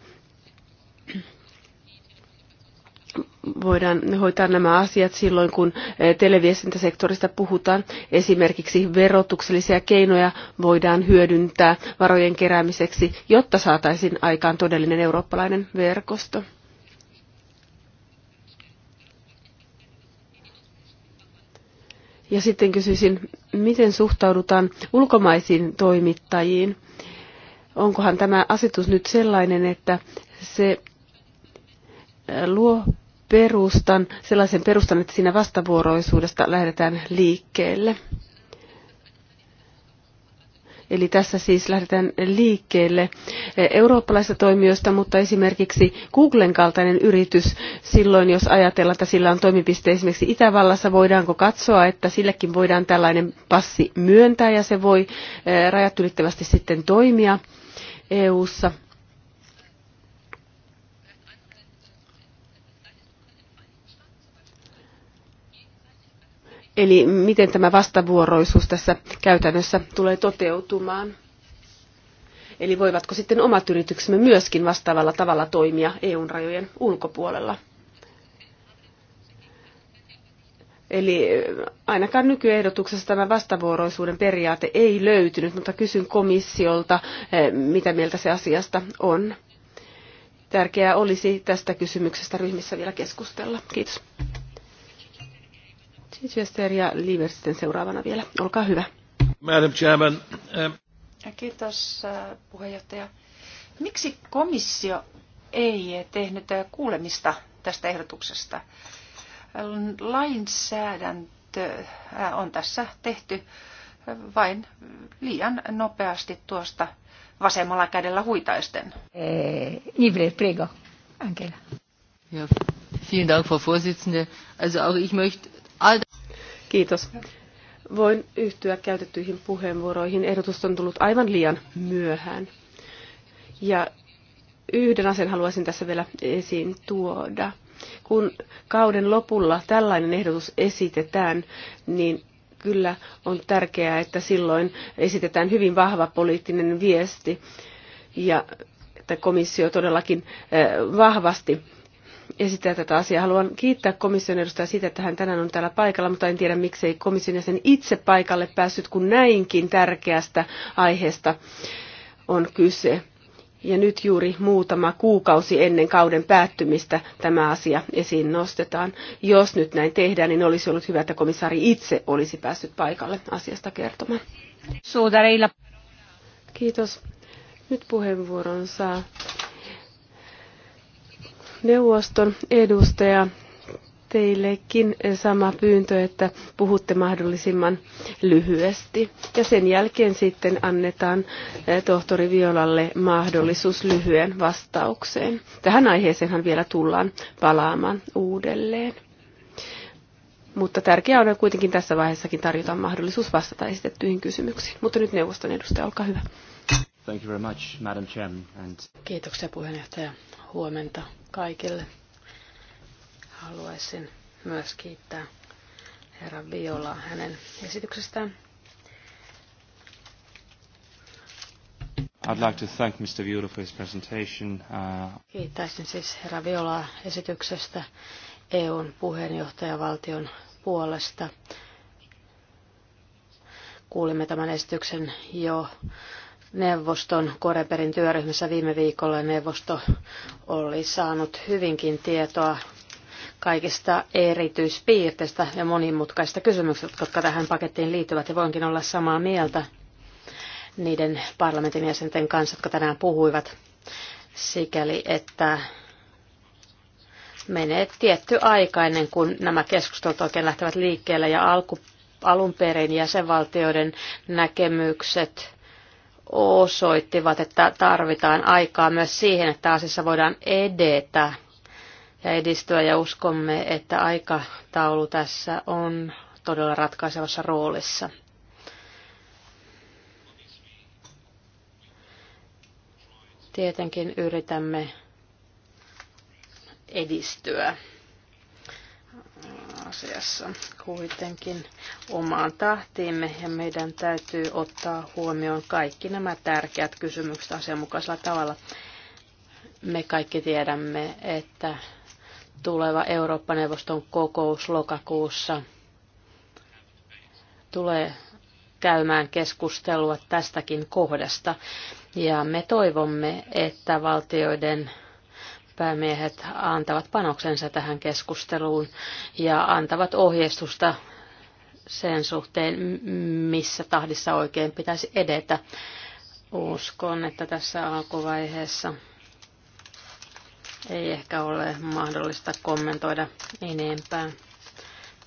voidaan hoitaa nämä asiat silloin, kun eh, televiestintäsektorista puhutaan. Esimerkiksi verotuksellisia keinoja voidaan hyödyntää varojen keräämiseksi, jotta saataisiin aikaan todellinen eurooppalainen verkosto. Ja sitten kysyisin, miten suhtaudutaan ulkomaisiin toimittajiin? Onkohan tämä asetus nyt sellainen, että se eh, luo perustan, sellaisen perustan, että siinä vastavuoroisuudesta lähdetään liikkeelle. Eli tässä siis lähdetään liikkeelle eurooppalaisista toimijoista, mutta esimerkiksi Googlen kaltainen yritys, silloin jos ajatellaan, että sillä on toimipiste esimerkiksi Itävallassa, voidaanko katsoa, että sillekin voidaan tällainen passi myöntää ja se voi eh, rajat ylittävästi sitten toimia EU-ssa. Eli miten tämä vastavuoroisuus tässä käytännössä tulee toteutumaan? Eli voivatko sitten omat yrityksemme myöskin vastaavalla tavalla toimia EUn rajojen ulkopuolella? Eli ainakaan nykyehdotuksessa tämä vastavuoroisuuden periaate ei löytynyt, mutta kysyn komissiolta, eh, mitä mieltä se asiasta on. Tärkeää olisi tästä kysymyksestä ryhmissä vielä keskustella. Kiitos. Chichester ja Lieber sitten seuraavana vielä. Olkaa hyvä. Madam Chairman. Um, kiitos äh, puheenjohtaja. Miksi komissio ei tehnyt äh, kuulemista tästä ehdotuksesta? Lainsäädäntö äh, on tässä tehty vain liian nopeasti tuosta vasemmalla kädellä huitaisten. Nibler, eh, prego. Angela. vielen Dank, Frau Vorsitzende. Also auch ich möchte Kiitos. Voin yhtyä käytettyihin puheenvuoroihin. Ehdotus on tullut aivan liian myöhään. Ja yhden asian haluaisin tässä vielä esiin tuoda. Kun kauden lopulla tällainen ehdotus esitetään, niin kyllä on tärkeää, että silloin esitetään hyvin vahva poliittinen viesti ja että komissio todellakin eh, vahvasti esittää tätä asiaa. Haluan kiittää komission edustajaa siitä, että hän tänään on täällä paikalla, mutta en tiedä miksei komission jäsen itse paikalle päässyt, kun näinkin tärkeästä aiheesta on kyse. Ja nyt juuri muutama kuukausi ennen kauden päättymistä tämä asia esiin nostetaan. Jos nyt näin tehdään, niin olisi ollut hyvä, että komissaari itse olisi päässyt paikalle asiasta kertomaan. Kiitos. Nyt puheenvuoron saa Neuvoston edustaja, teillekin sama pyyntö, että puhutte mahdollisimman lyhyesti. Ja sen jälkeen sitten annetaan eh, tohtori Violalle mahdollisuus lyhyen vastaukseen. Tähän aiheeseenhan vielä tullaan palaamaan uudelleen. Mutta tärkeää on kuitenkin tässä vaiheessakin tarjota mahdollisuus vastata esitettyihin kysymyksiin. Mutta nyt neuvoston edustaja, olkaa hyvä. Thank you very much, Madam Chairman. And... Kiitoksia puheenjohtaja huomenta kaikille. Haluaisin myös kiittää herra Viola hänen esityksestään. I'd like to thank Mr. Viola for his presentation. Uh... Kiittäisin siis herra Violaa esityksestä EUn puheenjohtajavaltion puolesta. Kuulimme tämän esityksen jo neuvoston Koreperin työryhmässä viime viikolla neuvosto oli saanut hyvinkin tietoa kaikista erityispiirteistä ja monimutkaisista kysymyksistä, jotka tähän pakettiin liittyvät, ja voinkin olla samaa mieltä niiden parlamentin jäsenten kanssa, jotka tänään puhuivat, sikäli että menee tietty aika ennen kuin nämä keskustelut oikein lähtevät liikkeelle, ja alku, alun perin jäsenvaltioiden näkemykset osoittivat, että tarvitaan aikaa myös siihen, että asiassa voidaan edetä ja edistyä ja uskomme, että aikataulu tässä on todella ratkaisevassa roolissa. Tietenkin yritämme edistyä asiassa kuitenkin omaan tahtiimme ja meidän täytyy ottaa huomioon kaikki nämä tärkeät kysymykset asianmukaisella tavalla. Me kaikki tiedämme, että tuleva Eurooppa-neuvoston kokous lokakuussa tulee käymään keskustelua tästäkin kohdasta. Ja me toivomme, että valtioiden päämiehet antavat panoksensa tähän keskusteluun ja antavat ohjeistusta sen suhteen, missä tahdissa oikein pitäisi edetä. Uskon, että tässä alkuvaiheessa ei ehkä ole mahdollista kommentoida enempää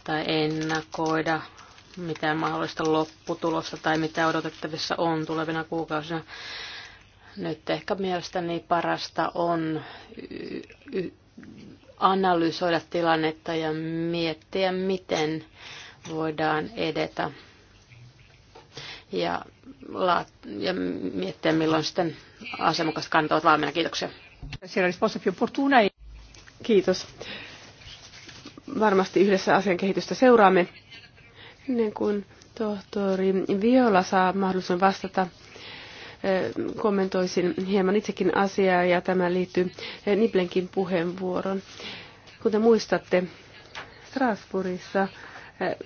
tai ennakoida mitään mahdollista lopputulosta tai mitä odotettavissa on tulevina kuukausina. Nyt ehkä mielestäni parasta on analysoida tilannetta ja miettiä, miten voidaan edetä ja, ja miettiä, milloin sitten asemukasta kantavat valmiina. Kiitoksia. Kiitos. Varmasti yhdessä asian kehitystä seuraamme. Ennen kuin tohtori Viola saa mahdollisuuden vastata, kommentoisin hieman itsekin asiaa ja tämä liittyy eh, Niblenkin puheenvuoron. Kuten muistatte, Strasbourgissa eh,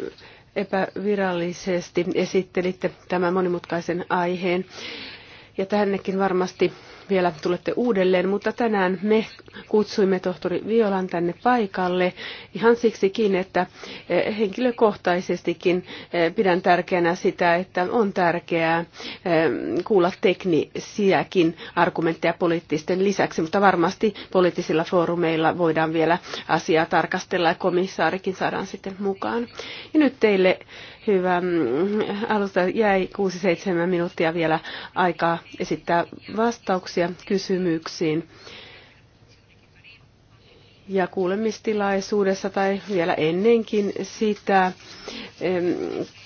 epävirallisesti esittelitte tämän monimutkaisen aiheen. Ja tännekin varmasti vielä tulette uudelleen, mutta tänään me kutsuimme tohtori Violan tänne paikalle ihan siksikin, että eh, henkilökohtaisestikin eh, pidän tärkeänä sitä, että on tärkeää eh, kuulla teknisiäkin argumentteja poliittisten lisäksi, mutta varmasti poliittisilla foorumeilla voidaan vielä asiaa tarkastella ja komissaarikin saadaan sitten mukaan. Ja nyt teille Hyvä. Alusta jäi 6-7 minuuttia vielä aikaa esittää vastauksia kysymyksiin. Ja kuulemistilaisuudessa tai vielä ennenkin sitä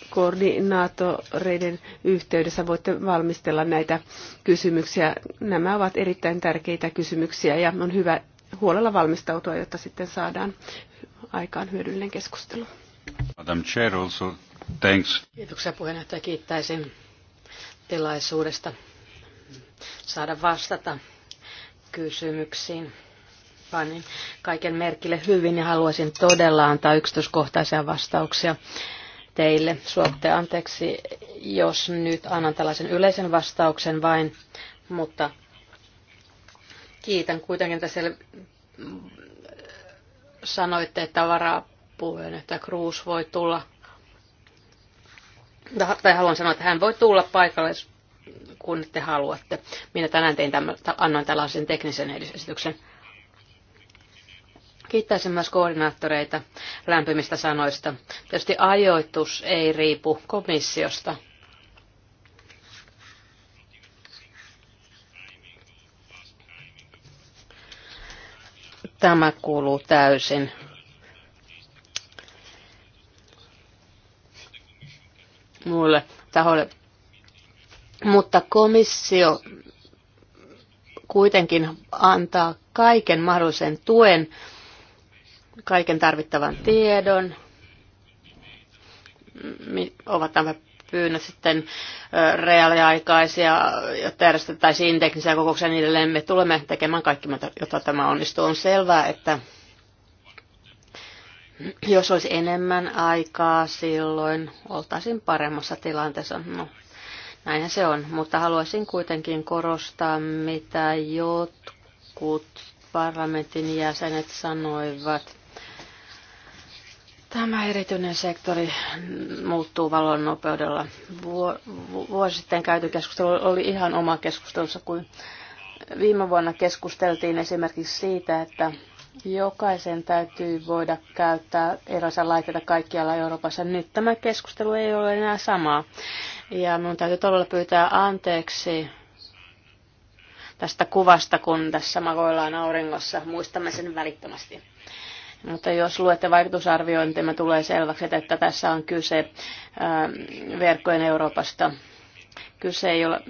koordinaattoreiden yhteydessä voitte valmistella näitä kysymyksiä. Nämä ovat erittäin tärkeitä kysymyksiä ja on hyvä huolella valmistautua, jotta sitten saadaan aikaan hyödyllinen keskustelu. Madam Chair also Thanks. Kiitoksia puheenjohtaja. Kiittäisin tilaisuudesta saada vastata kysymyksiin. Panin kaiken merkille hyvin ja haluaisin todella antaa yksityiskohtaisia vastauksia teille. Suotte anteeksi, jos nyt annan tällaisen yleisen vastauksen vain, mutta kiitän kuitenkin, että siellä sanoitte, että varapuheenjohtaja Kruus voi tulla tai haluan sanoa, että hän voi tulla paikalle, kun te haluatte. Minä tänään tein tämän, annoin tällaisen teknisen esityksen. Kiittäisin myös koordinaattoreita lämpimistä sanoista. Tietysti ajoitus ei riipu komissiosta. Tämä kuuluu täysin muille tahoille. Mutta komissio kuitenkin antaa kaiken mahdollisen tuen, kaiken tarvittavan tiedon, ovat nämä pyynnöt sitten reaaliaikaisia, jotta järjestettäisiin teknisiä kokouksia niin edelleen. Me tulemme tekemään kaikki, jotta tämä onnistuu. On selvää, että jos olisi enemmän aikaa silloin, oltaisiin paremmassa tilanteessa. No, näinhän se on, mutta haluaisin kuitenkin korostaa, mitä jotkut parlamentin jäsenet sanoivat. Tämä erityinen sektori muuttuu valon nopeudella. Vuosi sitten käyty keskustelu oli ihan oma keskustelussa, kun viime vuonna keskusteltiin esimerkiksi siitä, että Jokaisen täytyy voida käyttää erilaisia laitteita kaikkialla Euroopassa. Nyt tämä keskustelu ei ole enää samaa. Ja minun täytyy todella pyytää anteeksi tästä kuvasta, kun tässä makoillaan auringossa. Muistamme sen välittömästi. Mutta jos luette niin tulee selväksi, että tässä on kyse ähm, verkkojen Euroopasta. Kyse ei ole,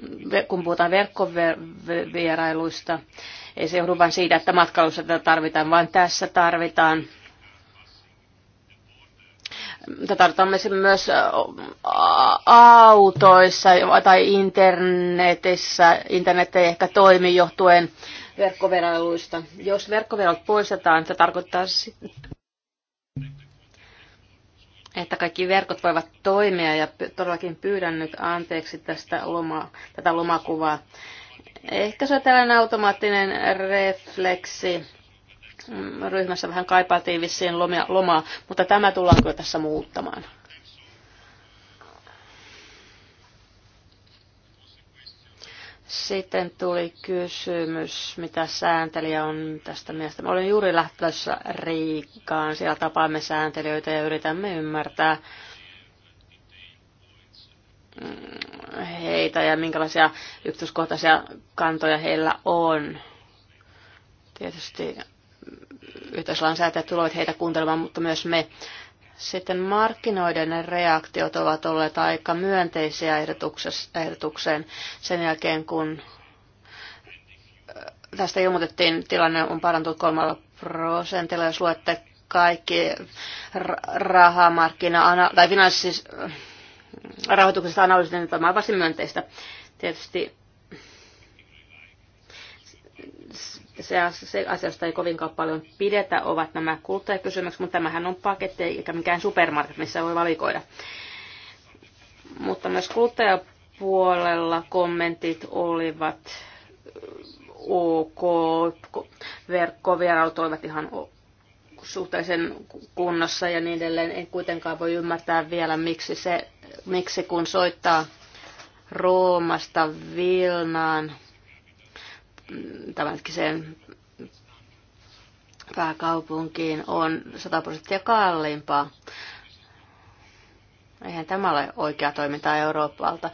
kun puhutaan verkkovierailuista, ei se johdu vain siitä, että matkailussa tätä tarvitaan, vaan tässä tarvitaan Tätä tarvitaan myös autoissa tai internetissä. Internet ei ehkä toimi johtuen verkkoverailuista. Jos verkkoverot poistetaan, se tarkoittaa että kaikki verkot voivat toimia ja todellakin pyydän nyt anteeksi tästä loma, tätä lomakuvaa. Ehkä se on tällainen automaattinen refleksi. Ryhmässä vähän kaipaatiin vissiin lomia, lomaa, mutta tämä tullaanko tässä muuttamaan? Sitten tuli kysymys, mitä sääntelijä on tästä miestä. Mä olin juuri lähtössä Riikkaan, siellä tapaamme sääntelijöitä ja yritämme ymmärtää, heitä ja minkälaisia yksityiskohtaisia kantoja heillä on. Tietysti yhteislainsäätäjät tulevat heitä kuuntelemaan, mutta myös me. Sitten markkinoiden reaktiot ovat olleet aika myönteisiä ehdotukseen sen jälkeen, kun tästä ilmoitettiin, tilanne on parantunut kolmella prosentilla, jos luette kaikki rahamarkkina- tai finanssis- rahoituksesta analyysin, niin tämä varsin myönteistä. Tietysti se, se asia, josta ei kovinkaan paljon pidetä, ovat nämä kuluttajakysymykset, mutta tämähän on paketti eikä mikään supermarket, missä voi valikoida. Mutta myös kuluttajapuolella kommentit olivat ok, verkkovierailut olivat ihan suhteellisen kunnossa ja niin edelleen. En kuitenkaan voi ymmärtää vielä, miksi, se, miksi kun soittaa Roomasta Vilnaan tämänhetkiseen pääkaupunkiin on 100 prosenttia kalliimpaa. Eihän tämä ole oikea toiminta Euroopalta.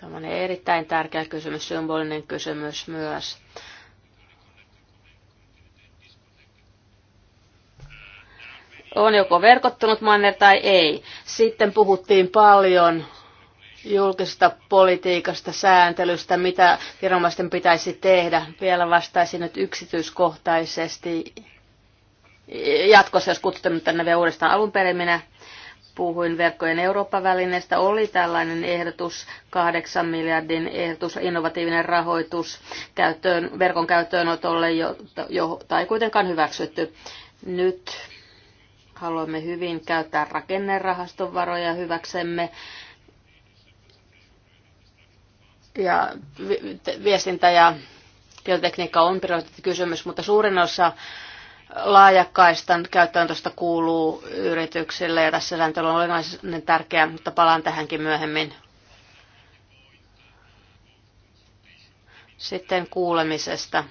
Tämä on erittäin tärkeä kysymys, symbolinen kysymys myös. on joko verkottunut manner tai ei. Sitten puhuttiin paljon julkisesta politiikasta, sääntelystä, mitä viranomaisten pitäisi tehdä. Vielä vastaisin nyt yksityiskohtaisesti jatkossa, jos kutsutaan tänne vielä uudestaan alun perin, minä puhuin verkkojen Euroopan välineestä oli tällainen ehdotus, 8 miljardin ehdotus, innovatiivinen rahoitus käyttöön, verkon käyttöönotolle, jo tai kuitenkaan hyväksytty. Nyt Haluamme hyvin käyttää rakennerahaston varoja hyväksemme ja viestintä ja tietotekniikka on kysymys, mutta suurin osa laajakaistan tuosta kuuluu yrityksille ja tässä sääntely on olennaisen tärkeää, mutta palaan tähänkin myöhemmin. Sitten kuulemisesta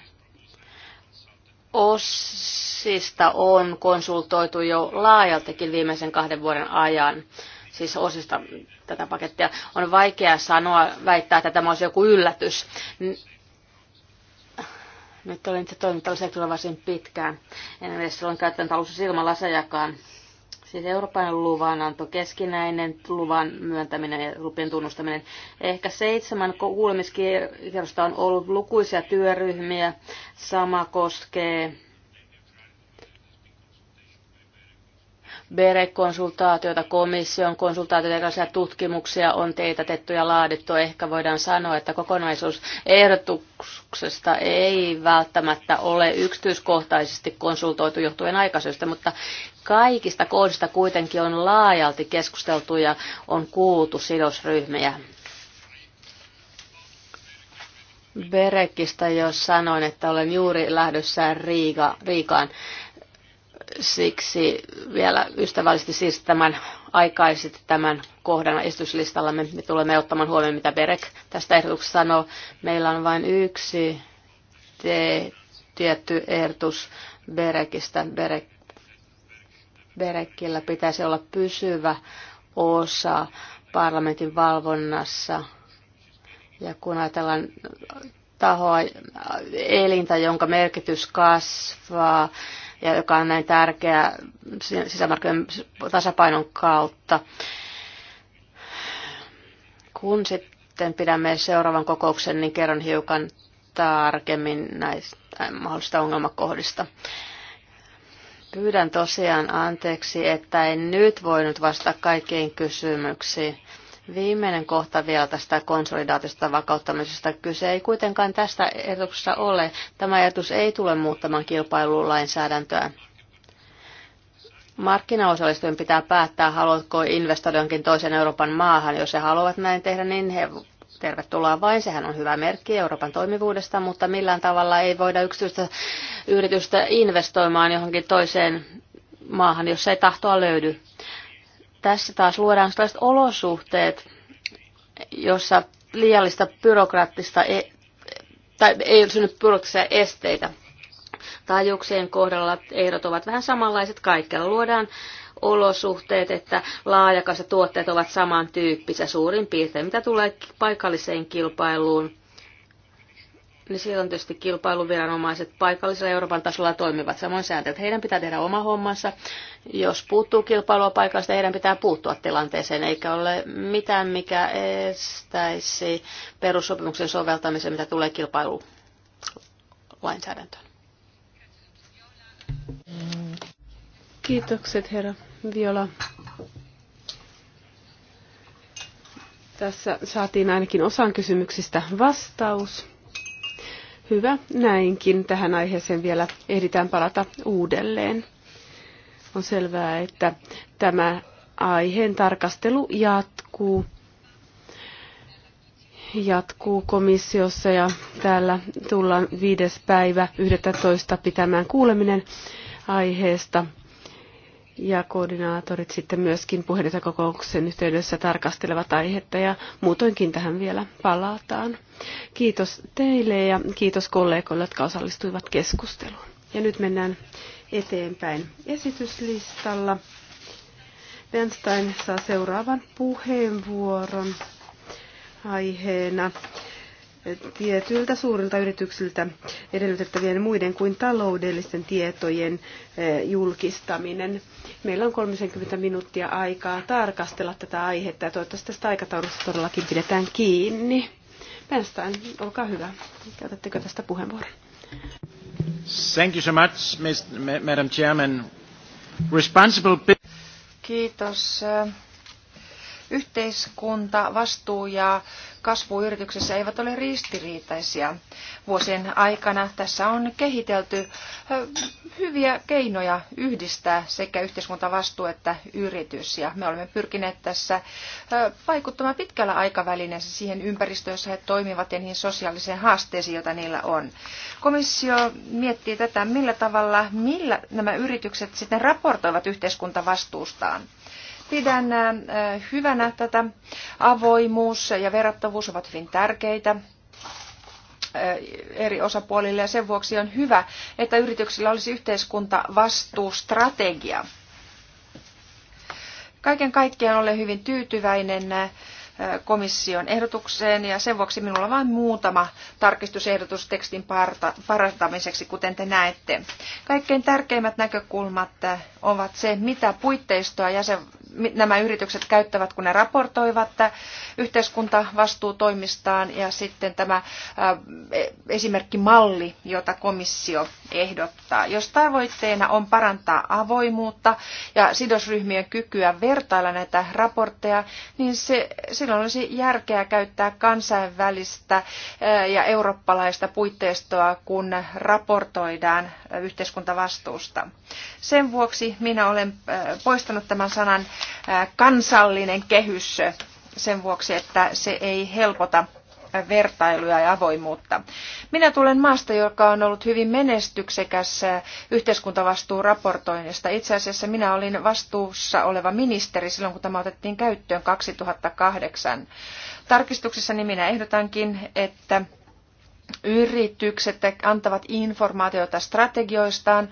osista on konsultoitu jo laajaltakin viimeisen kahden vuoden ajan siis osista tätä pakettia. On vaikea sanoa, väittää, että tämä olisi joku yllätys. Nyt olen itse toiminut tällä varsin pitkään. En edes silloin käyttänyt alussa silmälasejakaan. Siis Euroopan anto, keskinäinen luvan myöntäminen ja lupien tunnustaminen. Ehkä seitsemän kuulemiskierrosta on ollut lukuisia työryhmiä. Sama koskee BERE-konsultaatioita, komission konsultaatioita, erilaisia tutkimuksia on teetätetty ja laadittu. Ehkä voidaan sanoa, että kokonaisuus ehdotuksesta ei välttämättä ole yksityiskohtaisesti konsultoitu johtuen aikaisesta, mutta Kaikista kohdista kuitenkin on laajalti keskusteltu ja on kuultu sidosryhmiä. Berekistä jo sanoin, että olen juuri lähdössä Riika, Riikaan. Siksi vielä ystävällisesti siis tämän aikaisesti tämän kohdan esityslistallamme. Me tulemme ottamaan huomioon, mitä Berek tästä ehdotuksesta sanoo. Meillä on vain yksi te, tietty ehdotus Berekistä. Berek Berekillä pitäisi olla pysyvä osa parlamentin valvonnassa. Ja kun ajatellaan tahoa, elintä, jonka merkitys kasvaa ja joka on näin tärkeä sisämarkkinoiden tasapainon kautta, kun sitten pidämme seuraavan kokouksen, niin kerron hiukan tarkemmin näistä mahdollisista ongelmakohdista. Pyydän tosiaan anteeksi, että en nyt voinut vastata kaikkiin kysymyksiin. Viimeinen kohta vielä tästä konsolidaatista vakauttamisesta. Kyse ei kuitenkaan tästä ehdotuksesta ole. Tämä ehdotus ei tule muuttamaan kilpailulainsäädäntöä. Markkinaosallistujen pitää päättää, haluatko investoida jonkin toisen Euroopan maahan. Jos he haluavat näin tehdä, niin he tervetuloa vain, sehän on hyvä merkki Euroopan toimivuudesta, mutta millään tavalla ei voida yksityistä yritystä investoimaan johonkin toiseen maahan, jos ei tahtoa löydy. Tässä taas luodaan sellaiset olosuhteet, jossa liiallista byrokraattista e- tai ei synny byrokraattisia esteitä. Taajuuksien kohdalla ehdot ovat vähän samanlaiset kaikkella. Luodaan olosuhteet että laajakaiset tuotteet ovat samantyyppisiä suurin piirtein. Mitä tulee paikalliseen kilpailuun, niin on tietysti kilpailuviranomaiset paikallisella Euroopan tasolla toimivat samoin sääntöjä. Heidän pitää tehdä oma hommansa. Jos puuttuu kilpailua paikallista, heidän pitää puuttua tilanteeseen, eikä ole mitään, mikä estäisi perussopimuksen soveltamisen, mitä tulee kilpailulainsäädäntöön. Kiitokset, herra Viola. Tässä saatiin ainakin osan kysymyksistä vastaus. Hyvä, näinkin. Tähän aiheeseen vielä ehditään palata uudelleen. On selvää, että tämä aiheen tarkastelu jatkuu. Jatkuu komissiossa ja täällä tullaan 5. päivä 11. pitämään kuuleminen aiheesta ja koordinaatorit sitten myöskin puheenjohtajakokouksen yhteydessä tarkastelevat aihetta ja muutoinkin tähän vielä palataan. Kiitos teille ja kiitos kollegoille, jotka osallistuivat keskusteluun. Ja nyt mennään eteenpäin esityslistalla. Bernstein saa seuraavan puheenvuoron aiheena tietyiltä suurilta yrityksiltä edellytettävien muiden kuin taloudellisten tietojen eh, julkistaminen. Meillä on 30 minuuttia aikaa tarkastella tätä aihetta ja toivottavasti tästä aikataulusta todellakin pidetään kiinni. Bernstein, olkaa hyvä. Käytättekö tästä puheenvuoron? Thank you so much, Madam Chairman. Responsible... Kiitos. Eh, Yhteiskunta, vastuu ja kasvu yrityksessä eivät ole ristiriitaisia. Vuosien aikana tässä on kehitelty hyviä keinoja yhdistää sekä yhteiskuntavastuu että yritys. Ja me olemme pyrkineet tässä vaikuttamaan pitkällä aikavälillä siihen ympäristöön, jossa he toimivat ja niihin sosiaaliseen haasteisiin, joita niillä on. Komissio miettii tätä, millä tavalla, millä nämä yritykset sitten raportoivat yhteiskuntavastuustaan. Pidän äh, äh, hyvänä tätä. Avoimuus ja verrattavuus ovat hyvin tärkeitä äh, eri osapuolille ja sen vuoksi on hyvä, että yrityksillä olisi yhteiskuntavastuustrategia. Kaiken kaikkiaan olen hyvin tyytyväinen komission ehdotukseen ja sen vuoksi minulla on vain muutama tarkistusehdotus tekstin parantamiseksi, kuten te näette. Kaikkein tärkeimmät näkökulmat ovat se, mitä puitteistoa jäsen, nämä yritykset käyttävät, kun ne raportoivat yhteiskuntavastuutoimistaan ja sitten tämä e- esimerkkimalli, jota komissio ehdottaa. Jos tavoitteena on parantaa avoimuutta ja sidosryhmien kykyä vertailla näitä raportteja, niin se, silloin olisi järkeä käyttää kansainvälistä ja eurooppalaista puitteistoa, kun raportoidaan yhteiskuntavastuusta. Sen vuoksi minä olen poistanut tämän sanan kansallinen kehys sen vuoksi, että se ei helpota vertailuja ja avoimuutta. Minä tulen maasta, joka on ollut hyvin menestyksekäs yhteiskuntavastuuraportoinnista. Itse asiassa minä olin vastuussa oleva ministeri silloin, kun tämä otettiin käyttöön 2008. Tarkistuksessani minä ehdotankin, että yritykset antavat informaatiota strategioistaan,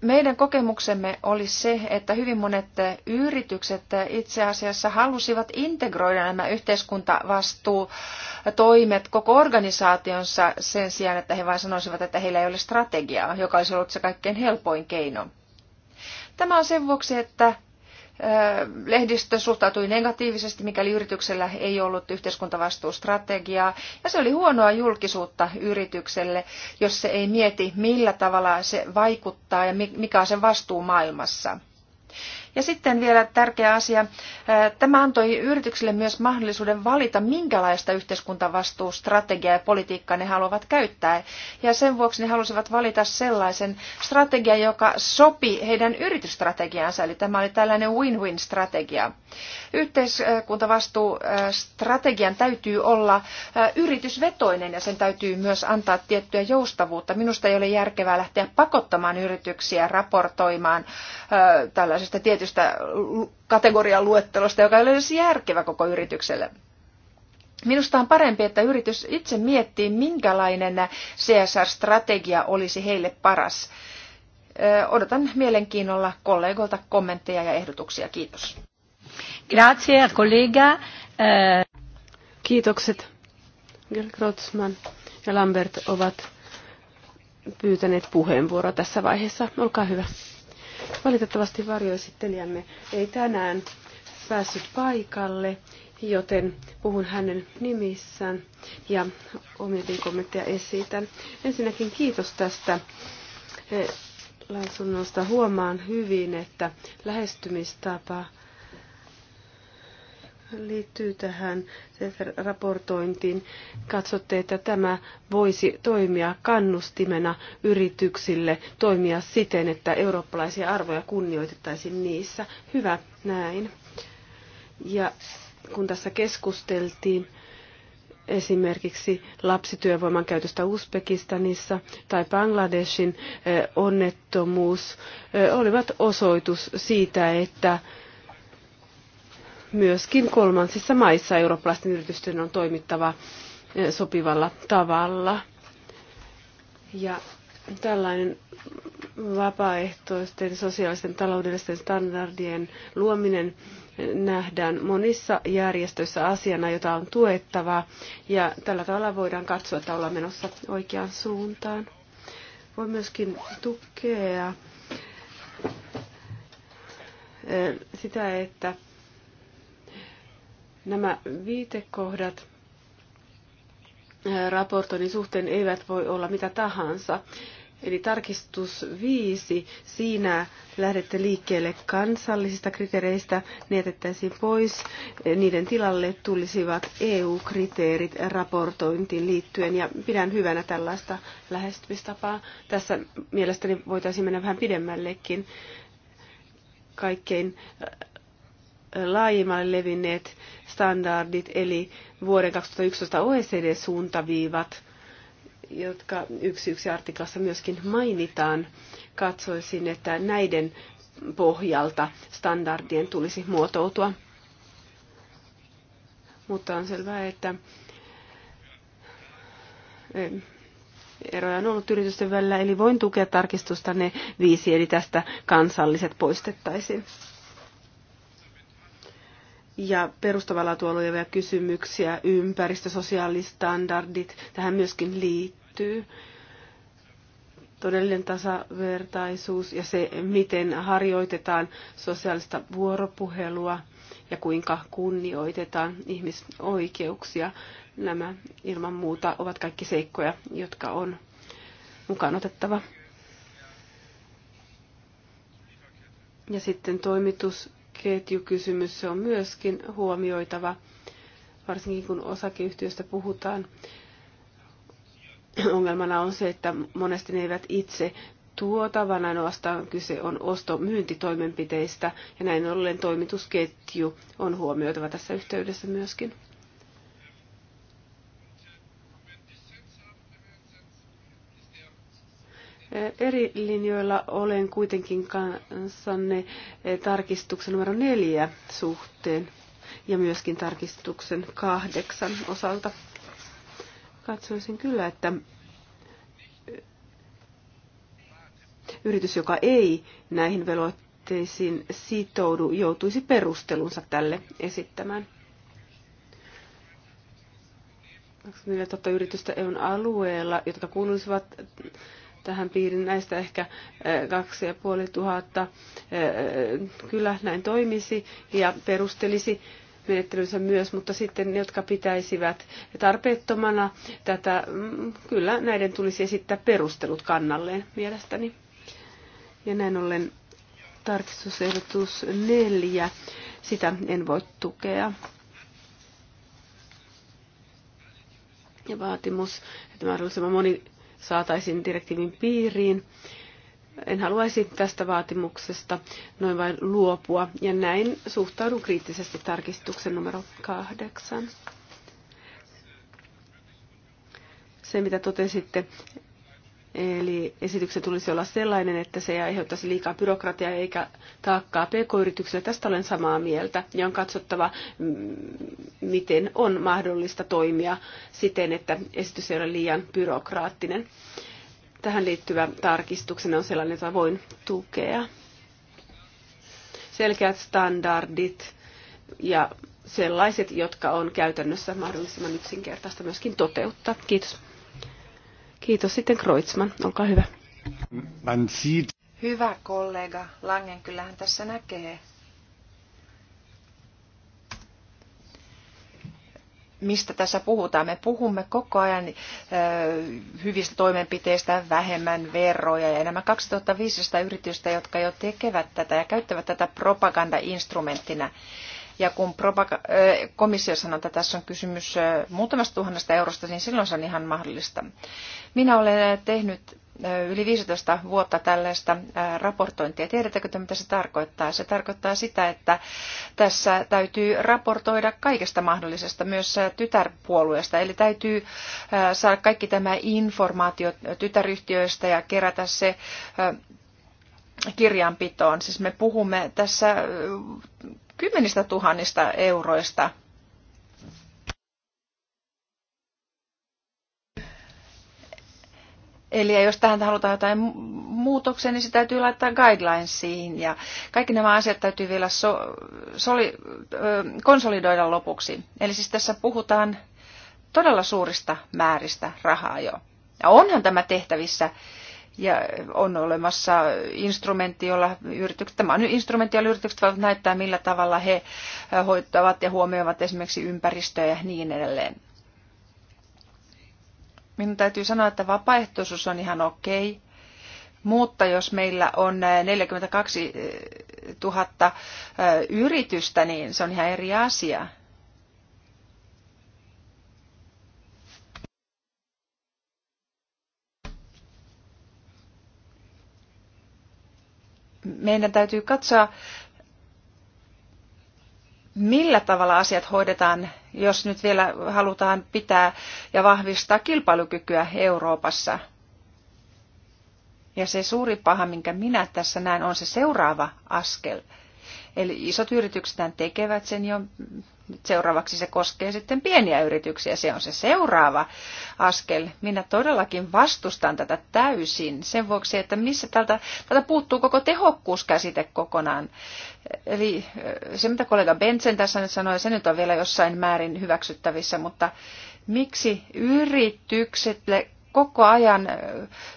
meidän kokemuksemme oli se, että hyvin monet yritykset itse asiassa halusivat integroida nämä yhteiskuntavastuutoimet koko organisaationsa sen sijaan, että he vain sanoisivat, että heillä ei ole strategiaa, joka olisi ollut se kaikkein helpoin keino. Tämä on sen vuoksi, että lehdistö suhtautui negatiivisesti, mikäli yrityksellä ei ollut yhteiskuntavastuustrategiaa. Ja se oli huonoa julkisuutta yritykselle, jos se ei mieti, millä tavalla se vaikuttaa ja mikä on sen vastuu maailmassa. Ja sitten vielä tärkeä asia. Äh, tämä antoi yrityksille myös mahdollisuuden valita, minkälaista yhteiskuntavastuustrategiaa ja politiikkaa ne haluavat käyttää. Ja sen vuoksi ne halusivat valita sellaisen strategian, joka sopi heidän yritysstrategiaansa Eli tämä oli tällainen win-win-strategia. Yhteiskuntavastuustrategian täytyy olla äh, yritysvetoinen ja sen täytyy myös antaa tiettyä joustavuutta. Minusta ei ole järkevää lähteä pakottamaan yrityksiä raportoimaan äh, tällaisesta tietystä tietystä kategorian luettelosta, joka ei ole edes järkevä koko yritykselle. Minusta on parempi, että yritys itse miettii, minkälainen CSR-strategia olisi heille paras. Odotan mielenkiinnolla kollegoilta kommentteja ja ehdotuksia. Kiitos. Grazie, kollega. Kiitokset. Grotsman ja Lambert ovat pyytäneet puheenvuoroa tässä vaiheessa. Olkaa hyvä. Valitettavasti varjoesittelijämme ei tänään päässyt paikalle, joten puhun hänen nimissään ja omiakin kommentteja esitän. Ensinnäkin kiitos tästä eh, lausunnosta. Huomaan hyvin, että lähestymistapa liittyy tähän raportointiin. Katsotte, että tämä voisi toimia kannustimena yrityksille toimia siten, että eurooppalaisia arvoja kunnioitettaisiin niissä. Hyvä, näin. Ja kun tässä keskusteltiin esimerkiksi lapsityövoiman käytöstä Uzbekistanissa tai Bangladeshin eh, onnettomuus, eh, olivat osoitus siitä, että myöskin kolmansissa maissa eurooppalaisten yritysten on toimittava eh, sopivalla tavalla. Ja tällainen vapaaehtoisten sosiaalisten taloudellisten standardien luominen eh, nähdään monissa järjestöissä asiana, jota on tuettava, ja tällä tavalla voidaan katsoa, että ollaan menossa oikeaan suuntaan. Voi myöskin tukea eh, sitä, että Nämä viitekohdat eh, raportoinnin suhteen eivät voi olla mitä tahansa. Eli tarkistus viisi, siinä lähdette liikkeelle kansallisista kriteereistä, ne jätettäisiin pois, eh, niiden tilalle tulisivat EU-kriteerit raportointiin liittyen, ja pidän hyvänä tällaista lähestymistapaa. Tässä mielestäni voitaisiin mennä vähän pidemmällekin. Kaikkein eh, laajemmalle levinneet standardit, eli vuoden 2011 OECD-suuntaviivat, jotka yksi yksi artiklassa myöskin mainitaan, katsoisin, että näiden pohjalta standardien tulisi muotoutua. Mutta on selvää, että eroja on ollut yritysten välillä, eli voin tukea tarkistusta ne viisi, eli tästä kansalliset poistettaisiin ja perustavalla olevia kysymyksiä, ympäristö, sosiaalistandardit, tähän myöskin liittyy. Todellinen tasavertaisuus ja se, miten harjoitetaan sosiaalista vuoropuhelua ja kuinka kunnioitetaan ihmisoikeuksia. Nämä ilman muuta ovat kaikki seikkoja, jotka on mukaan otettava. Ja sitten toimitus ketjukysymys, se on myöskin huomioitava, varsinkin kun osakeyhtiöstä puhutaan. Ongelmana on se, että monesti ne eivät itse tuota, vaan ainoastaan kyse on osto-myyntitoimenpiteistä, ja näin ollen toimitusketju on huomioitava tässä yhteydessä myöskin. Eri linjoilla olen kuitenkin kanssanne eh, tarkistuksen numero neljä suhteen ja myöskin tarkistuksen kahdeksan osalta. Katsoisin kyllä, että eh, yritys, joka ei näihin velvoitteisiin sitoudu, joutuisi perustelunsa tälle esittämään. 24 yritystä EUn alueella, jotka kuuluisivat tähän piirin. Näistä ehkä eh, kaksi ja puoli tuhatta eh, kyllä näin toimisi ja perustelisi menettelynsä myös, mutta sitten ne, jotka pitäisivät tarpeettomana tätä, mm, kyllä näiden tulisi esittää perustelut kannalleen mielestäni. Ja näin ollen tarkistusehdotus neljä, sitä en voi tukea. Ja vaatimus, että mahdollisimman moni saataisiin direktiivin piiriin. En haluaisi tästä vaatimuksesta noin vain luopua, ja näin suhtaudun kriittisesti tarkistuksen numero kahdeksan. Se, mitä totesitte Eli esityksen tulisi olla sellainen, että se ei aiheuttaisi liikaa byrokratiaa eikä taakkaa pk-yrityksille. Tästä olen samaa mieltä ja on katsottava, mm, miten on mahdollista toimia siten, että esitys ei ole liian byrokraattinen. Tähän liittyvä tarkistuksena on sellainen, jota voin tukea. Selkeät standardit ja sellaiset, jotka on käytännössä mahdollisimman yksinkertaista myöskin toteuttaa. Kiitos. Kiitos sitten Kreutzmann, olkaa hyvä. Hyvä kollega Langen, kyllähän tässä näkee, mistä tässä puhutaan. Me puhumme koko ajan ö, äh, hyvistä toimenpiteistä, vähemmän veroja ja nämä 2500 yritystä, jotka jo tekevät tätä ja käyttävät tätä propagandainstrumenttina. instrumenttina ja kun komissio sanoi, että tässä on kysymys muutamasta tuhannesta eurosta, niin silloin se on ihan mahdollista. Minä olen tehnyt yli 15 vuotta tällaista raportointia. Tiedättekö te, mitä se tarkoittaa? Se tarkoittaa sitä, että tässä täytyy raportoida kaikesta mahdollisesta, myös tytärpuolueesta. Eli täytyy saada kaikki tämä informaatio tytäryhtiöistä ja kerätä se kirjanpitoon. Siis me puhumme tässä kymmenistä tuhannista euroista. Eli jos tähän halutaan jotain muutoksia, niin se täytyy laittaa guidelinesiin ja kaikki nämä asiat täytyy vielä so, soli, konsolidoida lopuksi. Eli siis tässä puhutaan todella suurista määristä rahaa jo. Ja onhan tämä tehtävissä ja on olemassa instrumentti, jolla yritykset, tämä on instrumentti, jolla yritykset voivat näyttää, millä tavalla he hoitavat ja huomioivat esimerkiksi ympäristöä ja niin edelleen. Minun täytyy sanoa, että vapaaehtoisuus on ihan okei, mutta jos meillä on 42 000 yritystä, niin se on ihan eri asia. meidän täytyy katsoa, millä tavalla asiat hoidetaan, jos nyt vielä halutaan pitää ja vahvistaa kilpailukykyä Euroopassa. Ja se suuri paha, minkä minä tässä näen, on se seuraava askel – Eli isot yritykset tekevät sen jo. Seuraavaksi se koskee sitten pieniä yrityksiä. Se on se seuraava askel. Minä todellakin vastustan tätä täysin sen vuoksi, että missä tältä, tältä puuttuu koko tehokkuuskäsite kokonaan. Eli se, mitä kollega Bensen tässä nyt sanoi, se nyt on vielä jossain määrin hyväksyttävissä, mutta miksi yritykset koko ajan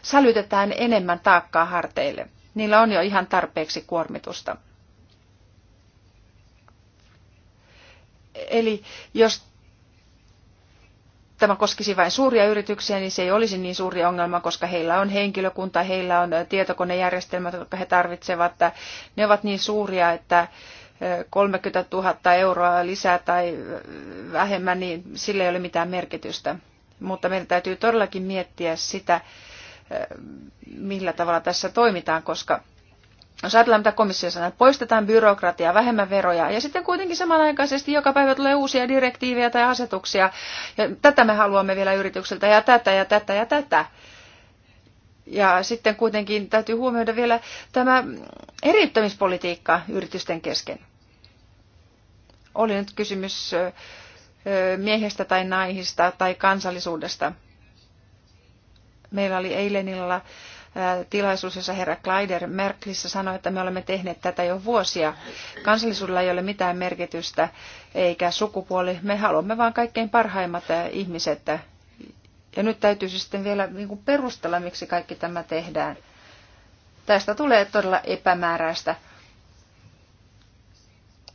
sälytetään enemmän taakkaa harteille? Niillä on jo ihan tarpeeksi kuormitusta. Eli jos tämä koskisi vain suuria yrityksiä, niin se ei olisi niin suuri ongelma, koska heillä on henkilökunta, heillä on tietokonejärjestelmät, jotka he tarvitsevat. Ne ovat niin suuria, että 30 000 euroa lisää tai vähemmän, niin sillä ei ole mitään merkitystä. Mutta meidän täytyy todellakin miettiä sitä, millä tavalla tässä toimitaan, koska jos ajatellaan, mitä komissio sanoo, että poistetaan byrokratiaa, vähemmän veroja, ja sitten kuitenkin samanaikaisesti joka päivä tulee uusia direktiivejä tai asetuksia, ja tätä me haluamme vielä yritykseltä, ja tätä, ja tätä, ja tätä. Ja sitten kuitenkin täytyy huomioida vielä tämä eriyttämispolitiikka yritysten kesken. Oli nyt kysymys miehestä tai naisista tai kansallisuudesta. Meillä oli eilen illalla tilaisuus, jossa herra Kleider Merklissä sanoi, että me olemme tehneet tätä jo vuosia. Kansallisuudella ei ole mitään merkitystä eikä sukupuoli. Me haluamme vain kaikkein parhaimmat ihmiset. Ja nyt täytyy sitten vielä niin perustella, miksi kaikki tämä tehdään. Tästä tulee todella epämääräistä.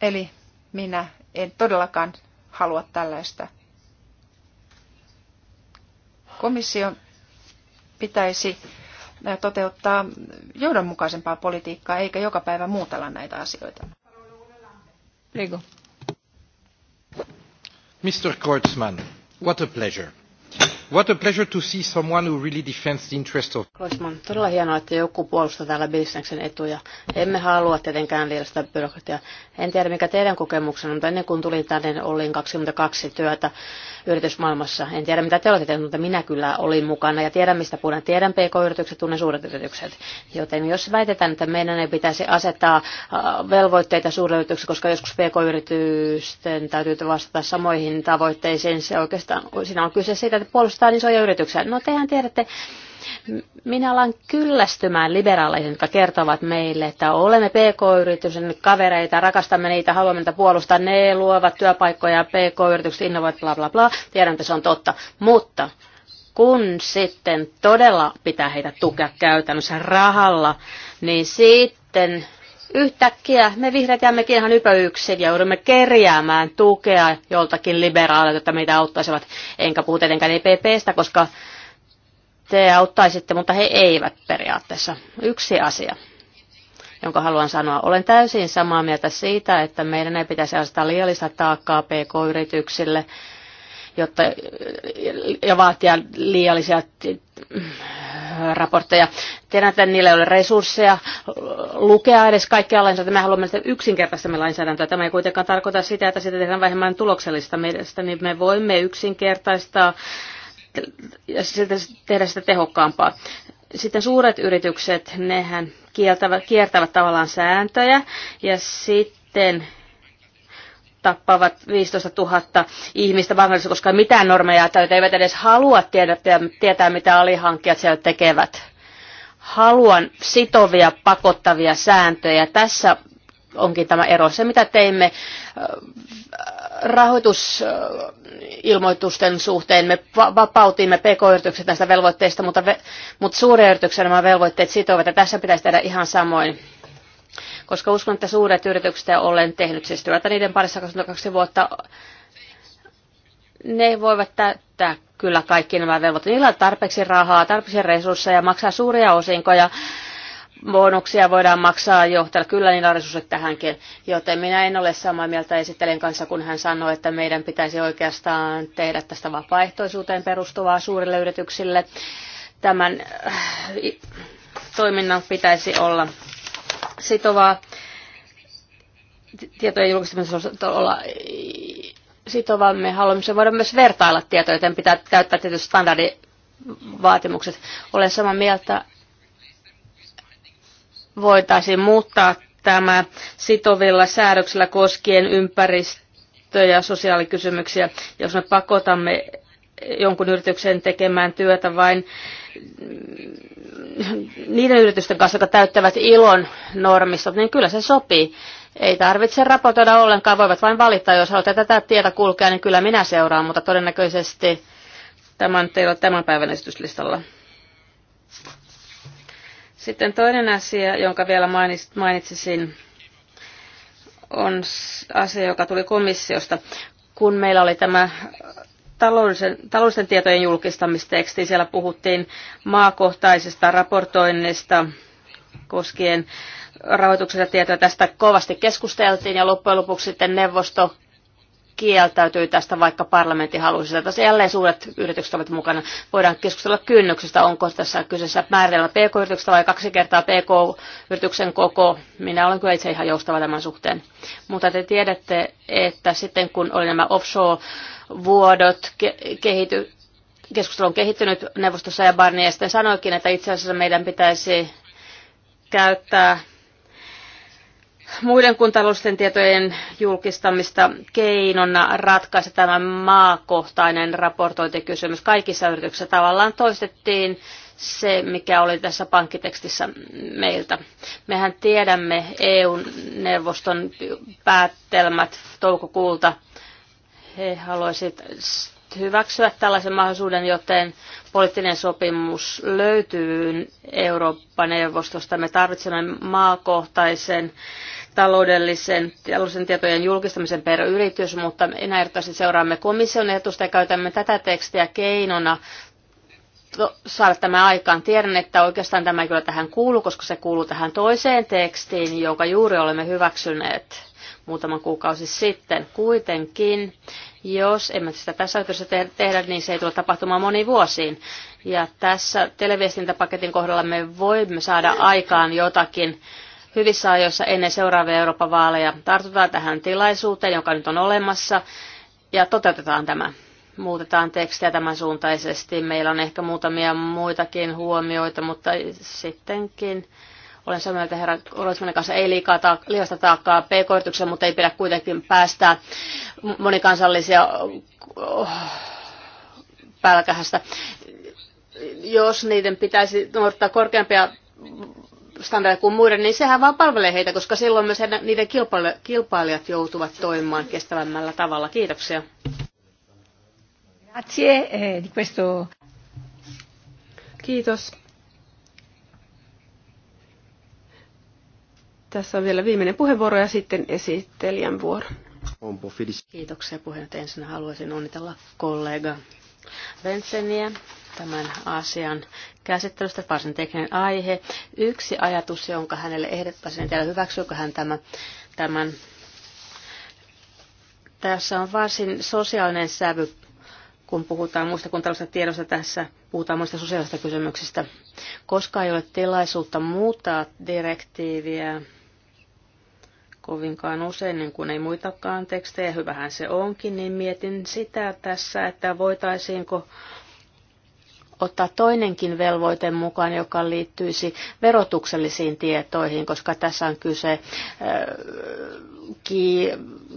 Eli minä en todellakaan halua tällaista. Komission pitäisi Äh, toteuttaa johdonmukaisempaa politiikkaa eikä joka päivä muutella näitä asioita. Mr. Kortsman, what a pleasure. What a pleasure to see someone who really defends the interest of... todella hienoa, että joku puolustaa täällä bisneksen etuja. Emme halua tietenkään liian sitä byrokratiaa. En tiedä, mikä teidän kokemuksenne, mutta ennen kuin tulin tänne, olin 22 työtä yritysmaailmassa. En tiedä, mitä te olette tehneet, mutta minä kyllä olin mukana ja tiedän, mistä puhutaan. Tiedän pk-yritykset, tunnen suuret yritykset. Joten jos väitetään, että meidän ei pitäisi asettaa äh, velvoitteita suurille yrityksille, koska joskus pk-yritysten täytyy vastata samoihin tavoitteisiin, se oikeastaan, siinä on kyse siitä, että puolustaa vastustaan isoja yrityksiä. No tehän tiedätte, minä alan kyllästymään liberaaleihin, jotka kertovat meille, että olemme pk-yritysten kavereita, rakastamme niitä, haluamme niitä puolustaa, ne luovat työpaikkoja, pk-yritykset innovoivat, bla bla bla. Tiedän, että se on totta. Mutta kun sitten todella pitää heitä tukea käytännössä rahalla, niin sitten Yhtäkkiä me vihreät jäämmekin ihan ypöyksin ja joudumme kerjäämään tukea joltakin liberaalilta, että meitä auttaisivat. Enkä puhu tietenkään EPPstä, koska te auttaisitte, mutta he eivät periaatteessa. Yksi asia, jonka haluan sanoa. Olen täysin samaa mieltä siitä, että meidän ei pitäisi asettaa liiallista taakkaa pk-yrityksille jotta, ja vaatia liiallisia raportteja. Tiedän, että niillä ei ole resursseja lukea edes kaikkea lainsäädäntöä. Me haluamme yksinkertaistamme lainsäädäntöä. Tämä ei kuitenkaan tarkoita sitä, että sitä tehdään vähemmän tuloksellista mielestä, niin me voimme yksinkertaistaa ja tehdä sitä tehokkaampaa. Sitten suuret yritykset, nehän kieltävät, kiertävät tavallaan sääntöjä ja sitten tappavat 15 000 ihmistä Bangladesissa, koska mitään normeja täytä, eivät edes halua tiedä, tietää, mitä alihankkijat siellä tekevät. Haluan sitovia, pakottavia sääntöjä. Tässä onkin tämä ero. Se, mitä teimme äh, rahoitusilmoitusten suhteen, me vapautimme pk-yritykset näistä velvoitteista, mutta, ve, mutta suuren yrityksen nämä velvoitteet sitovat, ja tässä pitäisi tehdä ihan samoin koska uskon, että suuret yritykset, ja olen tehnyt siis työtä niiden parissa 22 vuotta, ne voivat täyttää kyllä kaikki nämä velvoitteet. Niillä on tarpeeksi rahaa, tarpeeksi resursseja, maksaa suuria osinkoja, bonuksia voidaan maksaa johtajalle. Kyllä niillä on resurssit tähänkin, joten minä en ole samaa mieltä esittelijän kanssa, kun hän sanoi, että meidän pitäisi oikeastaan tehdä tästä vapaaehtoisuuteen perustuvaa suurille yrityksille. Tämän äh, toiminnan pitäisi olla sitovaa tietojen julkistamisessa olla sitovaa. Me haluamme se voida myös vertailla tietoja, joten pitää täyttää tietysti standardivaatimukset. Olen samaa mieltä, voitaisiin muuttaa tämä sitovilla säädöksillä koskien ympäristö- ja sosiaalikysymyksiä, jos me pakotamme jonkun yrityksen tekemään työtä vain niiden yritysten kanssa, jotka täyttävät ilon normistot, niin kyllä se sopii. Ei tarvitse raportoida ollenkaan, voivat vain valittaa, jos haluatte tätä tietä kulkea, niin kyllä minä seuraan, mutta todennäköisesti tämä on teillä tämän päivän esityslistalla. Sitten toinen asia, jonka vielä mainitsisin, on asia, joka tuli komissiosta. Kun meillä oli tämä taloudellisen, taloudellisten tietojen julkistamistekstiin. Siellä puhuttiin maakohtaisesta raportoinnista koskien rahoituksesta tietoja. Tästä kovasti keskusteltiin ja loppujen lopuksi sitten neuvosto kieltäytyy tästä, vaikka parlamentti halusi sitä. Tässä jälleen suuret yritykset ovat mukana. Voidaan keskustella kynnyksestä, onko tässä kyseessä määritellä pk-yrityksestä vai kaksi kertaa pk-yrityksen koko. Minä olen kyllä itse ihan joustava tämän suhteen. Mutta te tiedätte, että sitten kun oli nämä offshore vuodot kehity, keskustelu on kehittynyt neuvostossa ja Barnier sitten sanoikin, että itse asiassa meidän pitäisi käyttää muiden kuin taloudellisten tietojen julkistamista keinona ratkaista tämä maakohtainen raportointikysymys. Kaikissa yrityksissä tavallaan toistettiin se, mikä oli tässä pankkitekstissä meiltä. Mehän tiedämme EU-neuvoston päättelmät toukokuulta he haluaisivat hyväksyä tällaisen mahdollisuuden, joten poliittinen sopimus löytyy Eurooppa-neuvostosta. Me tarvitsemme maakohtaisen taloudellisen, taloudellisen tietojen julkistamisen per yritys, mutta enää erityisesti seuraamme komission ehdotusta ja käytämme tätä tekstiä keinona saada tämä aikaan. Tiedän, että oikeastaan tämä ei kyllä tähän kuulu, koska se kuuluu tähän toiseen tekstiin, joka juuri olemme hyväksyneet muutama kuukausi sitten. Kuitenkin, jos emme sitä tässä yhteydessä tehdä, niin se ei tule tapahtumaan moniin vuosiin. Ja tässä televiestintäpaketin kohdalla me voimme saada aikaan jotakin hyvissä ajoissa ennen seuraavia Euroopan vaaleja. Tartutaan tähän tilaisuuteen, joka nyt on olemassa, ja toteutetaan tämä muutetaan tekstiä tämän suuntaisesti. Meillä on ehkä muutamia muitakin huomioita, mutta sittenkin olen samaa mieltä herran Olesmanin kanssa, ei liikaa taak- liikasta taakkaa pk yrityksen mutta ei pidä kuitenkin päästää monikansallisia oh, pälkähästä. Jos niiden pitäisi noudattaa korkeampia standardeja kuin muiden, niin sehän vaan palvelee heitä, koska silloin myös niiden kilpailijat joutuvat toimimaan kestävämmällä tavalla. Kiitoksia. Grazie eh, di questo. Kiitos Tässä on vielä viimeinen puheenvuoro ja sitten esittelijän vuoro. Kiitoksia puheenjohtaja. Ensin haluaisin onnitella kollega Venseniä tämän asian käsittelystä, varsin tekninen aihe. Yksi ajatus, jonka hänelle ehdottaisin, en tiedä hyväksyykö hän tämän, tämän. Tässä on varsin sosiaalinen sävy, kun puhutaan muista tällaista tiedosta tässä, puhutaan muista sosiaalista kysymyksistä. Koska ei ole tilaisuutta muuttaa direktiiviä, kovinkaan usein, niin kuin ei muitakaan tekstejä, hyvähän se onkin, niin mietin sitä tässä, että voitaisiinko ottaa toinenkin velvoite mukaan, joka liittyisi verotuksellisiin tietoihin, koska tässä on kyse äh,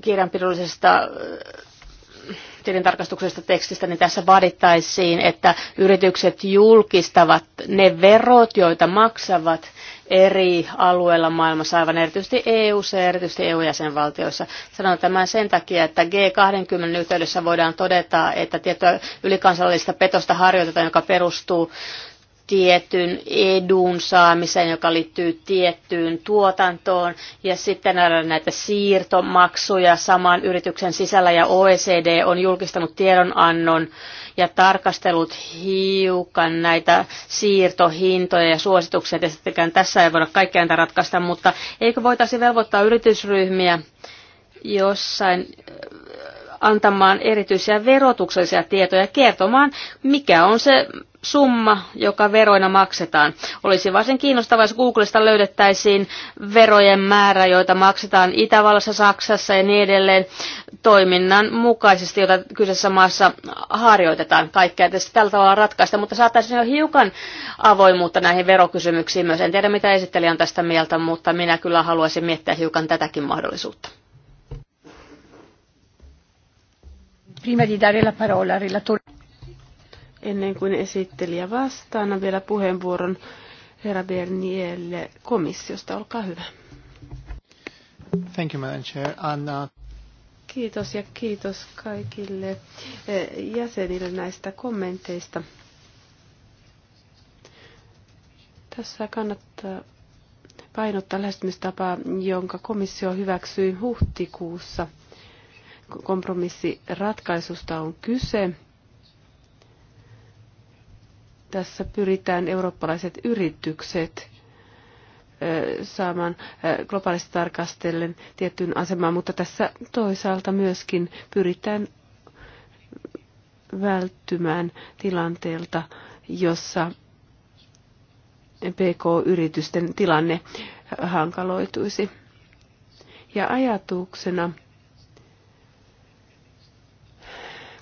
kirjanpidollisesta tilintarkastuksesta tekstistä, niin tässä vaadittaisiin, että yritykset julkistavat ne verot, joita maksavat eri alueilla maailmassa, aivan erityisesti eu ja erityisesti EU-jäsenvaltioissa. Sanon tämän sen takia, että G20 yhteydessä voidaan todeta, että tiettyä ylikansallista petosta harjoitetaan, joka perustuu tietyn edun saamiseen, joka liittyy tiettyyn tuotantoon, ja sitten näitä siirtomaksuja saman yrityksen sisällä, ja OECD on julkistanut tiedonannon ja tarkastellut hiukan näitä siirtohintoja ja suosituksia, ja sittenkään tässä ei voida kaikkea näitä ratkaista, mutta eikö voitaisi velvoittaa yritysryhmiä jossain äh, antamaan erityisiä verotuksellisia tietoja, kertomaan, mikä on se summa, joka veroina maksetaan. Olisi varsin kiinnostavaa, jos Googlesta löydettäisiin verojen määrä, joita maksetaan Itävallassa, Saksassa ja niin edelleen toiminnan mukaisesti, jota kyseisessä maassa harjoitetaan. Kaikkea Tässä tällä tavalla ratkaista, mutta saattaisi jo hiukan avoimuutta näihin verokysymyksiin myös. En tiedä, mitä esittelijä on tästä mieltä, mutta minä kyllä haluaisin miettiä hiukan tätäkin mahdollisuutta. Prima di dare la parola relatore. Ennen kuin esittelijä vastaa, annan vielä puheenvuoron herra Bernielle komissiosta. Olkaa hyvä. Thank you, Madam Chair. Anna. Uh, kiitos ja kiitos kaikille eh, jäsenille näistä kommenteista. Tässä kannattaa painottaa lähestymistapaa, jonka komissio hyväksyi huhtikuussa. Kompromissiratkaisusta on kyse tässä pyritään eurooppalaiset yritykset saamaan globaalisti tarkastellen tiettyyn asemaan, mutta tässä toisaalta myöskin pyritään välttymään tilanteelta, jossa PK-yritysten tilanne hankaloituisi. Ja ajatuksena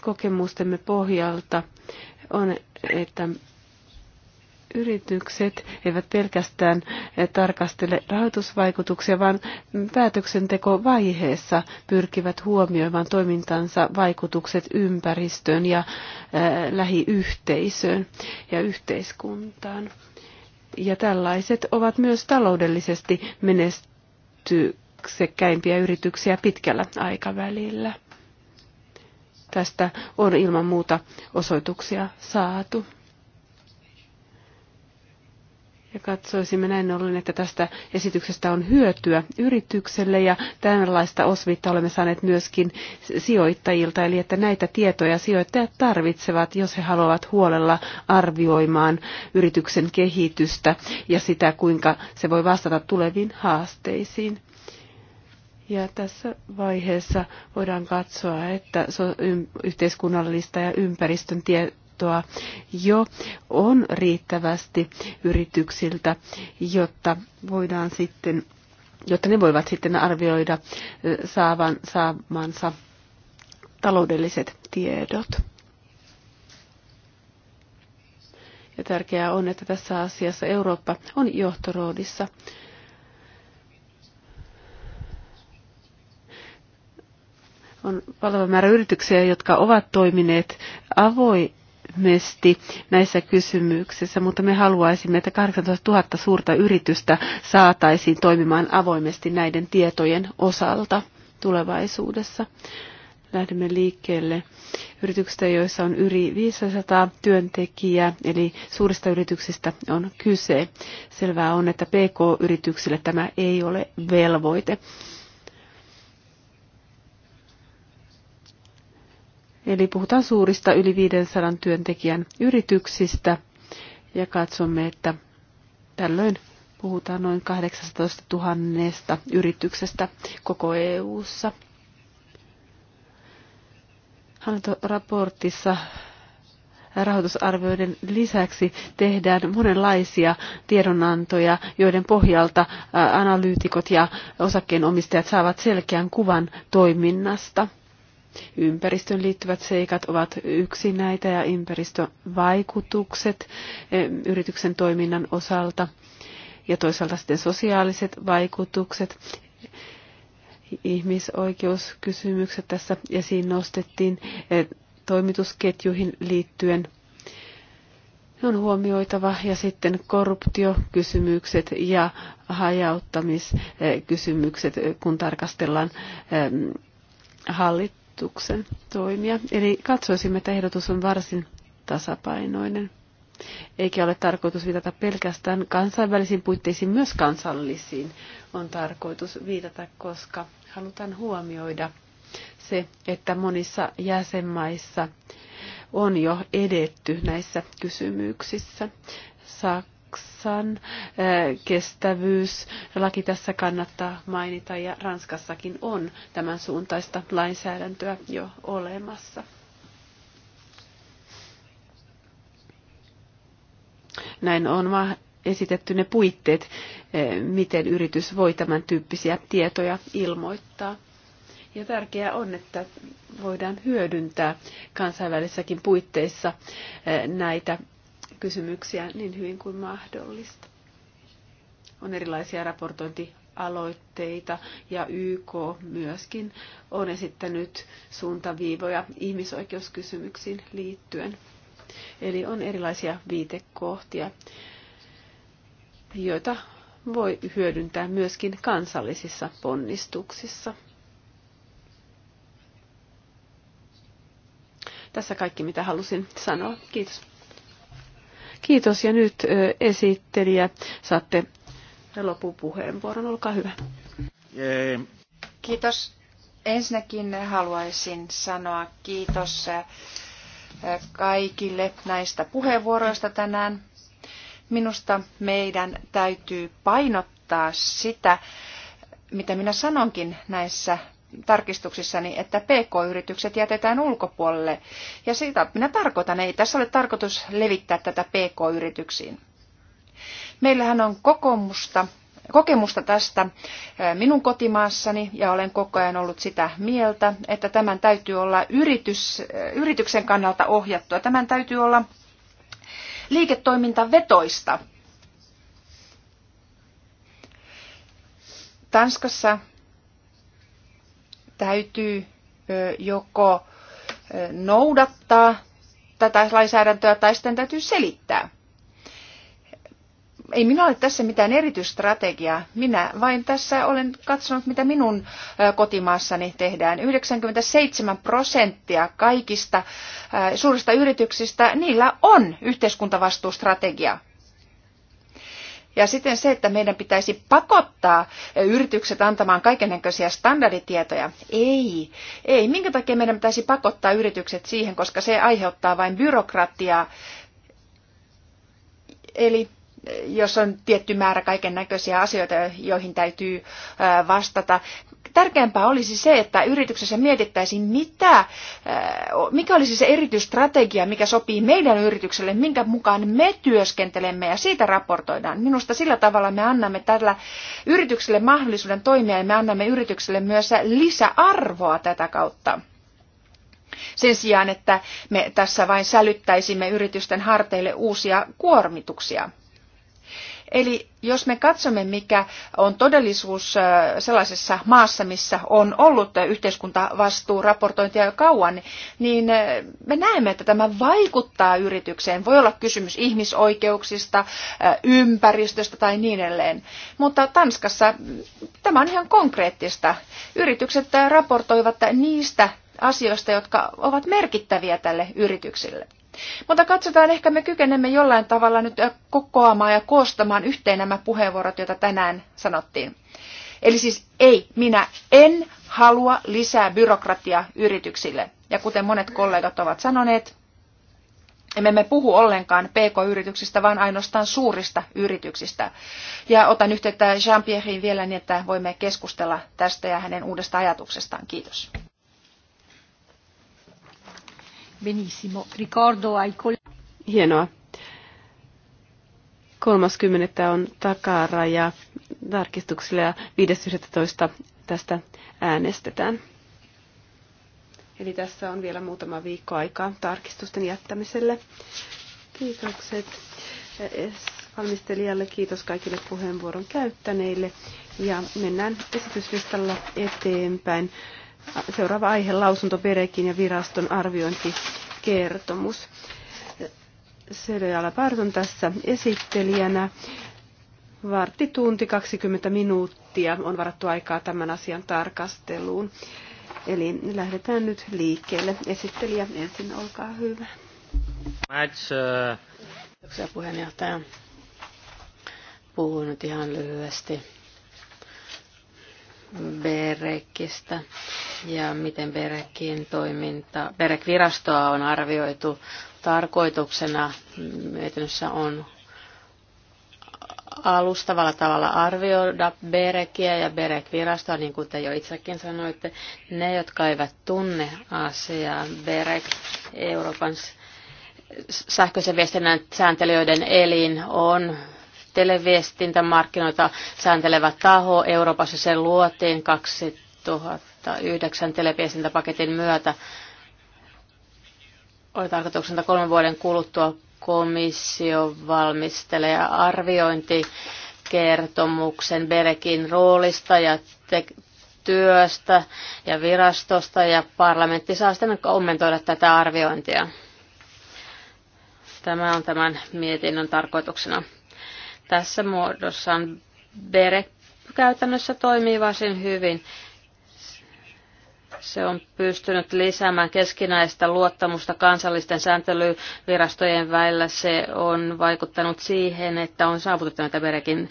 kokemustemme pohjalta on, että yritykset eivät pelkästään tarkastele rahoitusvaikutuksia, vaan päätöksentekovaiheessa pyrkivät huomioimaan toimintansa vaikutukset ympäristöön ja lähiyhteisöön ja yhteiskuntaan. Ja tällaiset ovat myös taloudellisesti menestyksekkäimpiä yrityksiä pitkällä aikavälillä. Tästä on ilman muuta osoituksia saatu. Ja katsoisimme näin ollen, että tästä esityksestä on hyötyä yritykselle ja tällaista osviittaa olemme saaneet myöskin sijoittajilta, eli että näitä tietoja sijoittajat tarvitsevat, jos he haluavat huolella arvioimaan yrityksen kehitystä ja sitä, kuinka se voi vastata tuleviin haasteisiin. Ja tässä vaiheessa voidaan katsoa, että yhteiskunnallista ja ympäristön tie- tietoa jo on riittävästi yrityksiltä, jotta voidaan sitten jotta ne voivat sitten arvioida saavan, saamansa taloudelliset tiedot. Ja tärkeää on, että tässä asiassa Eurooppa on johtoroodissa. On valtava määrä yrityksiä, jotka ovat toimineet avoin avoimesti näissä kysymyksissä, mutta me haluaisimme, että 18 000 suurta yritystä saataisiin toimimaan avoimesti näiden tietojen osalta tulevaisuudessa. Lähdemme liikkeelle yrityksistä, joissa on yli 500 työntekijää, eli suurista yrityksistä on kyse. Selvää on, että PK-yrityksille tämä ei ole velvoite. Eli puhutaan suurista yli 500 työntekijän yrityksistä ja katsomme, että tällöin puhutaan noin 18 000 yrityksestä koko EU-ssa. Hallintoraportissa rahoitusarvioiden lisäksi tehdään monenlaisia tiedonantoja, joiden pohjalta analyytikot ja osakkeenomistajat saavat selkeän kuvan toiminnasta. Ympäristön liittyvät seikat ovat yksi näitä ja ympäristövaikutukset eh, yrityksen toiminnan osalta ja toisaalta sitten sosiaaliset vaikutukset. Ihmisoikeuskysymykset tässä esiin nostettiin eh, toimitusketjuihin liittyen on huomioitava ja sitten korruptiokysymykset ja hajauttamiskysymykset, eh, kun tarkastellaan hallit ehdotuksen toimia. Eli katsoisimme, että ehdotus on varsin tasapainoinen. Eikä ole tarkoitus viitata pelkästään kansainvälisiin puitteisiin, myös kansallisiin on tarkoitus viitata, koska halutaan huomioida se, että monissa jäsenmaissa on jo edetty näissä kysymyksissä. saakka. Saksan eh, kestävyyslaki tässä kannattaa mainita ja Ranskassakin on tämän suuntaista lainsäädäntöä jo olemassa. Näin on esitetty ne puitteet, eh, miten yritys voi tämän tyyppisiä tietoja ilmoittaa. Ja tärkeää on, että voidaan hyödyntää kansainvälisissäkin puitteissa eh, näitä kysymyksiä niin hyvin kuin mahdollista. On erilaisia raportointialoitteita ja YK myöskin on esittänyt suuntaviivoja ihmisoikeuskysymyksiin liittyen. Eli on erilaisia viitekohtia, joita voi hyödyntää myöskin kansallisissa ponnistuksissa. Tässä kaikki, mitä halusin sanoa. Kiitos. Kiitos ja nyt esittelijä, saatte puheenvuoron, olkaa hyvä. Kiitos. Ensinnäkin haluaisin sanoa kiitos kaikille näistä puheenvuoroista tänään. Minusta meidän täytyy painottaa sitä, mitä minä sanonkin näissä tarkistuksissani, että PK-yritykset jätetään ulkopuolelle. Ja sitä minä tarkoitan, ei tässä ole tarkoitus levittää tätä PK-yrityksiin. Meillähän on kokemusta, kokemusta tästä minun kotimaassani ja olen koko ajan ollut sitä mieltä, että tämän täytyy olla yritys, yrityksen kannalta ohjattua. Tämän täytyy olla liiketoimintavetoista. Tanskassa täytyy joko noudattaa tätä lainsäädäntöä tai sitten täytyy selittää. Ei minä ole tässä mitään erityistrategiaa. Minä vain tässä olen katsonut, mitä minun kotimaassani tehdään. 97 prosenttia kaikista suurista yrityksistä, niillä on yhteiskuntavastuustrategia. Ja sitten se, että meidän pitäisi pakottaa yritykset antamaan kaikennäköisiä standarditietoja. Ei, ei. Minkä takia meidän pitäisi pakottaa yritykset siihen, koska se aiheuttaa vain byrokratiaa. Eli eh, jos on tietty määrä kaiken näköisiä asioita, joihin täytyy eh, vastata, Tärkeämpää olisi se, että yrityksessä mietittäisiin, mitä, mikä olisi se erityisstrategia, mikä sopii meidän yritykselle, minkä mukaan me työskentelemme ja siitä raportoidaan. Minusta sillä tavalla me annamme tällä yritykselle mahdollisuuden toimia ja me annamme yritykselle myös lisäarvoa tätä kautta. Sen sijaan, että me tässä vain sälyttäisimme yritysten harteille uusia kuormituksia. Eli jos me katsomme, mikä on todellisuus äh, sellaisessa maassa, missä on ollut yhteiskuntavastuuraportointia jo kauan, niin äh, me näemme, että tämä vaikuttaa yritykseen. Voi olla kysymys ihmisoikeuksista, äh, ympäristöstä tai niin edelleen. Mutta Tanskassa mm, tämä on ihan konkreettista. Yritykset raportoivat niistä asioista, jotka ovat merkittäviä tälle yritykselle. Mutta katsotaan, ehkä me kykenemme jollain tavalla nyt kokoamaan ja koostamaan yhteen nämä puheenvuorot, joita tänään sanottiin. Eli siis ei, minä en halua lisää byrokratiaa yrityksille. Ja kuten monet kollegat ovat sanoneet, emme me puhu ollenkaan pk-yrityksistä, vaan ainoastaan suurista yrityksistä. Ja otan yhteyttä Jean-Pierrein vielä niin, että voimme keskustella tästä ja hänen uudesta ajatuksestaan. Kiitos. Benissimo. Ricordo ai Hienoa. 30. on takaraja tarkistuksille ja 5.11. tästä äänestetään. Eli tässä on vielä muutama viikko aikaa tarkistusten jättämiselle. Kiitokset valmistelijalle, kiitos kaikille puheenvuoron käyttäneille ja mennään esityslistalla eteenpäin. Seuraava aihe lausunto Berekin ja viraston arviointikertomus. Sedeala Parton tässä esittelijänä. Vartti tunti 20 minuuttia on varattu aikaa tämän asian tarkasteluun. Eli lähdetään nyt liikkeelle. Esittelijä ensin, olkaa hyvä. Uh, Kiitoksia puheenjohtaja. Puhun nyt ihan lyhyesti Berekistä ja miten Berekin toiminta, Berek-virastoa on arvioitu tarkoituksena. Mietinnössä on alustavalla tavalla arvioida Berekiä ja Berek-virastoa, niin kuin te jo itsekin sanoitte. Ne, jotka eivät tunne asiaa, Berek, Euroopan sähköisen viestinnän sääntelijöiden elin, on televiestintämarkkinoita sääntelevä taho. Euroopassa sen luotiin 2009 televiestintäpaketin myötä. Oli tarkoituksena kolmen vuoden kuluttua komissio valmistelee arviointikertomuksen Berekin roolista ja työstä ja virastosta ja parlamentti saa sitten kommentoida tätä arviointia. Tämä on tämän mietinnön tarkoituksena tässä muodossaan bere käytännössä toimii varsin hyvin. Se on pystynyt lisäämään keskinäistä luottamusta kansallisten sääntelyvirastojen välillä. Se on vaikuttanut siihen, että on saavutettu näitä Berekin,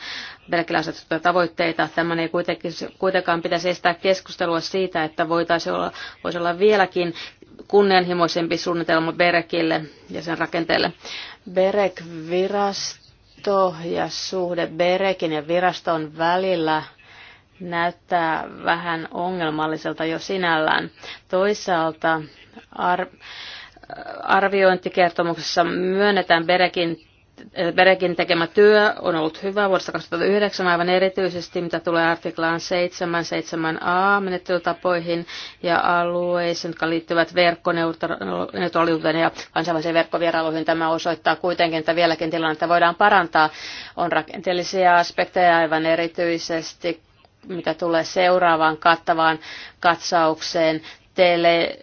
Berekillä asetettuja tavoitteita. Tämän ei kuitenkin, kuitenkaan pitäisi estää keskustelua siitä, että voitaisiin olla, voisi olla vieläkin kunnianhimoisempi suunnitelma Berekille ja sen rakenteelle. Berek-virasto ja suhde Berekin ja viraston välillä näyttää vähän ongelmalliselta jo sinällään. Toisaalta ar- arviointikertomuksessa myönnetään Berekin Berekin tekemä työ on ollut hyvä vuodesta 2009 aivan erityisesti, mitä tulee artiklaan 7, 7a menettelytapoihin ja alueisiin, jotka liittyvät verkkoneutraaliuteen ja kansainvälisiin verkkovierailuihin. Tämä osoittaa kuitenkin, että vieläkin tilannetta voidaan parantaa. On rakenteellisia aspekteja aivan erityisesti, mitä tulee seuraavaan kattavaan katsaukseen tele,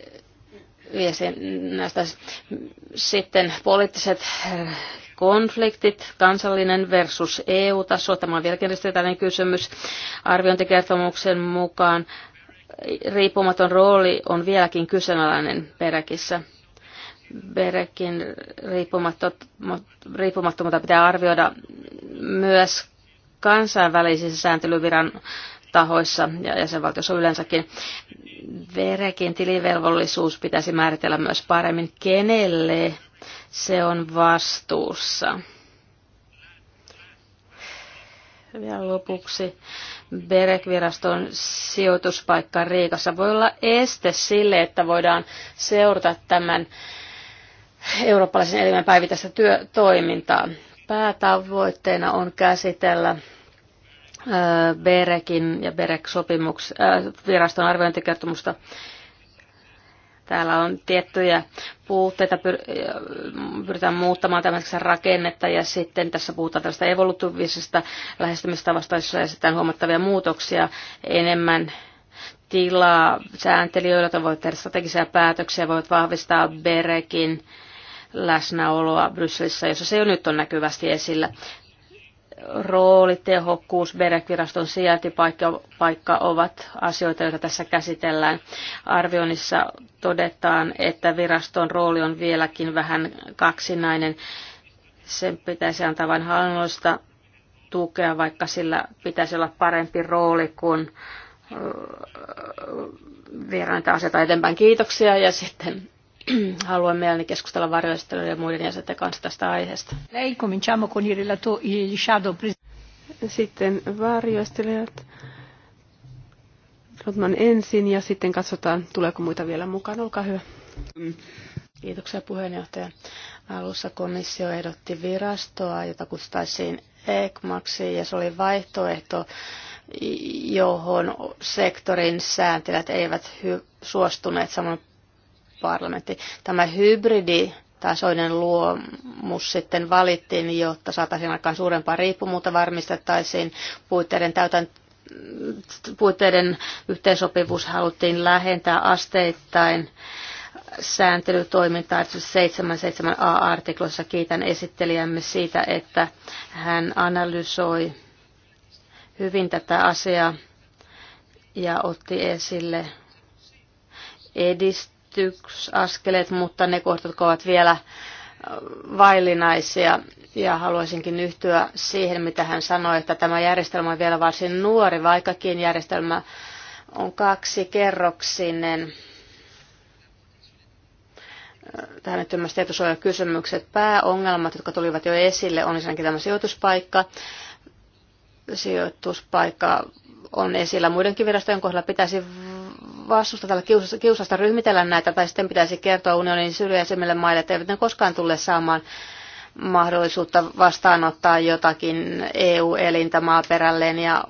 ja sen, näistä sitten poliittiset konfliktit, kansallinen versus EU-taso. Tämä on vieläkin ristiriitainen kysymys. Arviointikertomuksen mukaan riippumaton rooli on vieläkin kyseenalainen peräkissä. Berekin riippumattomuutta pitää arvioida myös kansainvälisissä sääntelyviran tahoissa ja jäsenvaltiossa yleensäkin. Verekin tilivelvollisuus pitäisi määritellä myös paremmin, kenelle se on vastuussa. Vielä lopuksi. Berek-viraston sijoituspaikka Riikassa voi olla este sille, että voidaan seurata tämän eurooppalaisen elimen päivittäistä työtoimintaa. Päätavoitteena on käsitellä Berekin ja Berek-viraston arviointikertomusta Täällä on tiettyjä puutteita, pyritään muuttamaan tämmöistä rakennetta ja sitten tässä puhutaan tästä evolutiivisesta lähestymistavasta, jossa esitetään huomattavia muutoksia enemmän tilaa sääntelijöillä, joita voivat tehdä strategisia päätöksiä, voivat vahvistaa Berekin läsnäoloa Brysselissä, jossa se jo nyt on näkyvästi esillä rooli, tehokkuus, verkviraston sijaintipaikka paikka ovat asioita, joita tässä käsitellään. Arvioinnissa todetaan, että viraston rooli on vieläkin vähän kaksinainen. Sen pitäisi antaa vain hallinnoista tukea, vaikka sillä pitäisi olla parempi rooli kuin viedä näitä asioita eteenpäin. Kiitoksia ja sitten haluan mielelläni keskustella varjoistelijoiden ja muiden jäsenten kanssa tästä aiheesta. Sitten varjoistelijat. Rotman ensin ja sitten katsotaan, tuleeko muita vielä mukaan. Olkaa hyvä. Kiitoksia puheenjohtaja. Alussa komissio ehdotti virastoa, jota kutsuttaisiin ECMAXi ja se oli vaihtoehto, johon sektorin sääntelijät eivät hy- suostuneet samoin parlamentti. Tämä hybridi tasoinen luomus sitten valittiin, jotta saataisiin aikaan suurempaa riippumuutta, varmistettaisiin puitteiden täytän puitteiden yhteensopivuus haluttiin lähentää asteittain sääntelytoimintaa 77a-artiklossa. Kiitän esittelijämme siitä, että hän analysoi hyvin tätä asiaa ja otti esille edist- edistysaskeleet, mutta ne kohdat, jotka ovat vielä äh, vaillinaisia. Ja haluaisinkin yhtyä siihen, mitä hän sanoi, että tämä järjestelmä on vielä varsin nuori, vaikkakin järjestelmä on kaksi kerroksinen. Tähän nyt myös tietosuojakysymykset. Pääongelmat, jotka tulivat jo esille, on ensinnäkin tämä sijoituspaikka. Sijoituspaikka on esillä muidenkin virastojen kohdalla. Pitäisi vastusta tällä kiusasta ryhmitellä näitä, tai sitten pitäisi kertoa unionin syrjäisemmille maille, että eivät ne koskaan tule saamaan mahdollisuutta vastaanottaa jotakin EU-elintä maaperälleen ja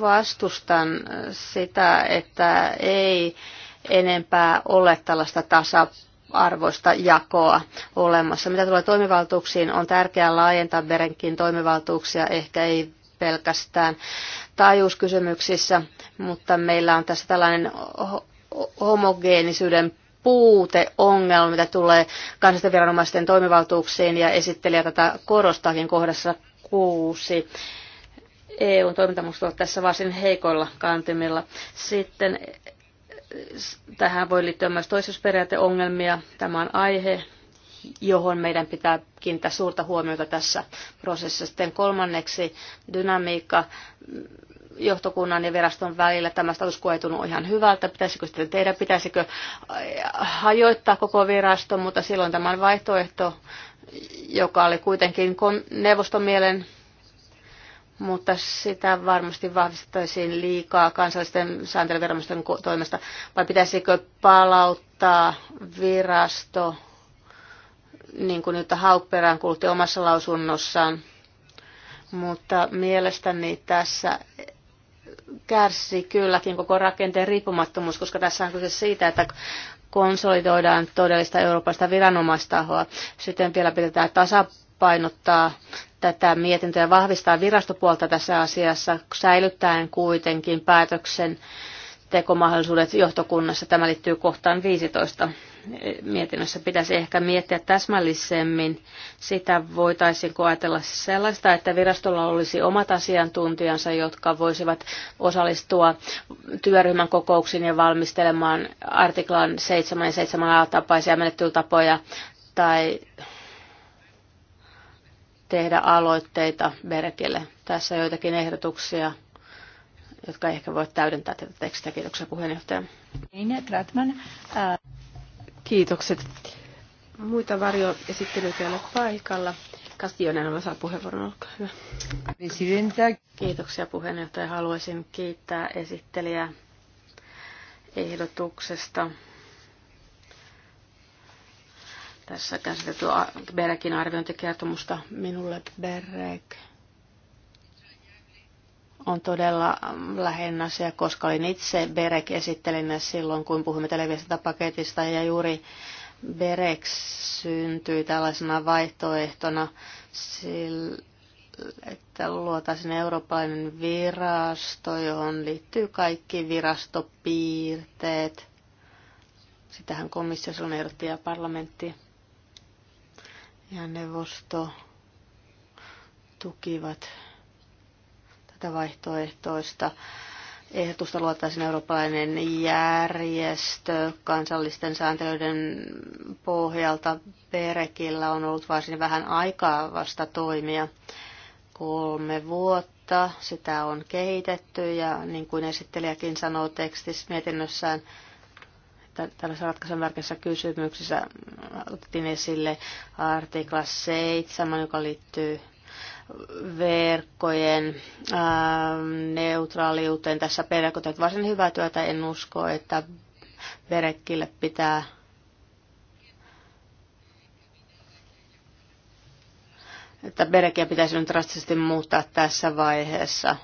vastustan sitä, että ei enempää ole tällaista tasa-arvoista jakoa olemassa. Mitä tulee toimivaltuuksiin, on tärkeää laajentaa Berenkin toimivaltuuksia, ehkä ei pelkästään taajuuskysymyksissä, mutta meillä on tässä tällainen homogeenisyyden puuteongelma, mitä tulee kansallisten viranomaisten toimivaltuuksiin, ja esittelijä tätä korostaakin kohdassa kuusi. EUn toimintamusta ovat tässä varsin heikoilla kantimilla. Sitten tähän voi liittyä myös toisuusperiaateongelmia. Tämä on aihe, johon meidän pitää kiinnittää suurta huomiota tässä prosessissa. Sitten kolmanneksi dynamiikka johtokunnan ja viraston välillä. Tämä status quo ei tunnu ihan hyvältä. Pitäisikö sitten tehdä, pitäisikö äh, hajoittaa koko virasto, mutta silloin tämän vaihtoehto, joka oli kuitenkin neuvoston mielen mutta sitä varmasti vahvistettaisiin liikaa kansallisten sääntelyviranomaisten toimesta, vai pitäisikö palauttaa virasto niin kuin Jutta haukperään peräänkuulutti omassa lausunnossaan. Mutta mielestäni tässä kärsii kylläkin koko rakenteen riippumattomuus, koska tässä on kyse siitä, että konsolidoidaan todellista Euroopasta viranomaistahoa. Sitten vielä pitää tasapainottaa tätä mietintöä ja vahvistaa virastopuolta tässä asiassa säilyttäen kuitenkin päätöksen tekomahdollisuudet johtokunnassa. Tämä liittyy kohtaan 15. Mietinnössä pitäisi ehkä miettiä täsmällisemmin sitä, voitaisiinko ajatella sellaista, että virastolla olisi omat asiantuntijansa, jotka voisivat osallistua työryhmän kokouksiin ja valmistelemaan artiklan 7 ja 7 tapaisia menettelytapoja tai tehdä aloitteita Berkille. Tässä joitakin ehdotuksia jotka ehkä voivat täydentää tätä tekstiä. Kiitoksia puheenjohtaja. Äh. Kiitokset. Muita varjoesittelyitä ei ole paikalla. Kastionen on saa puheenvuoron, olkaa hyvä. Presidenta. Kiitoksia puheenjohtaja. Haluaisin kiittää esittelijää ehdotuksesta. Tässä käsitelty Berekin arviointikertomusta. Minulle Berek on todella mm, lähinnä asia, koska olin itse Berek esittelin silloin, kun puhumme paketista ja juuri Berek syntyi tällaisena vaihtoehtona, että luotaisiin eurooppalainen virasto, johon liittyy kaikki virastopiirteet. Sitähän komissio silloin ehdotti ja parlamentti ja neuvosto tukivat tätä vaihtoehtoista ehdotusta luottaisiin eurooppalainen järjestö kansallisten sääntelyiden pohjalta. Berekillä on ollut varsin vähän aikaa vasta toimia, kolme vuotta. Sitä on kehitetty ja niin kuin esittelijäkin sanoo tekstissä mietinnössään, tällaisessa ratkaisun värkeissä kysymyksissä otettiin esille artikla 7, joka liittyy verkkojen neutraaliuteen. Tässä Berekko teet varsin hyvää työtä. En usko, että verekkille pitää että Berekiä pitäisi nyt drastisesti muuttaa tässä vaiheessa.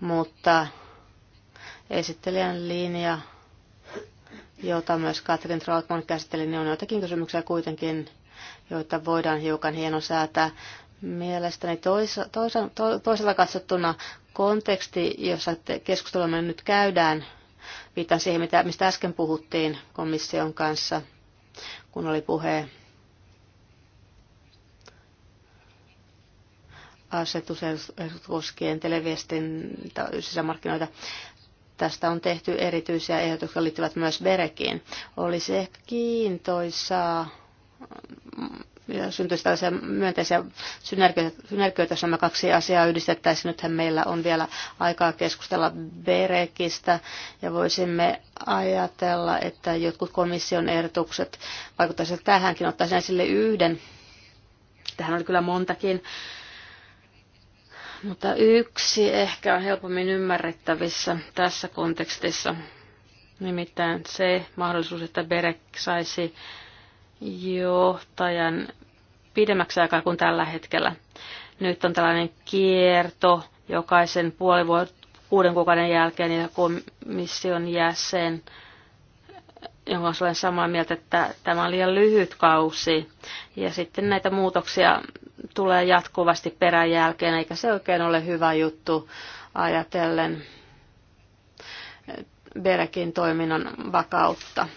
Mutta esittelijän linja, jota myös Katrin Trautman käsitteli, niin on joitakin kysymyksiä kuitenkin, joita voidaan hiukan hienosäätää. säätää Mielestäni toisa, toisa, to, toisella katsottuna konteksti, jossa keskustelua me nyt käydään, viittaan siihen, mitä, mistä äsken puhuttiin komission kanssa, kun oli puhe asetus koskien televiestin sisämarkkinoita. Tästä on tehty erityisiä ehdotuksia, jotka liittyvät myös Berekiin. Olisi ehkä kiintoisaa syntyisi tällaisia myönteisiä synergioita, jos nämä kaksi asiaa yhdistettäisiin. Nythän meillä on vielä aikaa keskustella BEREKistä ja voisimme ajatella, että jotkut komission ehdotukset vaikuttaisivat tähänkin. Ottaisin esille yhden. Tähän oli kyllä montakin. Mutta yksi ehkä on helpommin ymmärrettävissä tässä kontekstissa. Nimittäin se mahdollisuus, että BEREK saisi johtajan pidemmäksi aikaa kuin tällä hetkellä. Nyt on tällainen kierto jokaisen puoli vuotta, kuuden kuukauden jälkeen ja komission jäsen, jonka kanssa olen samaa mieltä, että tämä on liian lyhyt kausi. Ja sitten näitä muutoksia tulee jatkuvasti perän jälkeen, eikä se oikein ole hyvä juttu ajatellen Berekin toiminnan vakautta.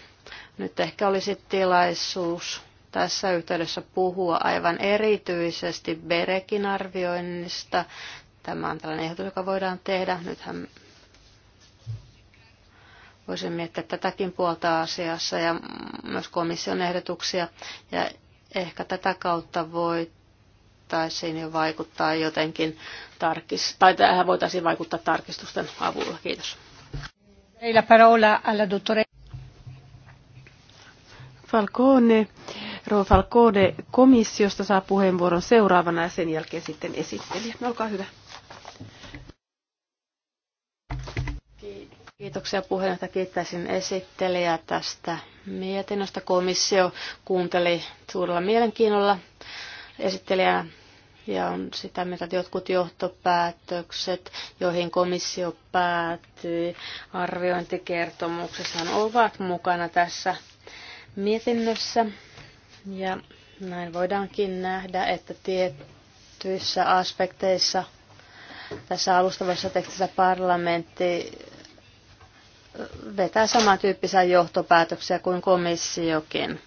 Nyt ehkä olisi tilaisuus tässä yhteydessä puhua aivan erityisesti Berekin arvioinnista. Tämä on tällainen ehdotus, joka voidaan tehdä. Nythän voisin miettiä tätäkin puolta asiassa ja myös komission ehdotuksia. Ja ehkä tätä kautta voi taisiin jo vaikuttaa jotenkin tarkis, tai tähän voitaisiin vaikuttaa tarkistusten avulla. Kiitos. La parola alla dottore... Falcone, rouva Falcone komissiosta saa puheenvuoron seuraavana ja sen jälkeen sitten esittelijä. No, olkaa hyvä. Kiitoksia puheenjohtaja. Kiittäisin esittelijää tästä mietinnöstä. Komissio kuunteli suurella mielenkiinnolla esittelijää ja on sitä mieltä, että jotkut johtopäätökset, joihin komissio päätyi arviointikertomuksessaan, ovat mukana tässä mietinnössä. Ja näin voidaankin nähdä, että tietyissä aspekteissa tässä alustavassa tekstissä parlamentti vetää samantyyppisiä johtopäätöksiä kuin komissiokin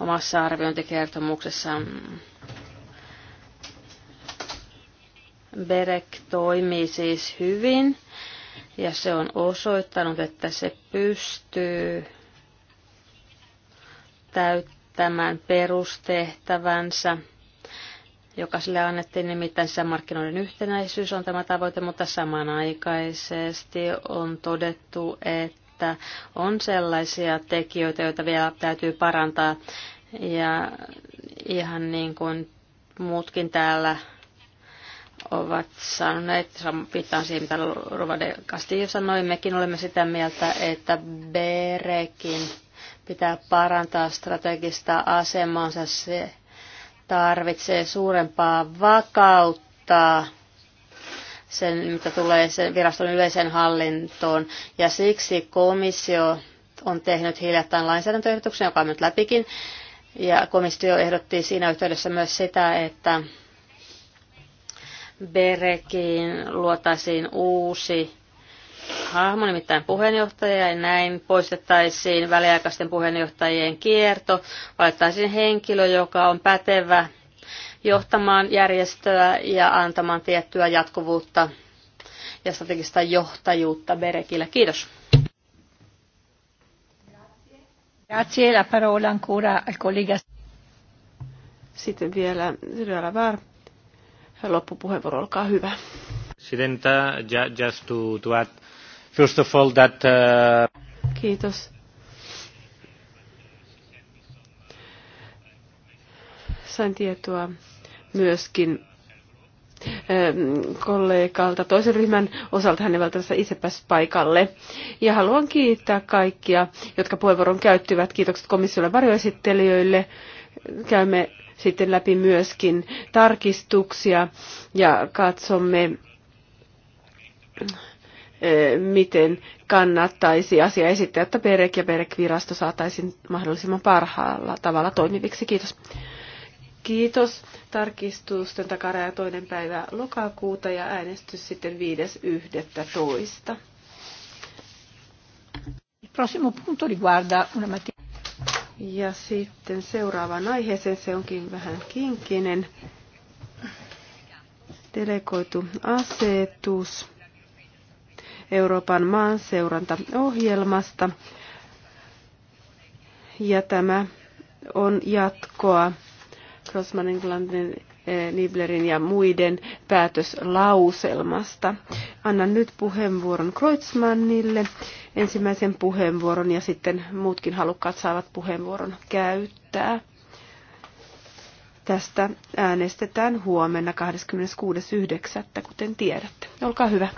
omassa arviointikertomuksessaan. BEREC toimii siis hyvin ja se on osoittanut, että se pystyy täyttämään perustehtävänsä joka sille annettiin, nimittäin sisämarkkinoiden yhtenäisyys on tämä tavoite, mutta samanaikaisesti on todettu, että on sellaisia tekijöitä, joita vielä täytyy parantaa. Ja ihan niin kuin muutkin täällä ovat sanoneet, viittaan siihen, mitä Rovade Castillo sanoi, mekin olemme sitä mieltä, että Berekin pitää parantaa strategista asemansa. Se tarvitsee suurempaa vakautta sen, mitä tulee sen viraston yleisen hallintoon. Ja siksi komissio on tehnyt hiljattain lainsäädäntöehdotuksen, joka on nyt läpikin. Ja komissio ehdotti siinä yhteydessä myös sitä, että Berekiin luotaisiin uusi hahmo, nimittäin puheenjohtaja, ja näin poistettaisiin väliaikaisten puheenjohtajien kierto, valittaisiin henkilö, joka on pätevä johtamaan järjestöä ja antamaan tiettyä jatkuvuutta ja strategista johtajuutta Berekillä. Kiitos. Grazie, la parola ancora al collega. Sitten vielä Sirjala Var. Loppupuheenvuoro, olkaa hyvä. Presidenta, just to, to add First of all that... Uh... Kiitos. Sain tietoa myöskin ähm, kollegalta toisen ryhmän osalta. Hän ei välttämättä itse päässyt paikalle. Ja haluan kiittää kaikkia, jotka puheenvuoron käyttivät. Kiitokset komissiolle varjoesittelijöille. Käymme sitten läpi myöskin tarkistuksia ja katsomme miten kannattaisi asia esittää, että PEREK ja PEREK-virasto saataisiin mahdollisimman parhaalla tavalla toimiviksi. Kiitos. Kiitos. Tarkistusten takaraja toinen päivä lokakuuta ja äänestys sitten 5.11. Prossimo punto riguarda una mattina. Ja sitten seuraavaan aiheeseen, se onkin vähän kinkkinen. Delegoitu asetus. Euroopan maanseurantaohjelmasta. Ja tämä on jatkoa Grossman Englannin eh, Niblerin ja muiden päätöslauselmasta. Annan nyt puheenvuoron Kreutzmannille ensimmäisen puheenvuoron ja sitten muutkin halukkaat saavat puheenvuoron käyttää. Tästä äänestetään huomenna 26.9., kuten tiedätte. Olkaa hyvä.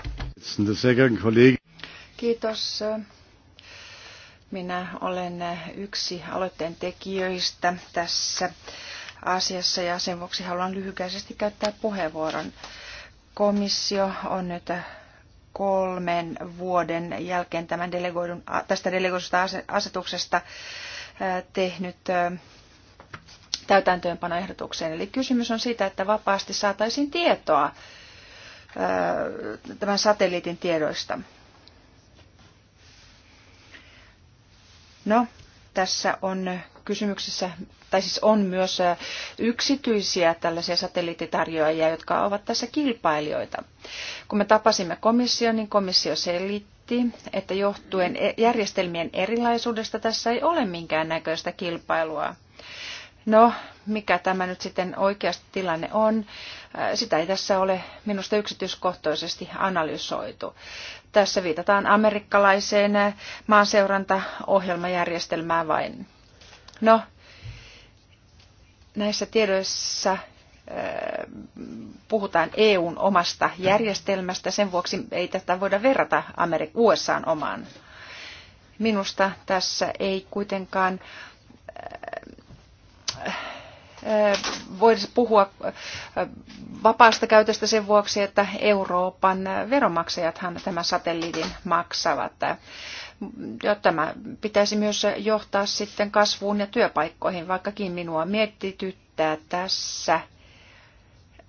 Kiitos. Minä olen yksi aloitteen tekijöistä tässä asiassa ja sen vuoksi haluan lyhykäisesti käyttää puheenvuoron. Komissio on nyt kolmen vuoden jälkeen tämän delegoidun, tästä delegoidusta asetuksesta tehnyt täytäntöönpanoehdotukseen. Eli kysymys on siitä, että vapaasti saataisiin tietoa tämän satelliitin tiedoista. No, tässä on kysymyksessä, tai siis on myös yksityisiä tällaisia satelliittitarjoajia, jotka ovat tässä kilpailijoita. Kun me tapasimme komission, niin komissio selitti, että johtuen e-, järjestelmien erilaisuudesta tässä ei ole minkäännäköistä kilpailua. No, mikä tämä nyt sitten oikeasti tilanne on, äh, sitä ei tässä ole minusta yksityiskohtaisesti analysoitu. Tässä viitataan amerikkalaiseen maanseurantaohjelmajärjestelmään vain. No, näissä tiedoissa äh, puhutaan EUn omasta järjestelmästä, sen vuoksi ei tätä voida verrata Amerik- USAn omaan. Minusta tässä ei kuitenkaan äh, voisi puhua vapaasta käytöstä sen vuoksi, että Euroopan veronmaksajathan tämän satelliitin maksavat. Ja tämä pitäisi myös johtaa sitten kasvuun ja työpaikkoihin, vaikkakin minua mietityttää tässä,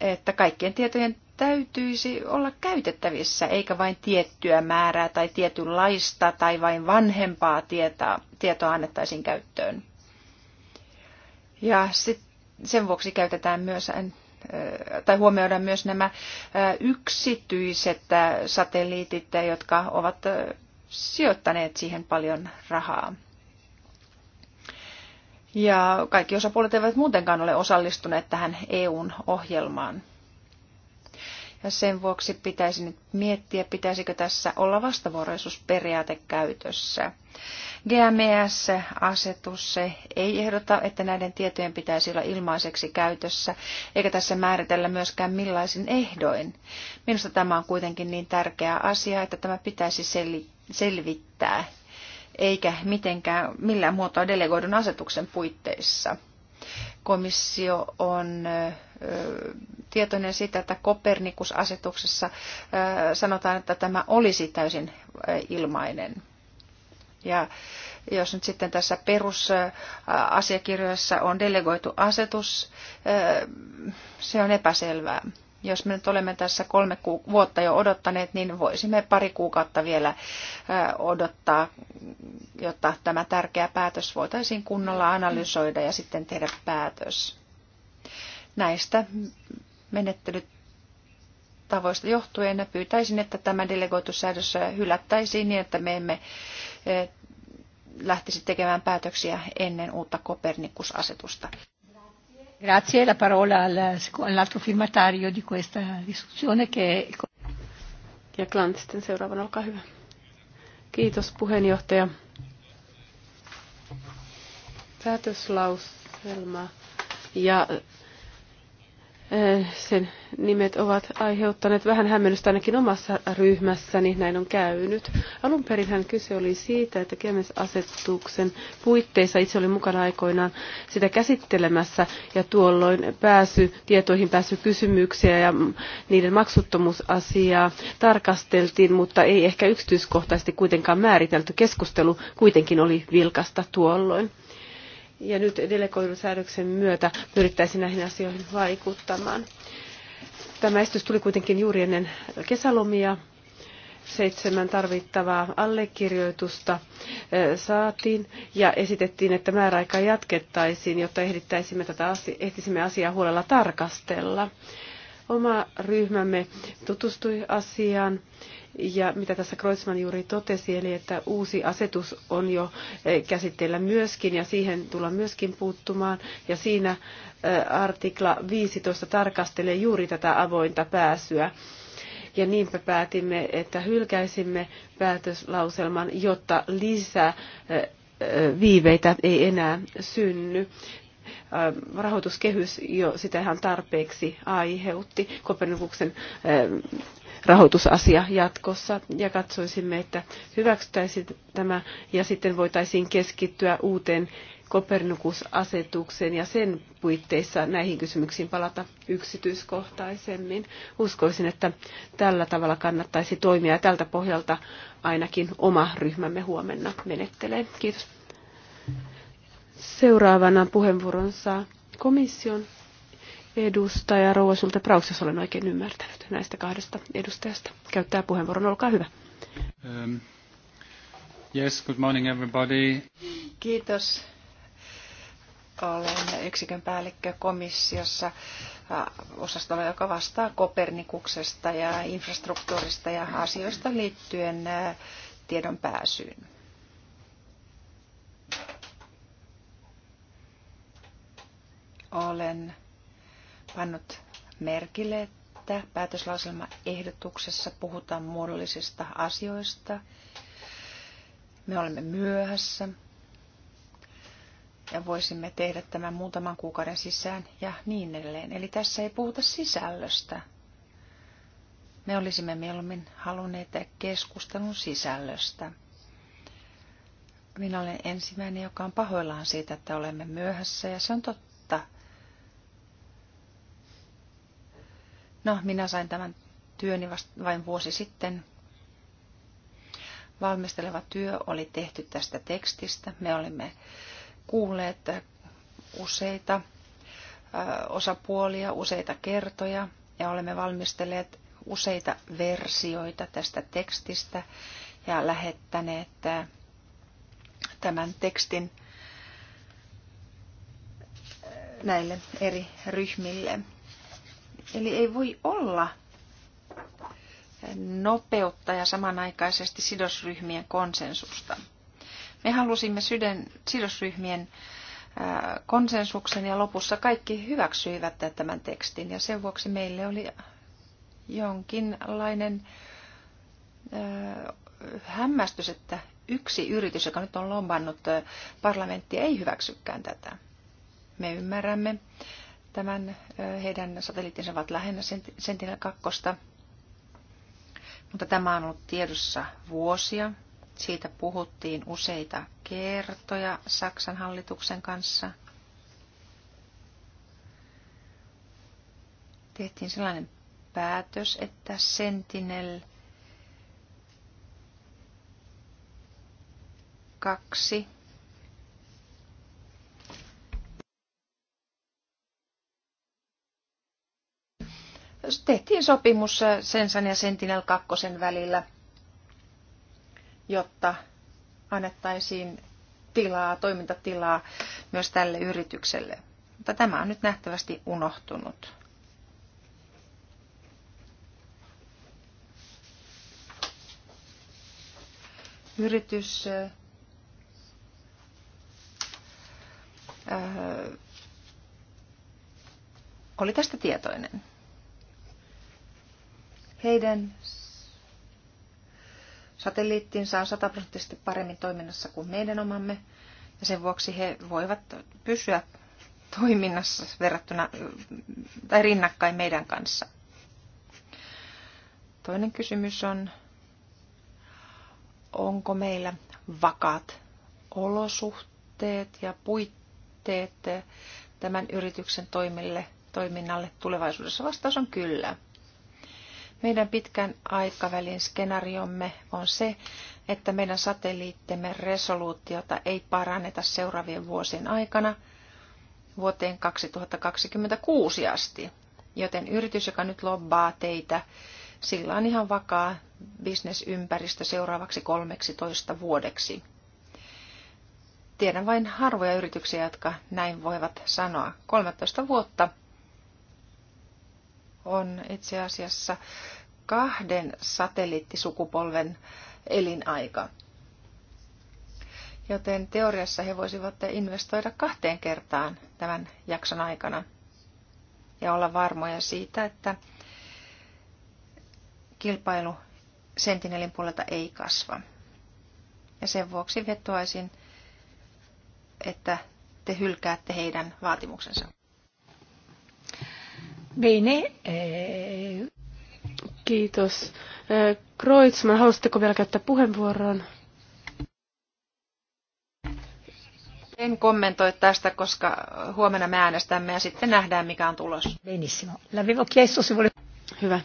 että kaikkien tietojen täytyisi olla käytettävissä, eikä vain tiettyä määrää tai tietynlaista tai vain vanhempaa tietoa, tietoa annettaisiin käyttöön. Ja sitten sen vuoksi käytetään myös äh, tai huomioidaan myös nämä äh, yksityiset äh, satelliitit, jotka ovat sijoittaneet siihen paljon rahaa. Ja kaikki osapuolet eivät muutenkaan ole osallistuneet tähän EUn ohjelmaan. Sen vuoksi pitäisi nyt miettiä, pitäisikö tässä olla vastavuoroisuusperiaate käytössä. GMS-asetus ei ehdota, että näiden tietojen pitäisi olla ilmaiseksi käytössä, eikä tässä määritellä myöskään millaisin ehdoin. Minusta tämä on kuitenkin niin tärkeä asia, että tämä pitäisi sel- selvittää, eikä mitenkään millään muotoa delegoidun asetuksen puitteissa. Komissio on tietoinen siitä, että Kopernikus-asetuksessa sanotaan, että tämä olisi täysin ilmainen. Ja jos nyt sitten tässä perusasiakirjoissa on delegoitu asetus, se on epäselvää. Jos me nyt olemme tässä kolme vuotta jo odottaneet, niin voisimme pari kuukautta vielä odottaa, jotta tämä tärkeä päätös voitaisiin kunnolla analysoida ja sitten tehdä päätös. Näistä menettelytavoista johtuen pyytäisin, että tämä delegoitussäädös hylättäisiin niin, että me emme lähtisi tekemään päätöksiä ennen uutta Kopernikus-asetusta. Grazie, la parola all'altro firmatario di questa che... Ja Klant sitten seuraavana, olkaa hyvä. Kiitos puheenjohtaja. Päätöslauselma ja Eh, sen nimet ovat aiheuttaneet vähän hämmennystä ainakin omassa ryhmässäni, näin on käynyt. Alun perinhän kyse oli siitä, että kemisasetuksen puitteissa itse olin mukana aikoinaan sitä käsittelemässä ja tuolloin pääsy, tietoihin pääsy kysymyksiä ja niiden maksuttomuusasiaa tarkasteltiin, mutta ei ehkä yksityiskohtaisesti kuitenkaan määritelty. Keskustelu kuitenkin oli vilkasta tuolloin. Ja nyt delegoidun säädöksen myötä pyrittäisiin näihin asioihin vaikuttamaan. Tämä esitys tuli kuitenkin juuri ennen kesälomia. Seitsemän tarvittavaa allekirjoitusta saatiin ja esitettiin, että määräaika jatkettaisiin, jotta ehdittäisimme tätä asia, ehtisimme asiaa huolella tarkastella. Oma ryhmämme tutustui asiaan ja mitä tässä Kreutzmann juuri totesi, eli että uusi asetus on jo eh, käsitteillä myöskin ja siihen tullaan myöskin puuttumaan. Ja siinä eh, artikla 15 tarkastelee juuri tätä avointa pääsyä. Ja niinpä päätimme, että hylkäisimme päätöslauselman, jotta lisää eh, viiveitä ei enää synny rahoituskehys jo sitähän tarpeeksi aiheutti. Kopenhaguksen rahoitusasia jatkossa ja katsoisimme, että hyväksyttäisiin tämä ja sitten voitaisiin keskittyä uuteen Kopernikus-asetukseen ja sen puitteissa näihin kysymyksiin palata yksityiskohtaisemmin. Uskoisin, että tällä tavalla kannattaisi toimia ja tältä pohjalta ainakin oma ryhmämme huomenna menettelee. Kiitos. Seuraavana puheenvuoron saa komission edustaja Rouva Sulte jos olen oikein ymmärtänyt näistä kahdesta edustajasta. Käyttää puheenvuoron, olkaa hyvä. Um, yes, good morning everybody. Kiitos. Olen yksikön päällikkö komissiossa osastolla, joka vastaa Kopernikuksesta ja infrastruktuurista ja asioista liittyen tiedon pääsyyn. Olen pannut merkille, että päätöslauselmaehdotuksessa puhutaan muodollisista asioista. Me olemme myöhässä ja voisimme tehdä tämän muutaman kuukauden sisään ja niin edelleen. Eli tässä ei puhuta sisällöstä. Me olisimme mieluummin halunneet keskustelun sisällöstä. Minä olen ensimmäinen, joka on pahoillaan siitä, että olemme myöhässä ja se on totta No, minä sain tämän työni vain vuosi sitten. Valmisteleva työ oli tehty tästä tekstistä. Me olimme kuulleet useita osapuolia, useita kertoja ja olemme valmistelleet useita versioita tästä tekstistä ja lähettäneet tämän tekstin näille eri ryhmille. Eli ei voi olla nopeutta ja samanaikaisesti sidosryhmien konsensusta. Me halusimme syden, sidosryhmien konsensuksen ja lopussa kaikki hyväksyivät tämän tekstin ja sen vuoksi meille oli jonkinlainen hämmästys, että yksi yritys, joka nyt on lombannut parlamenttia, ei hyväksykään tätä. Me ymmärrämme, Tämän heidän satelliittinsa ovat lähennä Sentinel-2, mutta tämä on ollut tiedossa vuosia. Siitä puhuttiin useita kertoja Saksan hallituksen kanssa. Tehtiin sellainen päätös, että Sentinel 2 tehtiin sopimus äh, Sensan ja Sentinel 2 välillä, jotta annettaisiin tilaa, toimintatilaa myös tälle yritykselle. Mutta tämä on nyt nähtävästi unohtunut. Yritys äh, äh, oli tästä tietoinen. Heidän satelliittinsa on sataprosenttisesti paremmin toiminnassa kuin meidän omamme, ja sen vuoksi he voivat pysyä toiminnassa verrattuna tai rinnakkain meidän kanssa. Toinen kysymys on, onko meillä vakaat olosuhteet ja puitteet tämän yrityksen toimille, toiminnalle tulevaisuudessa? Vastaus on kyllä. Meidän pitkän aikavälin skenaariomme on se, että meidän satelliittemme resoluutiota ei paranneta seuraavien vuosien aikana vuoteen 2026 asti. Joten yritys, joka nyt lobbaa teitä, sillä on ihan vakaa bisnesympäristö seuraavaksi 13 vuodeksi. Tiedän vain harvoja yrityksiä, jotka näin voivat sanoa. 13 vuotta on itse asiassa kahden satelliittisukupolven elinaika. Joten teoriassa he voisivat investoida kahteen kertaan tämän jakson aikana ja olla varmoja siitä, että kilpailu sentinelin puolelta ei kasva. Ja sen vuoksi vetoaisin, että te hylkäätte heidän vaatimuksensa. Bene. Eh, kiitos. Eh, Kreutzmann, haluaisitteko vielä käyttää puheenvuoron? En kommentoi tästä, koska huomenna me äänestämme ja sitten nähdään, mikä on tulos. Benissimo. L'avevo chiesto se vuole... Hyvä.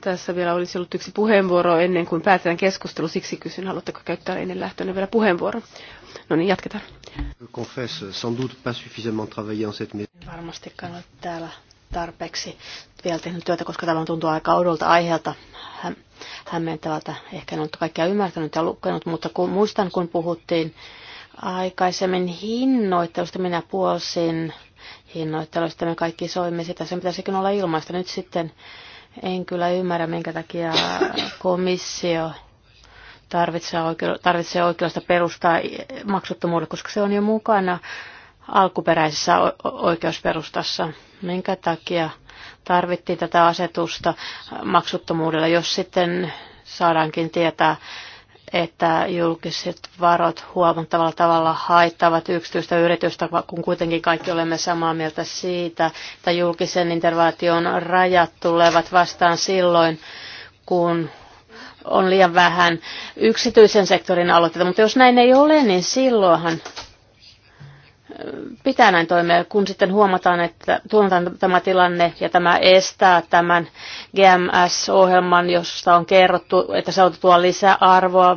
Tässä vielä olisi ollut yksi puheenvuoro ennen kuin päätetään keskustelu, siksi kysyn, haluatteko käyttää ennen lähtöön vielä puheenvuoro. No niin, jatketaan. Confesse, sans doute pas suffisamment travaillé en cette maison. Varmastikaan ole täällä tarpeeksi vielä tehnyt työtä, koska tämä tuntuu aika oudolta aiheelta, hämmentävältä. Ehkä en ole kaikkea ymmärtänyt ja lukenut, mutta kun, muistan, kun puhuttiin aikaisemmin hinnoittelusta, minä puolsin hinnoittelusta, me kaikki soimme sitä, sen pitäisikin olla ilmaista. Nyt sitten en kyllä ymmärrä, minkä takia komissio tarvitsee, oikeu- tarvitsee oikeudesta perustaa maksuttomuudelle, koska se on jo mukana alkuperäisessä oikeusperustassa. Minkä takia tarvittiin tätä asetusta maksuttomuudella, jos sitten saadaankin tietää, että julkiset varot huomattavalla tavalla haittavat yksityistä yritystä, kun kuitenkin kaikki olemme samaa mieltä siitä, että julkisen intervaation rajat tulevat vastaan silloin, kun on liian vähän yksityisen sektorin aloitteita, mutta jos näin ei ole, niin silloinhan pitää näin toimia, kun sitten huomataan, että tuomataan tämä tilanne ja tämä estää tämän GMS-ohjelman, josta on kerrottu, että se on tuo lisäarvoa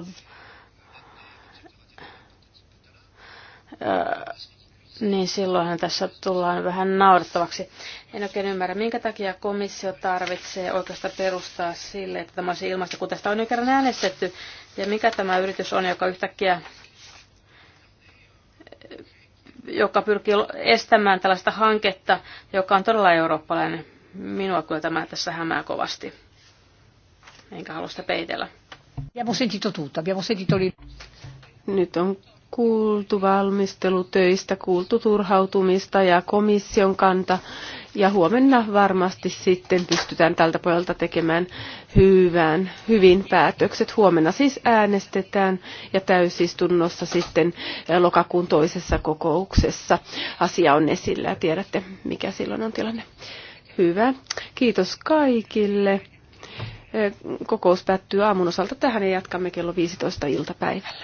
niin silloinhan tässä tullaan vähän naurettavaksi. En oikein ymmärrä, minkä takia komissio tarvitsee oikeastaan perustaa sille, että tämä olisi ilmasta, kun tästä on jo kerran äänestetty, ja mikä tämä yritys on, joka yhtäkkiä joka pyrkii estämään tällaista hanketta, joka on todella eurooppalainen. Minua kyllä tämä tässä hämää kovasti. Enkä halua sitä peitellä. Abbiamo sentito tutto, abbiamo sentito Nyt on kuultu valmistelutöistä, kuultu turhautumista ja komission kanta. Ja huomenna varmasti sitten pystytään tältä pojalta tekemään hyvän, hyvin päätökset. Huomenna siis äänestetään ja täysistunnossa sitten eh, lokakuun toisessa kokouksessa asia on esillä ja tiedätte, mikä silloin on tilanne. Hyvä. Kiitos kaikille. Eh, kokous päättyy aamun osalta tähän ja jatkamme kello 15 iltapäivällä.